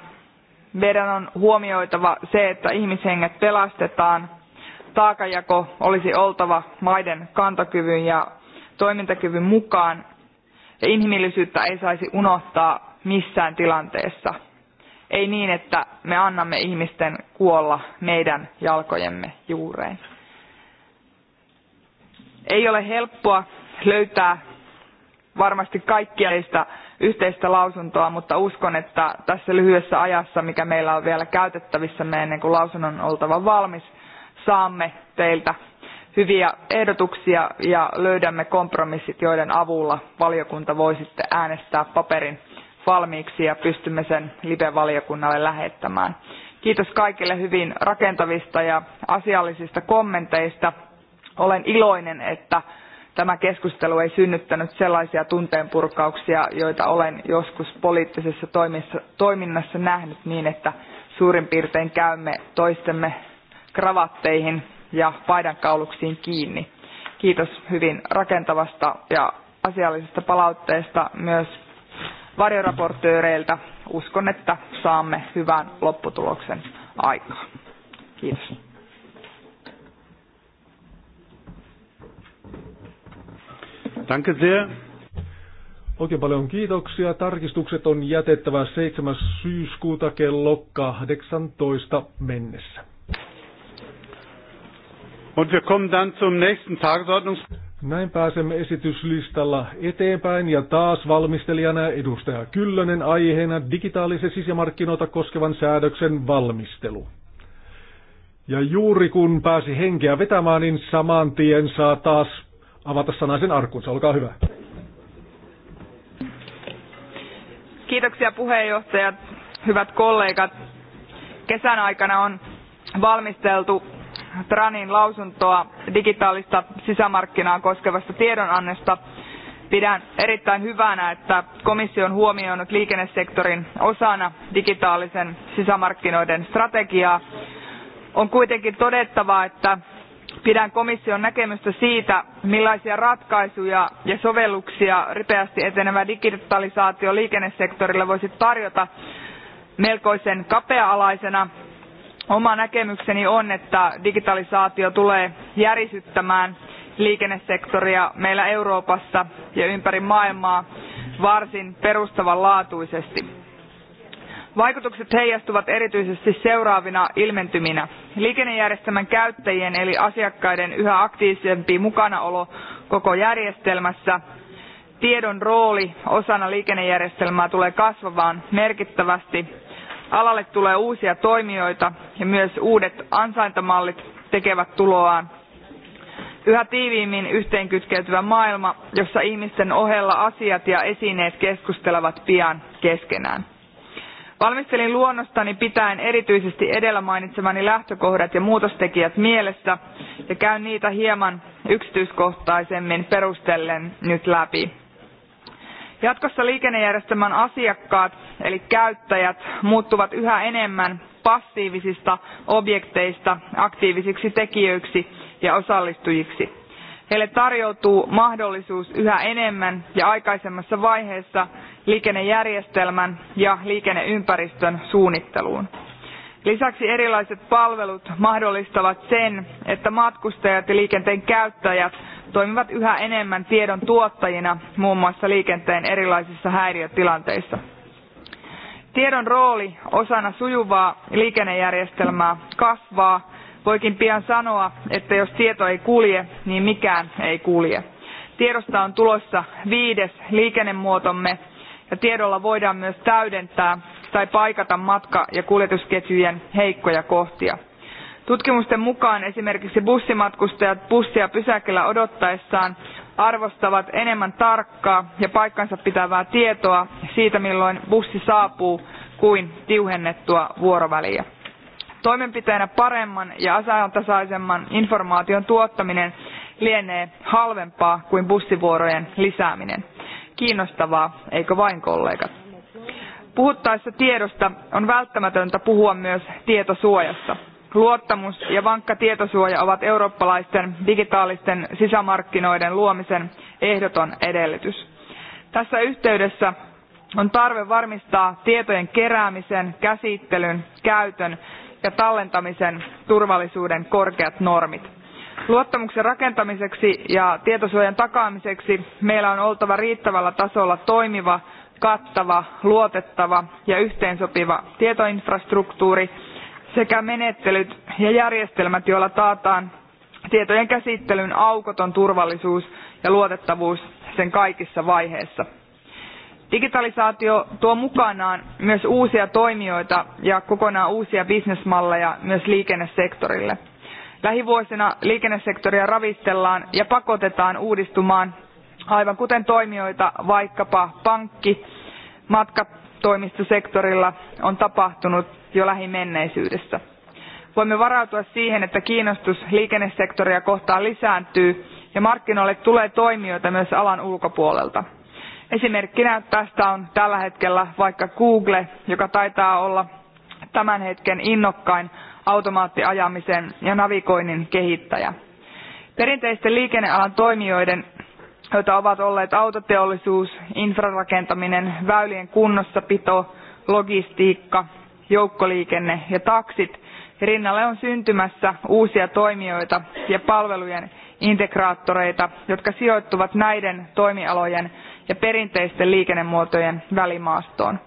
Meidän on huomioitava se, että ihmishenget pelastetaan. Taakajako olisi oltava maiden kantokyvyn ja toimintakyvyn mukaan. Ja inhimillisyyttä ei saisi unohtaa missään tilanteessa – ei niin, että me annamme ihmisten kuolla meidän jalkojemme juureen. Ei ole helppoa löytää varmasti kaikkia niistä yhteistä lausuntoa, mutta uskon, että tässä lyhyessä ajassa, mikä meillä on vielä käytettävissä, me ennen kuin lausunnon on oltava valmis, saamme teiltä hyviä ehdotuksia ja löydämme kompromissit, joiden avulla valiokunta voi sitten äänestää paperin valmiiksi ja pystymme sen live-valiokunnalle lähettämään. Kiitos kaikille hyvin rakentavista ja asiallisista kommenteista. Olen iloinen, että tämä keskustelu ei synnyttänyt sellaisia tunteenpurkauksia, joita olen joskus poliittisessa toiminnassa nähnyt niin, että suurin piirtein käymme toistemme kravatteihin ja paidankauluksiin kiinni. Kiitos hyvin rakentavasta ja asiallisesta palautteesta myös varjoraportööreiltä. Uskon, että saamme hyvän lopputuloksen aikaan. Kiitos. Danke sehr. Oikein paljon kiitoksia. Tarkistukset on jätettävä 7. syyskuuta kello 18 mennessä. Und wir kommen dann zum nächsten Tagesordnungspunkt. Näin pääsemme esityslistalla eteenpäin ja taas valmistelijana edustaja Kyllönen aiheena digitaalisen sisämarkkinoita koskevan säädöksen valmistelu. Ja juuri kun pääsi henkeä vetämään, niin saman tien saa taas avata sanaisen arkunsa. Olkaa hyvä. Kiitoksia puheenjohtajat, hyvät kollegat. Kesän aikana on valmisteltu Tranin lausuntoa digitaalista sisämarkkinaa koskevasta tiedonannesta. Pidän erittäin hyvänä, että komissio on huomioinut liikennesektorin osana digitaalisen sisämarkkinoiden strategiaa. On kuitenkin todettava, että pidän komission näkemystä siitä, millaisia ratkaisuja ja sovelluksia ripeästi etenevä digitalisaatio liikennesektorille voisi tarjota melkoisen kapea-alaisena Oma näkemykseni on, että digitalisaatio tulee järisyttämään liikennesektoria meillä Euroopassa ja ympäri maailmaa varsin perustavanlaatuisesti. Vaikutukset heijastuvat erityisesti seuraavina ilmentyminä. Liikennejärjestelmän käyttäjien eli asiakkaiden yhä aktiivisempi mukanaolo koko järjestelmässä. Tiedon rooli osana liikennejärjestelmää tulee kasvavaan merkittävästi Alalle tulee uusia toimijoita ja myös uudet ansaintamallit tekevät tuloaan. Yhä tiiviimmin yhteenkytkeytyvä maailma, jossa ihmisten ohella asiat ja esineet keskustelevat pian keskenään. Valmistelin luonnostani pitäen erityisesti edellä mainitsemani lähtökohdat ja muutostekijät mielessä ja käyn niitä hieman yksityiskohtaisemmin perustellen nyt läpi. Jatkossa liikennejärjestelmän asiakkaat eli käyttäjät muuttuvat yhä enemmän passiivisista objekteista aktiivisiksi tekijöiksi ja osallistujiksi. Heille tarjoutuu mahdollisuus yhä enemmän ja aikaisemmassa vaiheessa liikennejärjestelmän ja liikenneympäristön suunnitteluun. Lisäksi erilaiset palvelut mahdollistavat sen, että matkustajat ja liikenteen käyttäjät toimivat yhä enemmän tiedon tuottajina muun muassa liikenteen erilaisissa häiriötilanteissa. Tiedon rooli osana sujuvaa liikennejärjestelmää kasvaa. Voikin pian sanoa, että jos tieto ei kulje, niin mikään ei kulje. Tiedosta on tulossa viides liikennemuotomme ja tiedolla voidaan myös täydentää tai paikata matka- ja kuljetusketjujen heikkoja kohtia. Tutkimusten mukaan esimerkiksi bussimatkustajat bussia pysäkillä odottaessaan arvostavat enemmän tarkkaa ja paikkansa pitävää tietoa siitä, milloin bussi saapuu, kuin tiuhennettua vuoroväliä. Toimenpiteenä paremman ja asiantasaisemman informaation tuottaminen lienee halvempaa kuin bussivuorojen lisääminen. Kiinnostavaa, eikö vain kollegat? Puhuttaessa tiedosta on välttämätöntä puhua myös tietosuojasta. Luottamus ja vankka tietosuoja ovat eurooppalaisten digitaalisten sisämarkkinoiden luomisen ehdoton edellytys. Tässä yhteydessä on tarve varmistaa tietojen keräämisen, käsittelyn, käytön ja tallentamisen turvallisuuden korkeat normit. Luottamuksen rakentamiseksi ja tietosuojan takaamiseksi meillä on oltava riittävällä tasolla toimiva kattava luotettava ja yhteensopiva tietoinfrastruktuuri sekä menettelyt ja järjestelmät joilla taataan tietojen käsittelyn aukoton turvallisuus ja luotettavuus sen kaikissa vaiheissa. Digitalisaatio tuo mukanaan myös uusia toimijoita ja kokonaan uusia bisnesmalleja myös liikennesektorille. Lähivuosina liikennesektoria ravistellaan ja pakotetaan uudistumaan aivan kuten toimijoita vaikkapa pankki matkatoimistosektorilla on tapahtunut jo lähimenneisyydessä. Voimme varautua siihen, että kiinnostus liikennesektoria kohtaan lisääntyy ja markkinoille tulee toimijoita myös alan ulkopuolelta. Esimerkkinä tästä on tällä hetkellä vaikka Google, joka taitaa olla tämän hetken innokkain automaattiajamisen ja navigoinnin kehittäjä. Perinteisten liikennealan toimijoiden joita ovat olleet autoteollisuus, infrarakentaminen, väylien kunnossapito, logistiikka, joukkoliikenne ja taksit, rinnalle on syntymässä uusia toimijoita ja palvelujen integraattoreita, jotka sijoittuvat näiden toimialojen ja perinteisten liikennemuotojen välimaastoon.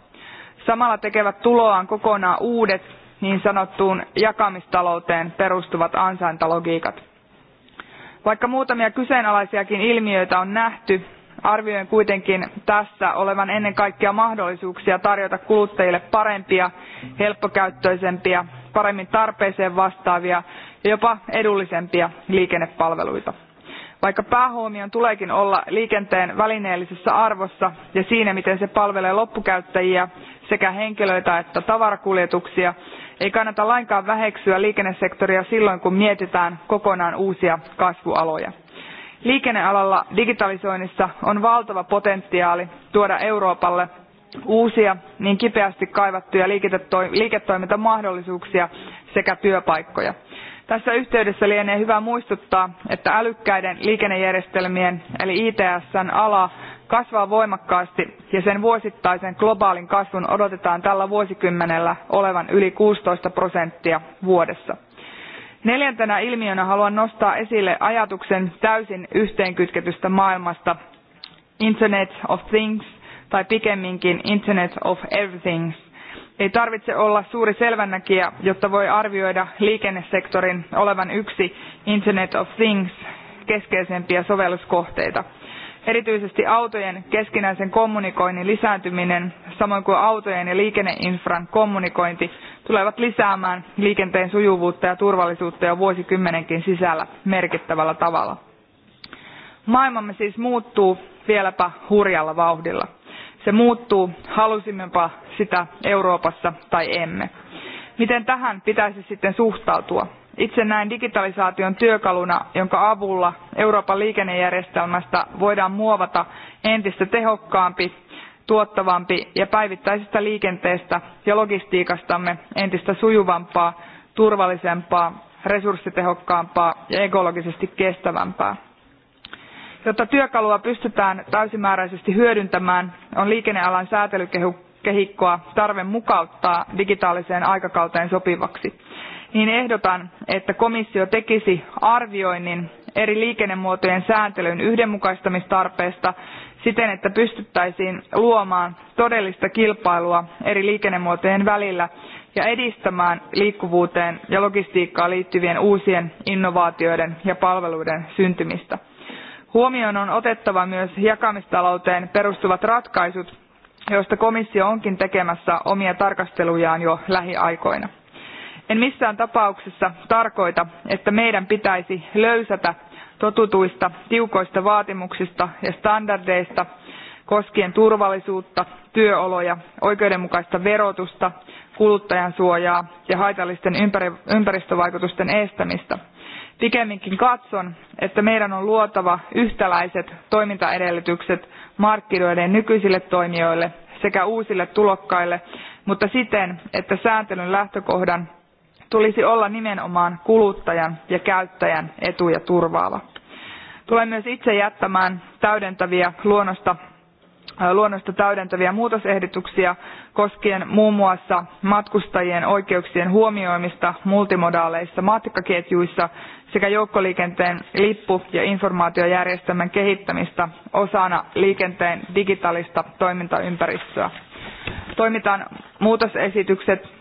Samalla tekevät tuloaan kokonaan uudet, niin sanottuun jakamistalouteen perustuvat ansaintalogiikat. Vaikka muutamia kyseenalaisiakin ilmiöitä on nähty, arvioin kuitenkin tässä olevan ennen kaikkea mahdollisuuksia tarjota kuluttajille parempia, helppokäyttöisempiä, paremmin tarpeeseen vastaavia ja jopa edullisempia liikennepalveluita. Vaikka päähuomion tuleekin olla liikenteen välineellisessä arvossa ja siinä, miten se palvelee loppukäyttäjiä sekä henkilöitä että tavarakuljetuksia, ei kannata lainkaan väheksyä liikennesektoria silloin kun mietitään kokonaan uusia kasvualoja. liikennealalla digitalisoinnissa on valtava potentiaali tuoda euroopalle uusia niin kipeästi kaivattuja liiketoimintamahdollisuuksia sekä työpaikkoja. Tässä yhteydessä lienee hyvä muistuttaa, että älykkäiden liikennejärjestelmien eli ITSn ala kasvaa voimakkaasti ja sen vuosittaisen globaalin kasvun odotetaan tällä vuosikymmenellä olevan yli 16 prosenttia vuodessa. Neljäntenä ilmiönä haluan nostaa esille ajatuksen täysin yhteenkytketystä maailmasta Internet of Things tai pikemminkin Internet of Everything. Ei tarvitse olla suuri selvänäkijä, jotta voi arvioida liikennesektorin olevan yksi Internet of Things keskeisempiä sovelluskohteita – erityisesti autojen keskinäisen kommunikoinnin lisääntyminen samoin kuin autojen ja liikenneinfran kommunikointi tulevat lisäämään liikenteen sujuvuutta ja turvallisuutta jo vuosikymmenenkin sisällä merkittävällä tavalla. Maailmamme siis muuttuu vieläpä hurjalla vauhdilla. Se muuttuu, halusimmepa sitä Euroopassa tai emme. Miten tähän pitäisi sitten suhtautua? itse näen digitalisaation työkaluna, jonka avulla Euroopan liikennejärjestelmästä voidaan muovata entistä tehokkaampi, tuottavampi ja päivittäisestä liikenteestä ja logistiikastamme entistä sujuvampaa, turvallisempaa, resurssitehokkaampaa ja ekologisesti kestävämpää. Jotta työkalua pystytään täysimääräisesti hyödyntämään, on liikennealan säätelykehikkoa tarve mukauttaa digitaaliseen aikakauteen sopivaksi niin ehdotan, että komissio tekisi arvioinnin eri liikennemuotojen sääntelyn yhdenmukaistamistarpeesta siten, että pystyttäisiin luomaan todellista kilpailua eri liikennemuotojen välillä ja edistämään liikkuvuuteen ja logistiikkaan liittyvien uusien innovaatioiden ja palveluiden syntymistä. Huomioon on otettava myös jakamistalouteen perustuvat ratkaisut, joista komissio onkin tekemässä omia tarkastelujaan jo lähiaikoina. En missään tapauksessa tarkoita, että meidän pitäisi löysätä totutuista tiukoista vaatimuksista ja standardeista koskien turvallisuutta, työoloja, oikeudenmukaista verotusta, kuluttajansuojaa suojaa ja haitallisten ympäristövaikutusten estämistä. Pikemminkin katson, että meidän on luotava yhtäläiset toimintaedellytykset markkinoiden nykyisille toimijoille sekä uusille tulokkaille, mutta siten, että sääntelyn lähtökohdan tulisi olla nimenomaan kuluttajan ja käyttäjän etuja turvaava. Tulen myös itse jättämään täydentäviä luonnosta luonnosta täydentäviä muutosehdotuksia koskien muun muassa matkustajien oikeuksien huomioimista multimodaaleissa matkaketjuissa sekä joukkoliikenteen lippu- ja informaatiojärjestelmän kehittämistä osana liikenteen digitaalista toimintaympäristöä. Toimitan muutosesitykset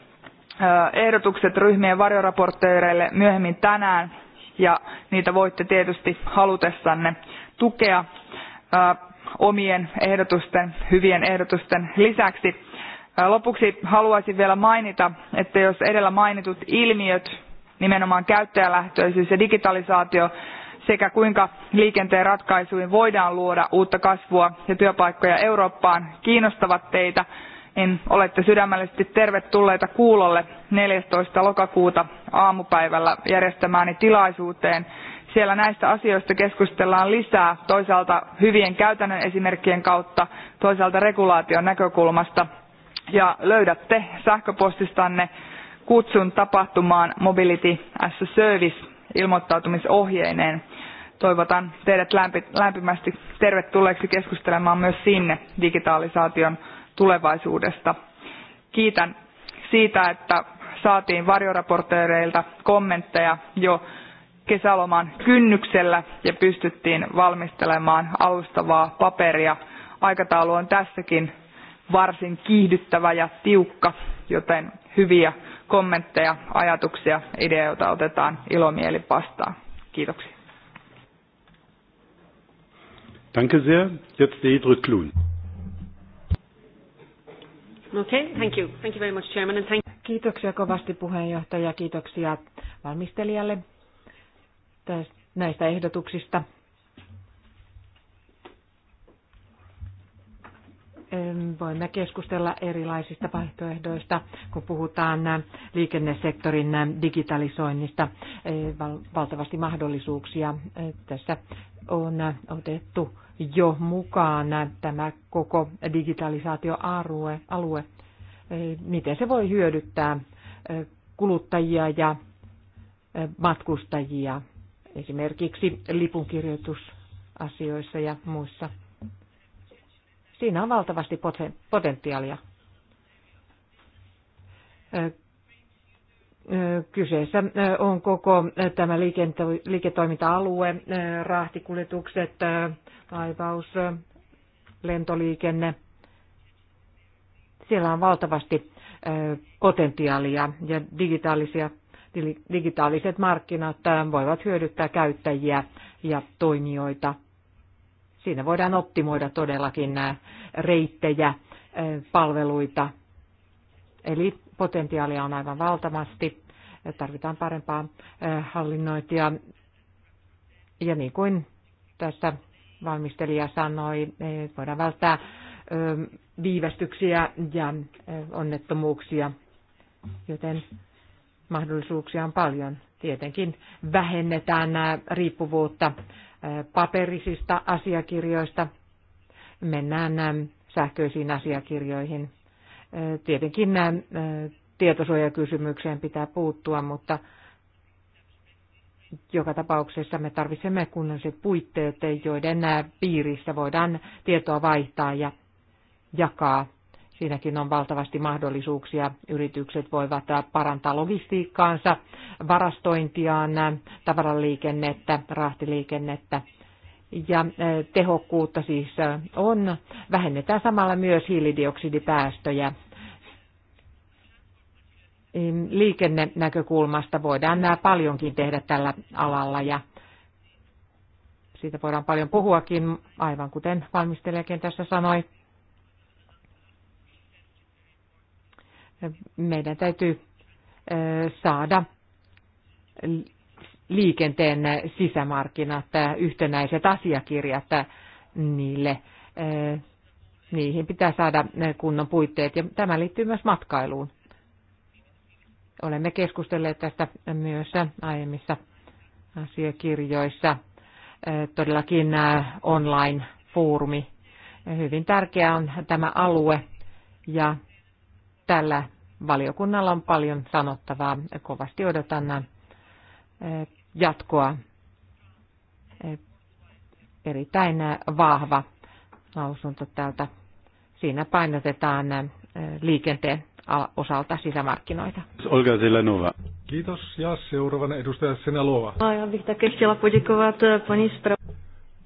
ehdotukset ryhmien varjoraportööreille myöhemmin tänään ja niitä voitte tietysti halutessanne tukea omien ehdotusten hyvien ehdotusten lisäksi. lopuksi haluaisin vielä mainita että jos edellä mainitut ilmiöt nimenomaan käyttäjälähtöisyys ja digitalisaatio sekä kuinka liikenteen ratkaisuihin voidaan luoda uutta kasvua ja työpaikkoja eurooppaan kiinnostavat teitä niin olette sydämellisesti tervetulleita kuulolle 14. lokakuuta aamupäivällä järjestämääni tilaisuuteen. Siellä näistä asioista keskustellaan lisää toisaalta hyvien käytännön esimerkkien kautta, toisaalta regulaation näkökulmasta. Ja löydätte sähköpostistanne kutsun tapahtumaan Mobility as a Service ilmoittautumisohjeineen. Toivotan teidät lämpimästi tervetulleeksi keskustelemaan myös sinne digitalisaation tulevaisuudesta. Kiitän siitä, että saatiin varjoraportööreiltä kommentteja jo kesäloman kynnyksellä ja pystyttiin valmistelemaan alustavaa paperia. Aikataulu on tässäkin varsin kiihdyttävä ja tiukka, joten hyviä kommentteja, ajatuksia, ideoita otetaan ilomieli vastaan. Kiitoksia. Danke sehr. Jetzt Edre Klun. Okay, thank you. Thank you very much, Chairman, and thank Kiitoksia kovasti puheenjohtaja, kiitoksia valmistelijalle näistä ehdotuksista. Voimme keskustella erilaisista vaihtoehdoista, kun puhutaan liikennesektorin digitalisoinnista. Valtavasti mahdollisuuksia tässä on otettu jo mukaan tämä koko digitalisaatioalue, alue, miten se voi hyödyttää kuluttajia ja matkustajia esimerkiksi lipunkirjoitusasioissa ja muissa. Siinä on valtavasti potentiaalia. Kyseessä on koko tämä liiketoiminta-alue, rahtikuljetukset, laivaus, lentoliikenne. Siellä on valtavasti potentiaalia ja digitaalisia, digitaaliset markkinat voivat hyödyttää käyttäjiä ja toimijoita. Siinä voidaan optimoida todellakin reittejä, palveluita. Eli potentiaalia on aivan valtavasti. Tarvitaan parempaa hallinnointia. Ja niin kuin tässä valmistelija sanoi, voidaan välttää viivästyksiä ja onnettomuuksia, joten mahdollisuuksia on paljon. Tietenkin vähennetään riippuvuutta paperisista asiakirjoista, mennään sähköisiin asiakirjoihin. Tietenkin tietosuojakysymykseen pitää puuttua, mutta joka tapauksessa me tarvitsemme kunnolliset puitteet, joiden piirissä voidaan tietoa vaihtaa ja jakaa. Siinäkin on valtavasti mahdollisuuksia. Yritykset voivat parantaa logistiikkaansa, varastointiaan, tavaraliikennettä, rahtiliikennettä ja eh, tehokkuutta siis eh, on. Vähennetään samalla myös hiilidioksidipäästöjä. Liikennenäkökulmasta voidaan nämä eh, paljonkin tehdä tällä alalla ja siitä voidaan paljon puhuakin, aivan kuten valmistelijakin tässä sanoi. Meidän täytyy saada liikenteen sisämarkkinat, yhtenäiset asiakirjat niille. Niihin pitää saada kunnon puitteet ja tämä liittyy myös matkailuun. Olemme keskustelleet tästä myös aiemmissa asiakirjoissa. Todellakin online-foorumi. Hyvin tärkeä on tämä alue ja tällä valiokunnalla on paljon sanottavaa. Kovasti odotan jatkoa. Eh, erittäin vahva lausunto täältä. Siinä painotetaan eh, liikenteen osalta sisämarkkinoita. Olga Zelenova. Kiitos ja seuraavana edustaja Senalova. No, ja eh,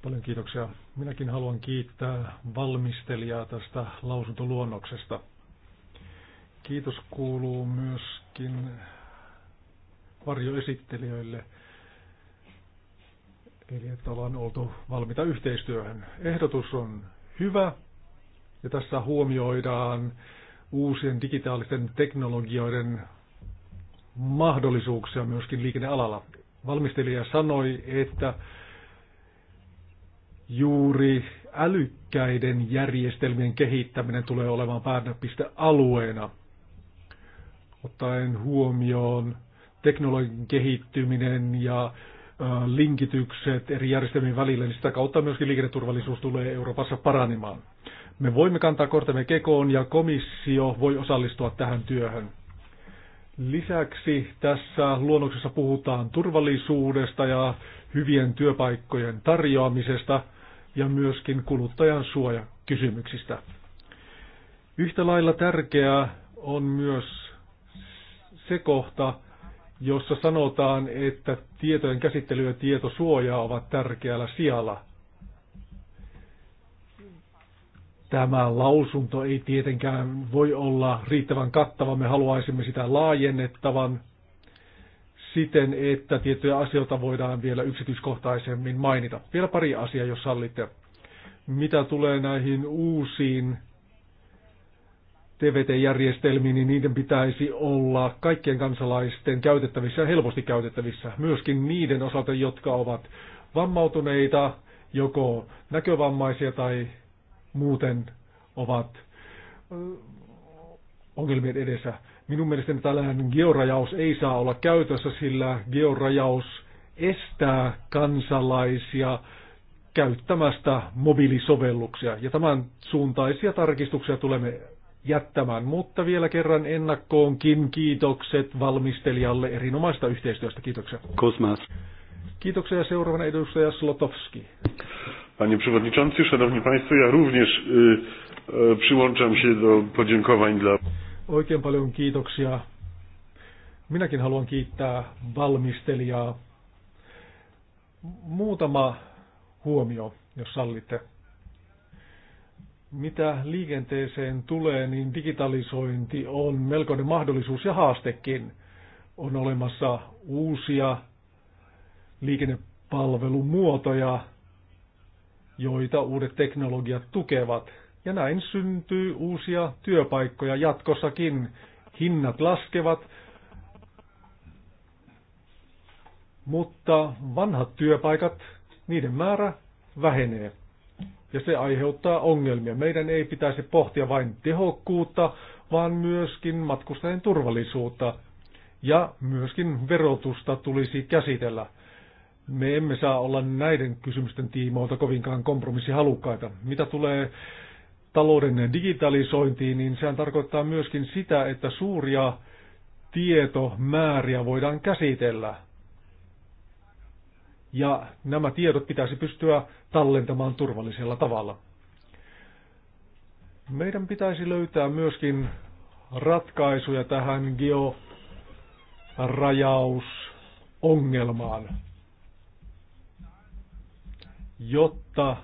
Paljon kiitoksia. Minäkin haluan kiittää valmistelijaa tästä lausuntoluonnoksesta. Kiitos kuuluu myöskin varjoesittelijöille Eli että ollaan oltu valmiita yhteistyöhön. Ehdotus on hyvä ja tässä huomioidaan uusien digitaalisten teknologioiden mahdollisuuksia myöskin liikennealalla. Valmistelija sanoi, että juuri älykkäiden järjestelmien kehittäminen tulee olemaan alueena, ottaen huomioon teknologian kehittyminen ja Äh, linkitykset eri järjestelmien välillä, niin sitä kautta myöskin liikenneturvallisuus tulee Euroopassa paranemaan. Me voimme kantaa kortemme kekoon ja komissio voi osallistua tähän työhön. Lisäksi tässä luonnoksessa puhutaan turvallisuudesta ja hyvien työpaikkojen tarjoamisesta ja myöskin kuluttajan suojakysymyksistä. Yhtä lailla tärkeää on myös se kohta, jossa sanotaan, että tietojen käsittely ja tietosuoja ovat tärkeällä sijalla. Tämä lausunto ei tietenkään voi olla riittävän kattava. Me haluaisimme sitä laajennettavan siten, että tiettyjä asioita voidaan vielä yksityiskohtaisemmin mainita. Vielä pari asiaa, jos sallitte. Mitä tulee näihin uusiin TVT-järjestelmiin, niin niiden pitäisi olla kaikkien kansalaisten käytettävissä ja helposti käytettävissä. Myöskin niiden osalta, jotka ovat vammautuneita, joko näkövammaisia tai muuten ovat äh, ongelmien edessä. Minun mielestäni tällainen georajaus ei saa olla käytössä, sillä georajaus estää kansalaisia käyttämästä mobiilisovelluksia. Ja tämän suuntaisia tarkistuksia tulemme jättämään. Mutta vielä kerran ennakkoonkin kiitokset valmistelijalle erinomaista yhteistyöstä. Kiitoksia. Kosmas. Kiitoksia ja seuraavana edustaja Slotowski. Panie Przewodniczący, Szanowni Państwo, ja również y, y, przyłączam się do podziękowań dla... Oikein paljon kiitoksia. Minäkin haluan kiittää valmistelijaa. Muutama huomio, jos sallitte. Mitä liikenteeseen tulee, niin digitalisointi on melkoinen mahdollisuus ja haastekin. On olemassa uusia liikennepalvelumuotoja, joita uudet teknologiat tukevat. Ja näin syntyy uusia työpaikkoja jatkossakin. Hinnat laskevat, mutta vanhat työpaikat, niiden määrä vähenee ja se aiheuttaa ongelmia. Meidän ei pitäisi pohtia vain tehokkuutta, vaan myöskin matkustajien turvallisuutta ja myöskin verotusta tulisi käsitellä. Me emme saa olla näiden kysymysten tiimoilta kovinkaan kompromissihalukkaita. Mitä tulee talouden digitalisointiin, niin sehän tarkoittaa myöskin sitä, että suuria tietomääriä voidaan käsitellä – ja nämä tiedot pitäisi pystyä tallentamaan turvallisella tavalla. Meidän pitäisi löytää myöskin ratkaisuja tähän georajausongelmaan, jotta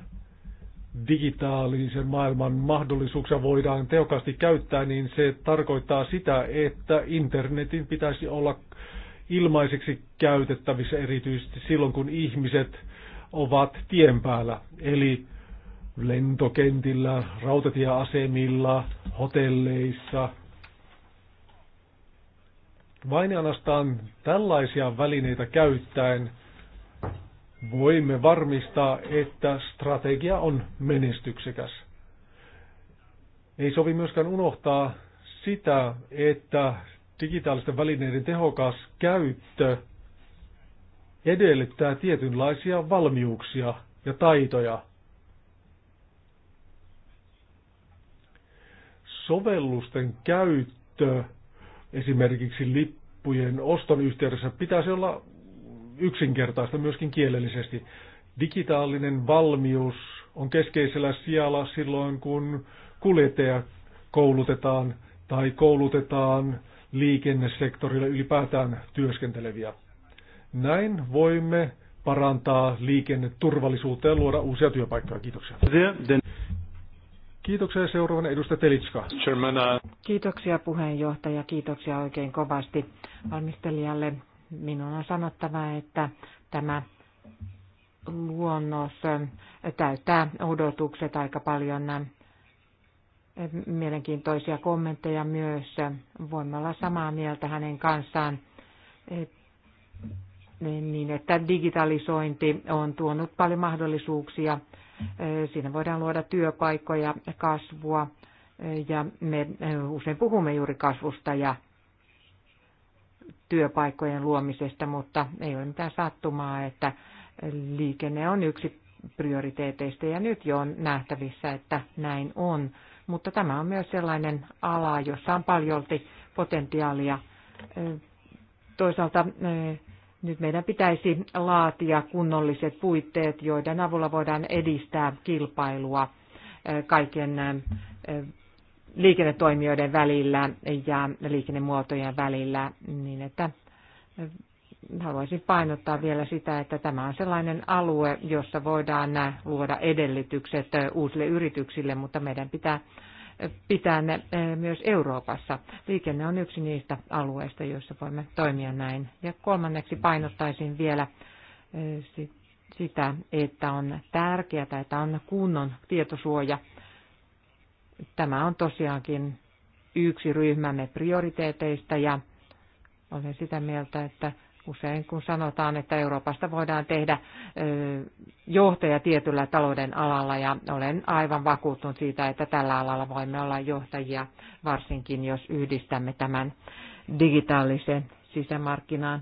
digitaalisen maailman mahdollisuuksia voidaan tehokkaasti käyttää, niin se tarkoittaa sitä, että internetin pitäisi olla ilmaiseksi käytettävissä erityisesti silloin, kun ihmiset ovat tien päällä, eli lentokentillä, rautatieasemilla, hotelleissa. Vain ainoastaan tällaisia välineitä käyttäen voimme varmistaa, että strategia on menestyksekäs. Ei sovi myöskään unohtaa sitä, että digitaalisten välineiden tehokas käyttö edellyttää tietynlaisia valmiuksia ja taitoja. Sovellusten käyttö esimerkiksi lippujen oston yhteydessä pitäisi olla yksinkertaista myöskin kielellisesti. Digitaalinen valmius on keskeisellä sijalla silloin, kun kuljettaja koulutetaan tai koulutetaan liikennesektorilla ylipäätään työskenteleviä. Näin voimme parantaa liikenneturvallisuutta ja luoda uusia työpaikkoja. Kiitoksia. Kiitoksia seuraavana edustaja Telitska. Kiitoksia puheenjohtaja, kiitoksia oikein kovasti valmistelijalle. Minun on sanottava, että tämä luonnos täyttää odotukset aika paljon mielenkiintoisia kommentteja myös. Voimme olla samaa mieltä hänen kanssaan niin, että digitalisointi on tuonut paljon mahdollisuuksia. Siinä voidaan luoda työpaikkoja, kasvua ja me usein puhumme juuri kasvusta ja työpaikkojen luomisesta, mutta ei ole mitään sattumaa, että liikenne on yksi prioriteeteista ja nyt jo on nähtävissä, että näin on mutta tämä on myös sellainen ala, jossa on paljolti potentiaalia. Toisaalta nyt meidän pitäisi laatia kunnolliset puitteet, joiden avulla voidaan edistää kilpailua kaiken liikennetoimijoiden välillä ja liikennemuotojen välillä niin, että haluaisin painottaa vielä sitä, että tämä on sellainen alue, jossa voidaan luoda edellytykset uusille yrityksille, mutta meidän pitää pitää ne eh, myös Euroopassa. Liikenne on yksi niistä alueista, joissa voimme toimia näin. Ja kolmanneksi painottaisin vielä eh, sitä, että on tärkeää, että on kunnon tietosuoja. Tämä on tosiaankin yksi ryhmämme prioriteeteista ja olen sitä mieltä, että usein kun sanotaan, että Euroopasta voidaan tehdä johtaja tietyllä talouden alalla ja olen aivan vakuuttunut siitä, että tällä alalla voimme olla johtajia, varsinkin jos yhdistämme tämän digitaalisen sisämarkkinaan.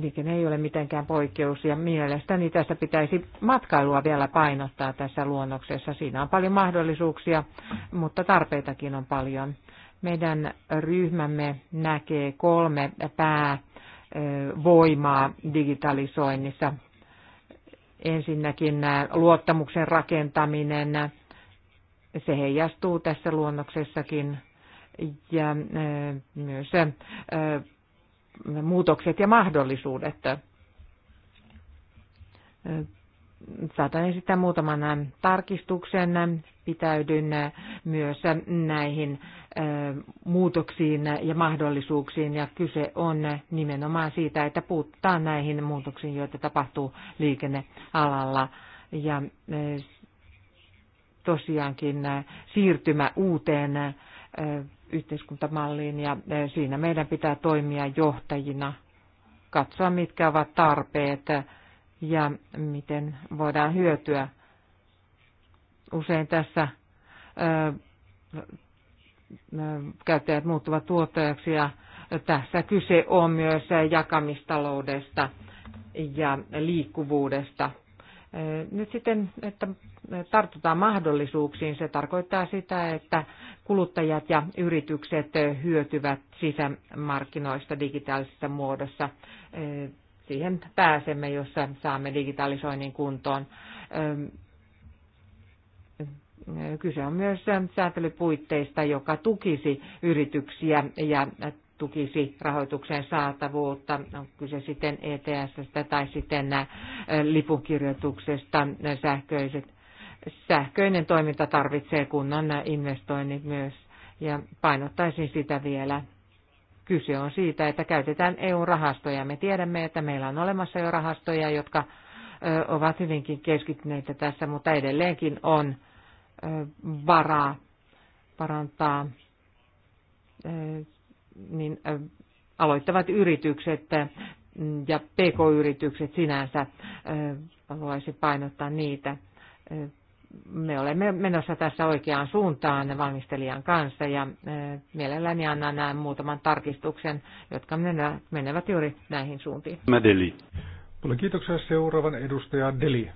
Liikenne ei ole mitenkään poikkeus ja mielestäni tässä pitäisi matkailua vielä painottaa tässä luonnoksessa. Siinä on paljon mahdollisuuksia, mutta tarpeitakin on paljon meidän ryhmämme näkee kolme pää voimaa digitalisoinnissa. Ensinnäkin äh, luottamuksen rakentaminen, se heijastuu tässä luonnoksessakin ja äh, myös äh, muutokset ja mahdollisuudet saatan esittää muutaman tarkistuksen. Pitäydyn myös näihin muutoksiin ja mahdollisuuksiin ja kyse on nimenomaan siitä, että puuttaa näihin muutoksiin, joita tapahtuu liikennealalla ja tosiaankin siirtymä uuteen yhteiskuntamalliin ja siinä meidän pitää toimia johtajina, katsoa mitkä ovat tarpeet ja miten voidaan hyötyä. Usein tässä käyttäjät muuttuvat tuottajaksi ja tässä kyse on myös jakamistaloudesta ja liikkuvuudesta. Nyt sitten, että tartutaan mahdollisuuksiin, se tarkoittaa sitä, että kuluttajat ja yritykset hyötyvät sisämarkkinoista digitaalisessa muodossa siihen pääsemme, jos saamme digitalisoinnin kuntoon. Kyse on myös säätelypuitteista, joka tukisi yrityksiä ja tukisi rahoituksen saatavuutta, on kyse sitten ETS tai sitten lipukirjoituksesta sähköiset. Sähköinen toiminta tarvitsee kunnon investoinnit myös ja painottaisin sitä vielä Kyse on siitä, että käytetään EU-rahastoja. Me tiedämme, että meillä on olemassa jo rahastoja, jotka ovat hyvinkin keskittyneitä tässä, mutta edelleenkin on varaa parantaa niin aloittavat yritykset ja pk-yritykset sinänsä haluaisin painottaa niitä me olemme menossa tässä oikeaan suuntaan valmistelijan kanssa ja mielelläni annan nämä muutaman tarkistuksen, jotka menevät juuri näihin suuntiin. Mädeli. Paljon kiitoksia seuraavan edustaja Deli.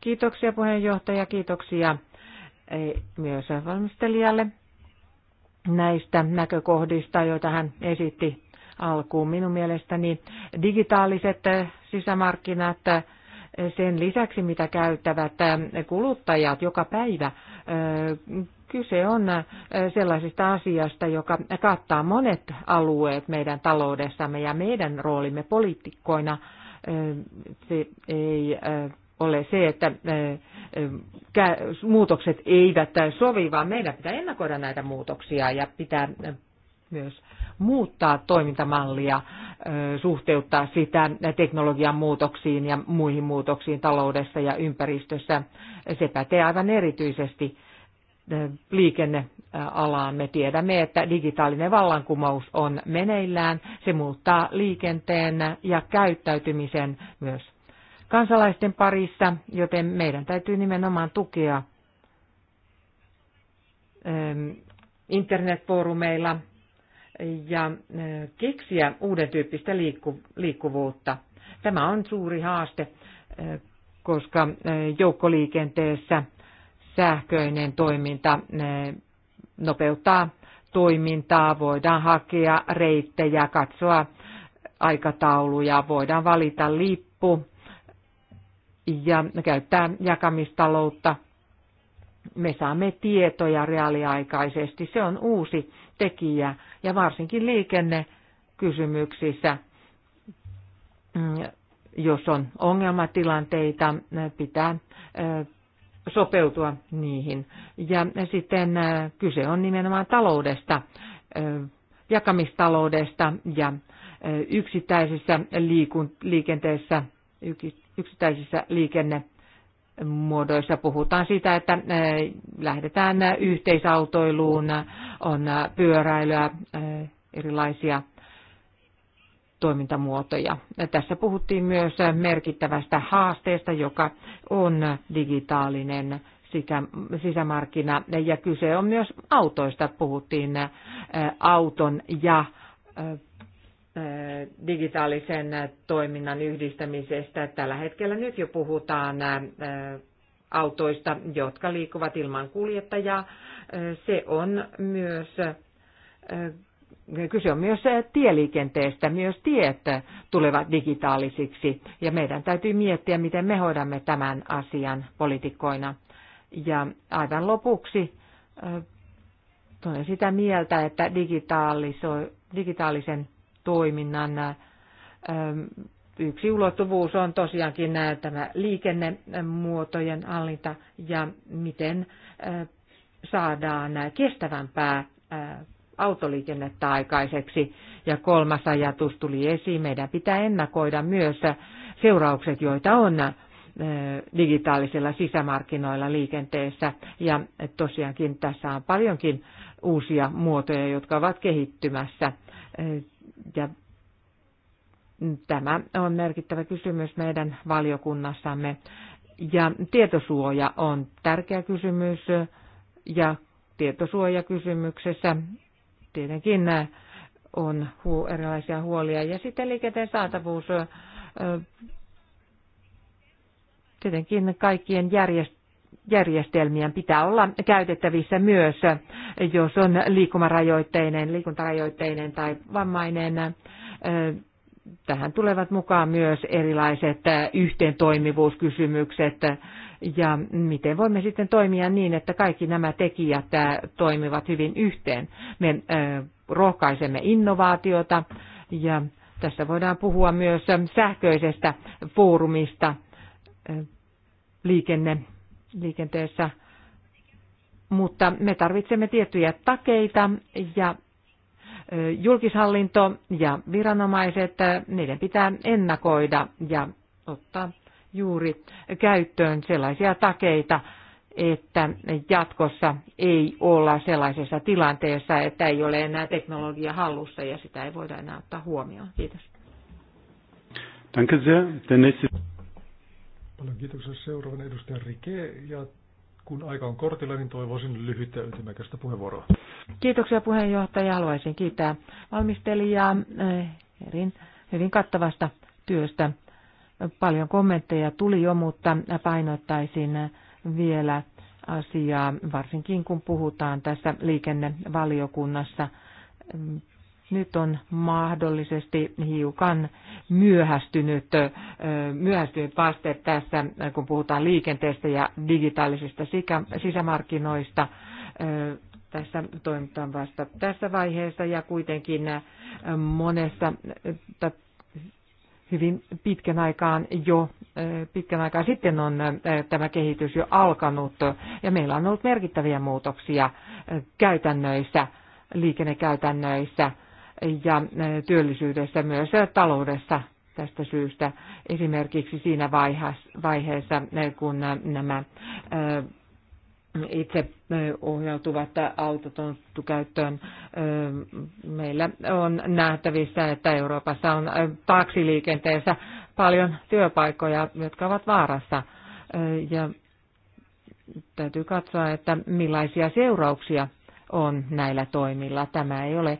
Kiitoksia puheenjohtaja, kiitoksia e, myös valmistelijalle näistä näkökohdista, joita hän esitti alkuun. Minun mielestäni digitaaliset sisämarkkinat sen lisäksi, mitä käyttävät äh, kuluttajat joka päivä. Äh, kyse on äh, sellaisesta asiasta, joka kattaa monet alueet meidän taloudessamme ja meidän roolimme poliitikkoina. Se ei ole se, että muutokset eivät sovi, vaan meidän pitää ennakoida näitä muutoksia ja pitää myös muuttaa toimintamallia, suhteuttaa sitä teknologian muutoksiin ja muihin muutoksiin taloudessa ja ympäristössä. Se pätee aivan erityisesti liikennealaan. Me tiedämme, että digitaalinen vallankumous on meneillään. Se muuttaa liikenteen ja käyttäytymisen myös kansalaisten parissa, joten meidän täytyy nimenomaan tukea internetfoorumeilla ja keksiä uuden tyyppistä liikku, liikkuvuutta. Tämä on suuri haaste, koska joukkoliikenteessä sähköinen toiminta nopeuttaa toimintaa, voidaan hakea reittejä, katsoa aikatauluja, voidaan valita lippu ja käyttää jakamistaloutta. Me saamme tietoja reaaliaikaisesti. Se on uusi tekijä ja varsinkin liikennekysymyksissä, mm, jos on ongelmatilanteita, pitää sopeutua niihin. Ja sitten kyse on nimenomaan taloudesta, jakamistaloudesta ja yksittäisessä liikenteessä, yksittäisissä liikenne muodoissa puhutaan sitä, että äh, lähdetään yhteisautoiluun, on äh, pyöräilyä, äh, erilaisia toimintamuotoja. Tässä puhuttiin myös merkittävästä haasteesta, joka on digitaalinen sisämarkkina. Ja kyse on myös autoista. Puhuttiin auton ja digitaalisen toiminnan yhdistämisestä. Tällä hetkellä nyt jo puhutaan autoista, jotka liikkuvat ilman kuljettajaa. Se on myös, kyse on myös tieliikenteestä, myös tiet tulevat digitaalisiksi ja meidän täytyy miettiä, miten me hoidamme tämän asian poliitikkoina. Ja aivan lopuksi olen sitä mieltä, että digitaalisen toiminnan. Ähm, yksi ulottuvuus on tosiaankin äh, tämä liikennemuotojen hallinta ja miten äh, saadaan kestävämpää äh, autoliikennettä aikaiseksi. Ja kolmas ajatus tuli esiin, meidän pitää ennakoida myös seuraukset, joita on digitaalisilla sisämarkkinoilla liikenteessä. Ja tosiaankin tässä on paljonkin uusia muotoja, jotka ovat kehittymässä. Ja tämä on merkittävä kysymys meidän valiokunnassamme. Ja tietosuoja on tärkeä kysymys ja tietosuojakysymyksessä tietenkin on erilaisia huolia. Ja sitten liikenteen saatavuus tietenkin kaikkien järjest- järjestelmien pitää olla käytettävissä myös, jos on liikumarajoitteinen, liikuntarajoitteinen tai vammainen. Tähän tulevat mukaan myös erilaiset yhteentoimivuuskysymykset ja miten voimme sitten toimia niin, että kaikki nämä tekijät toimivat hyvin yhteen. Me rohkaisemme innovaatiota ja tässä voidaan puhua myös sähköisestä foorumista liikenne liikenteessä, mutta me tarvitsemme tiettyjä takeita ja julkishallinto ja viranomaiset, niiden pitää ennakoida ja ottaa juuri käyttöön sellaisia takeita, että jatkossa ei olla sellaisessa tilanteessa, että ei ole enää teknologia hallussa ja sitä ei voida enää ottaa huomioon. Kiitos. Danke sehr. Paljon kiitoksia seuraavan edustajan Rike ja kun aika on kortilla, niin toivoisin lyhyttä ytimekästä puheenvuoroa. Kiitoksia puheenjohtaja. Haluaisin kiittää valmistelijaa eh, Erin hyvin kattavasta työstä. Paljon kommentteja tuli jo, mutta painottaisin vielä asiaa, varsinkin kun puhutaan tässä liikennevaliokunnassa nyt on mahdollisesti hiukan myöhästynyt, myöhästynyt vaste tässä, kun puhutaan liikenteestä ja digitaalisista sisämarkkinoista. Tässä toimitaan vasta tässä vaiheessa ja kuitenkin monessa hyvin pitkän aikaan jo, pitkän aikaa sitten on tämä kehitys jo alkanut ja meillä on ollut merkittäviä muutoksia käytännöissä, liikennekäytännöissä – ja työllisyydessä myös taloudessa tästä syystä. Esimerkiksi siinä vaiheessa, kun nämä itse ohjautuvat autot on käyttöön. Meillä on nähtävissä, että Euroopassa on taksiliikenteessä paljon työpaikkoja, jotka ovat vaarassa. Ja täytyy katsoa, että millaisia seurauksia on näillä toimilla. Tämä ei ole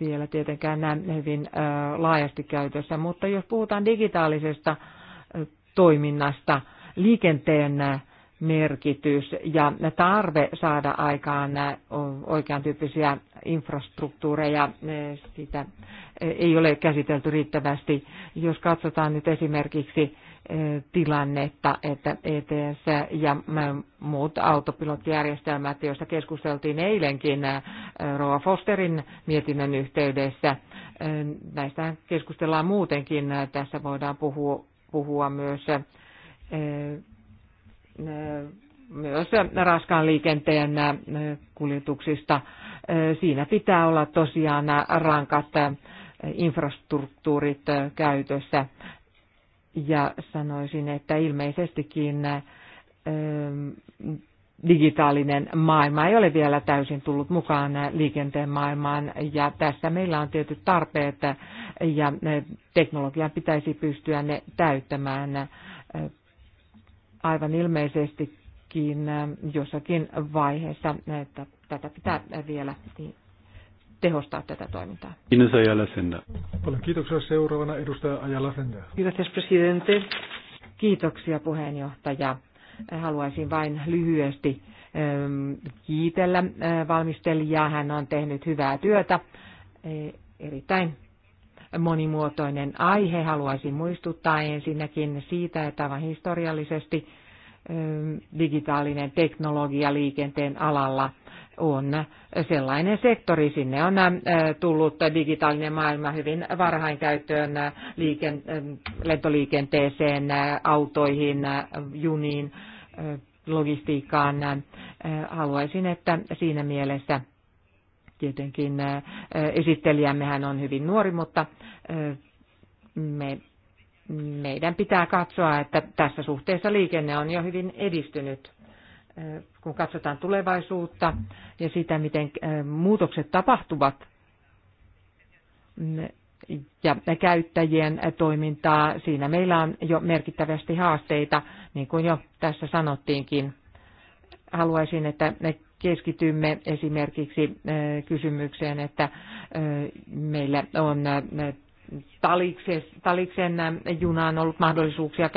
vielä tietenkään näin hyvin laajasti käytössä, mutta jos puhutaan digitaalisesta toiminnasta, liikenteen merkitys ja tarve saada aikaan oikean tyyppisiä infrastruktuureja, sitä ei ole käsitelty riittävästi. Jos katsotaan nyt esimerkiksi tilannetta, että ETS ja muut autopilotjärjestelmät, joista keskusteltiin eilenkin Roa Fosterin mietinnön yhteydessä. Näistä keskustellaan muutenkin. Tässä voidaan puhua, puhua myös, myös raskaan liikenteen kuljetuksista. Siinä pitää olla tosiaan rankat infrastruktuurit käytössä ja sanoisin, että ilmeisestikin ähm, digitaalinen maailma ei ole vielä täysin tullut mukaan liikenteen maailmaan ja tässä meillä on tietyt tarpeet ja äh, teknologian pitäisi pystyä ne täyttämään äh, aivan ilmeisestikin äh, jossakin vaiheessa, että tätä pitää vielä tehostaa tätä toimintaa. Ines Ajala Paljon kiitoksia seuraavana edustaja Ajala Sender. Kiitoksia puheenjohtaja. Haluaisin vain lyhyesti ähm, kiitellä äh, valmistelijaa. Hän on tehnyt hyvää työtä. E, erittäin monimuotoinen aihe. Haluaisin muistuttaa ensinnäkin siitä, että aivan historiallisesti ähm, digitaalinen teknologia liikenteen alalla on sellainen sektori. Sinne on äh, tullut digitaalinen maailma hyvin varhain käyttöön äh, liiken, äh, lentoliikenteeseen, autoihin, juniin, logistiikkaan. Haluaisin, että siinä mielessä tietenkin esittelijämmehän on hyvin nuori, mutta me, meidän pitää katsoa, että tässä suhteessa liikenne on jo hyvin edistynyt kun katsotaan tulevaisuutta ja sitä, miten muutokset tapahtuvat mm, ja käyttäjien toimintaa, siinä meillä on jo merkittävästi haasteita, niin kuin jo tässä sanottiinkin. Haluaisin, että me keskitymme esimerkiksi kysymykseen, että meillä on Taliksen äh, junaan on ollut mahdollisuuksia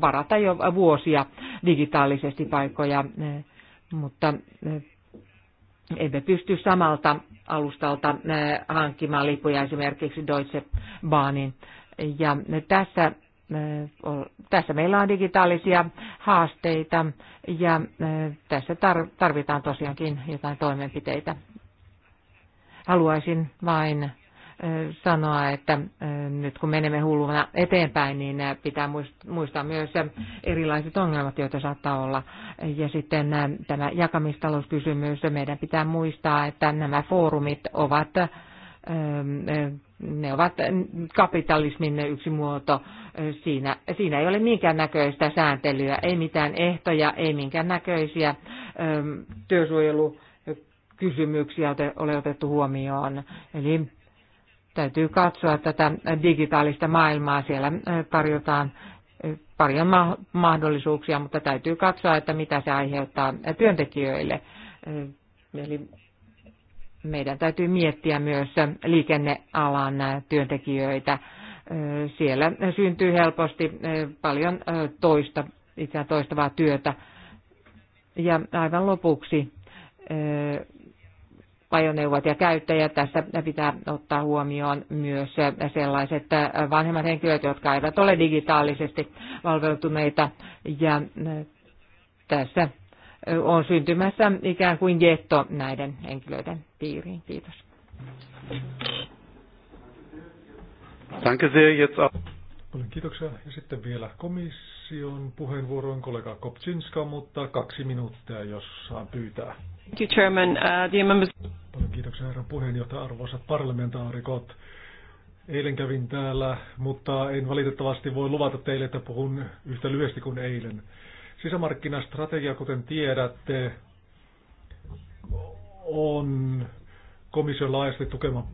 varata jo vuosia digitaalisesti paikkoja, äh, mutta äh, emme pysty samalta alustalta hankkimaan lippuja esimerkiksi Deutsche Bahnin. Ja tässä, tässä meillä on digitaalisia haasteita ja tässä tarvitaan tosiaankin jotain toimenpiteitä. Haluaisin vain sanoa, että äh, nyt kun menemme hulluna eteenpäin, niin äh, pitää muistaa myös äh, erilaiset ongelmat, joita saattaa olla. Ja sitten tämä jakamistalouskysymys, meidän pitää muistaa, että nämä foorumit ovat ne ovat kapitalismin yksi muoto. Siinä, siinä ei ole minkäännäköistä sääntelyä, ei mitään ehtoja, ei minkäännäköisiä ähm, työsuojelu kysymyksiä ole otettu huomioon. Eli täytyy katsoa tätä digitaalista maailmaa. Siellä tarjotaan paljon mahdollisuuksia, mutta täytyy katsoa, että mitä se aiheuttaa työntekijöille. Eli meidän täytyy miettiä myös liikennealan työntekijöitä. Siellä syntyy helposti paljon toista, itseään toistavaa työtä. Ja aivan lopuksi ajoneuvot ja käyttäjät. Tässä pitää ottaa huomioon myös sellaiset vanhemmat henkilöt, jotka eivät ole digitaalisesti valveutuneita. Ja tässä on syntymässä ikään kuin getto näiden henkilöiden piiriin. Kiitos. Danke sehr jetzt Paljon kiitoksia. Ja sitten vielä komission puheenvuoroon kollega Kopczynska, mutta kaksi minuuttia, jos saan pyytää. Thank you, Chairman. Uh, dear members... Paljon kiitoksia, herra puheenjohtaja, arvoisat parlamentaarikot. Eilen kävin täällä, mutta en valitettavasti voi luvata teille, että puhun yhtä lyhyesti kuin eilen. Sisämarkkinastrategia, kuten tiedätte, on komission laajasti tukema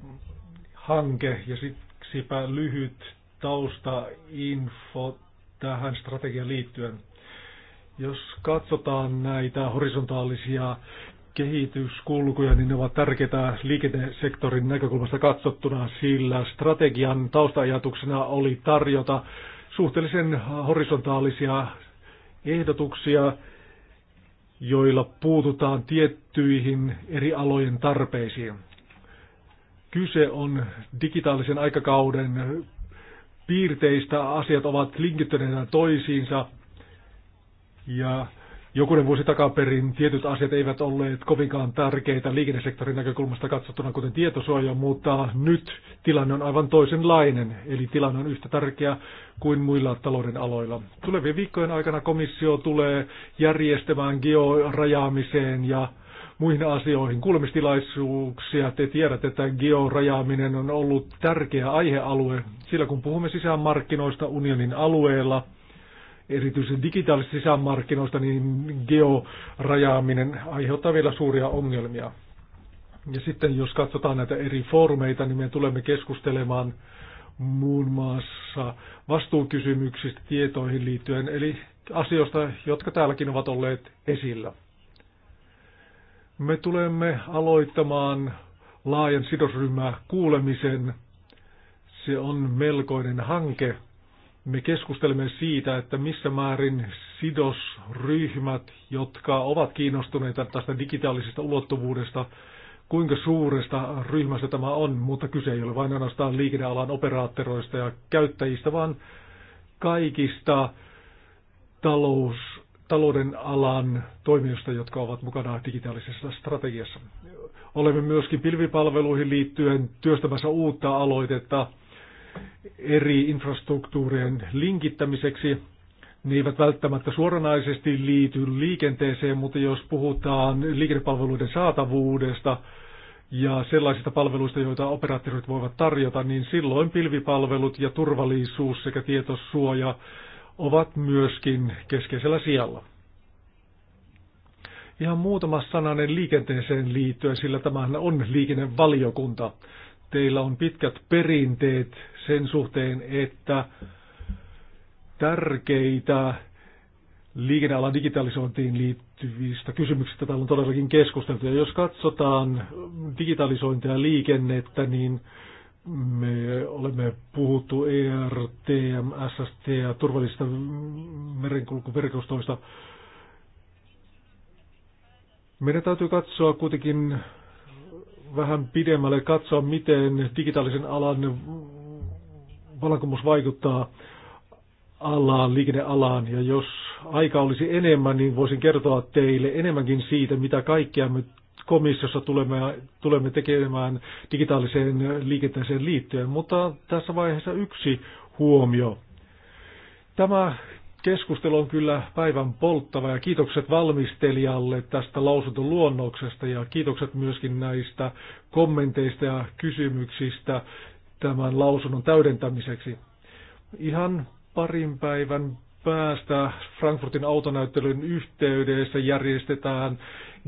hanke ja siksipä lyhyt taustainfo tähän strategiaan liittyen. Jos katsotaan näitä horisontaalisia kehityskulkuja, niin ne ovat tärkeitä liikennesektorin näkökulmasta katsottuna, sillä strategian taustaajatuksena oli tarjota suhteellisen horisontaalisia ehdotuksia, joilla puututaan tiettyihin eri alojen tarpeisiin. Kyse on digitaalisen aikakauden piirteistä, asiat ovat linkittyneet toisiinsa ja Jokunen vuosi takaperin tietyt asiat eivät olleet kovinkaan tärkeitä liikennesektorin näkökulmasta katsottuna, kuten tietosuoja, mutta nyt tilanne on aivan toisenlainen, eli tilanne on yhtä tärkeä kuin muilla talouden aloilla. Tulevien viikkojen aikana komissio tulee järjestämään georajaamiseen ja muihin asioihin kuulemistilaisuuksia. Te tiedätte, että georajaaminen on ollut tärkeä aihealue, sillä kun puhumme sisämarkkinoista unionin alueella – erityisesti digitaalisista sisämarkkinoista, niin georajaaminen aiheuttaa vielä suuria ongelmia. Ja sitten jos katsotaan näitä eri foorumeita, niin me tulemme keskustelemaan muun muassa vastuukysymyksistä tietoihin liittyen, eli asioista, jotka täälläkin ovat olleet esillä. Me tulemme aloittamaan laajan sidosryhmä kuulemisen. Se on melkoinen hanke, me keskustelemme siitä, että missä määrin sidosryhmät, jotka ovat kiinnostuneita tästä digitaalisesta ulottuvuudesta, kuinka suuresta ryhmästä tämä on, mutta kyse ei ole vain ainoastaan liikennealan operaattoreista ja käyttäjistä, vaan kaikista talous, talouden alan toimijoista, jotka ovat mukana digitaalisessa strategiassa. Olemme myöskin pilvipalveluihin liittyen työstämässä uutta aloitetta – eri infrastruktuurien linkittämiseksi. Ne eivät välttämättä suoranaisesti liity liikenteeseen, mutta jos puhutaan liikennepalveluiden saatavuudesta ja sellaisista palveluista, joita operaattorit voivat tarjota, niin silloin pilvipalvelut ja turvallisuus sekä tietosuoja ovat myöskin keskeisellä sijalla. Ihan muutama sananen liikenteeseen liittyen, sillä tämähän on liikennevaliokunta teillä on pitkät perinteet sen suhteen, että tärkeitä liikennealan digitalisointiin liittyvistä kysymyksistä täällä on todellakin keskusteltu. Ja jos katsotaan digitalisointia ja liikennettä, niin me olemme puhuttu ERTM, SST ja turvallisista merenkulkuverkostoista. Meidän täytyy katsoa kuitenkin vähän pidemmälle katsoa, miten digitaalisen alan vallankumous vaikuttaa alaan, liikennealaan. Ja jos aika olisi enemmän, niin voisin kertoa teille enemmänkin siitä, mitä kaikkea me komissiossa tulemme, tulemme tekemään digitaaliseen liikenteeseen liittyen. Mutta tässä vaiheessa yksi huomio. Tämä keskustelu on kyllä päivän polttava ja kiitokset valmistelijalle tästä lausuntoluonnoksesta ja kiitokset myöskin näistä kommenteista ja kysymyksistä tämän lausunnon täydentämiseksi. Ihan parin päivän päästä Frankfurtin autonäyttelyn yhteydessä järjestetään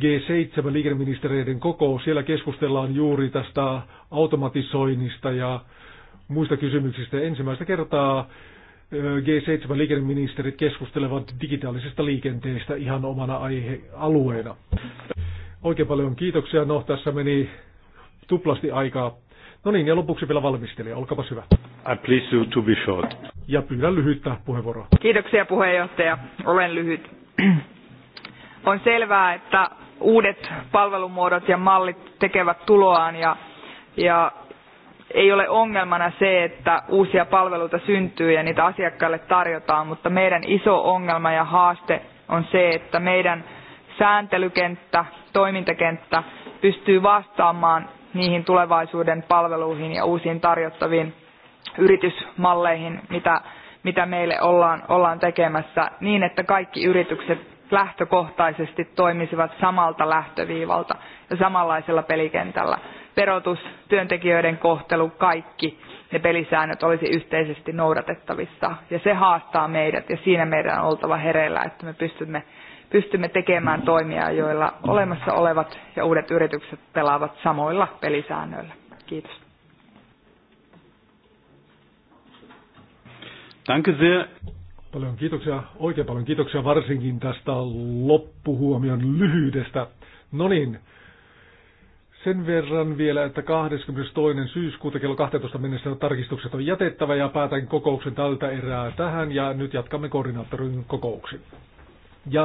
G7 liikenneministereiden kokous. Siellä keskustellaan juuri tästä automatisoinnista ja muista kysymyksistä. Ensimmäistä kertaa G7-liikenneministerit keskustelevat digitaalisesta liikenteestä ihan omana aihealueena. Oikein paljon kiitoksia. No, tässä meni tuplasti aikaa. No niin, ja lopuksi vielä valmistelija. Olkapas hyvä. I please you to be short. Ja pyydän lyhyttä puheenvuoroa. Kiitoksia puheenjohtaja. Olen lyhyt. On selvää, että uudet palvelumuodot ja mallit tekevät tuloaan ja, ja ei ole ongelmana se, että uusia palveluita syntyy ja niitä asiakkaille tarjotaan, mutta meidän iso ongelma ja haaste on se, että meidän sääntelykenttä, toimintakenttä pystyy vastaamaan niihin tulevaisuuden palveluihin ja uusiin tarjottaviin yritysmalleihin, mitä, mitä meille ollaan, ollaan tekemässä, niin että kaikki yritykset lähtökohtaisesti toimisivat samalta lähtöviivalta ja samanlaisella pelikentällä verotus, työntekijöiden kohtelu, kaikki ne pelisäännöt olisi yhteisesti noudatettavissa. Ja se haastaa meidät ja siinä meidän on oltava hereillä, että me pystymme, pystymme tekemään toimia, joilla olemassa olevat ja uudet yritykset pelaavat samoilla pelisäännöillä. Kiitos. Danke sehr. Paljon kiitoksia, oikein paljon kiitoksia varsinkin tästä loppuhuomion lyhyydestä. No niin, sen verran vielä, että 22. syyskuuta kello 12 mennessä tarkistukset on jätettävä ja päätän kokouksen tältä erää tähän ja nyt jatkamme koordinaattorin kokouksen.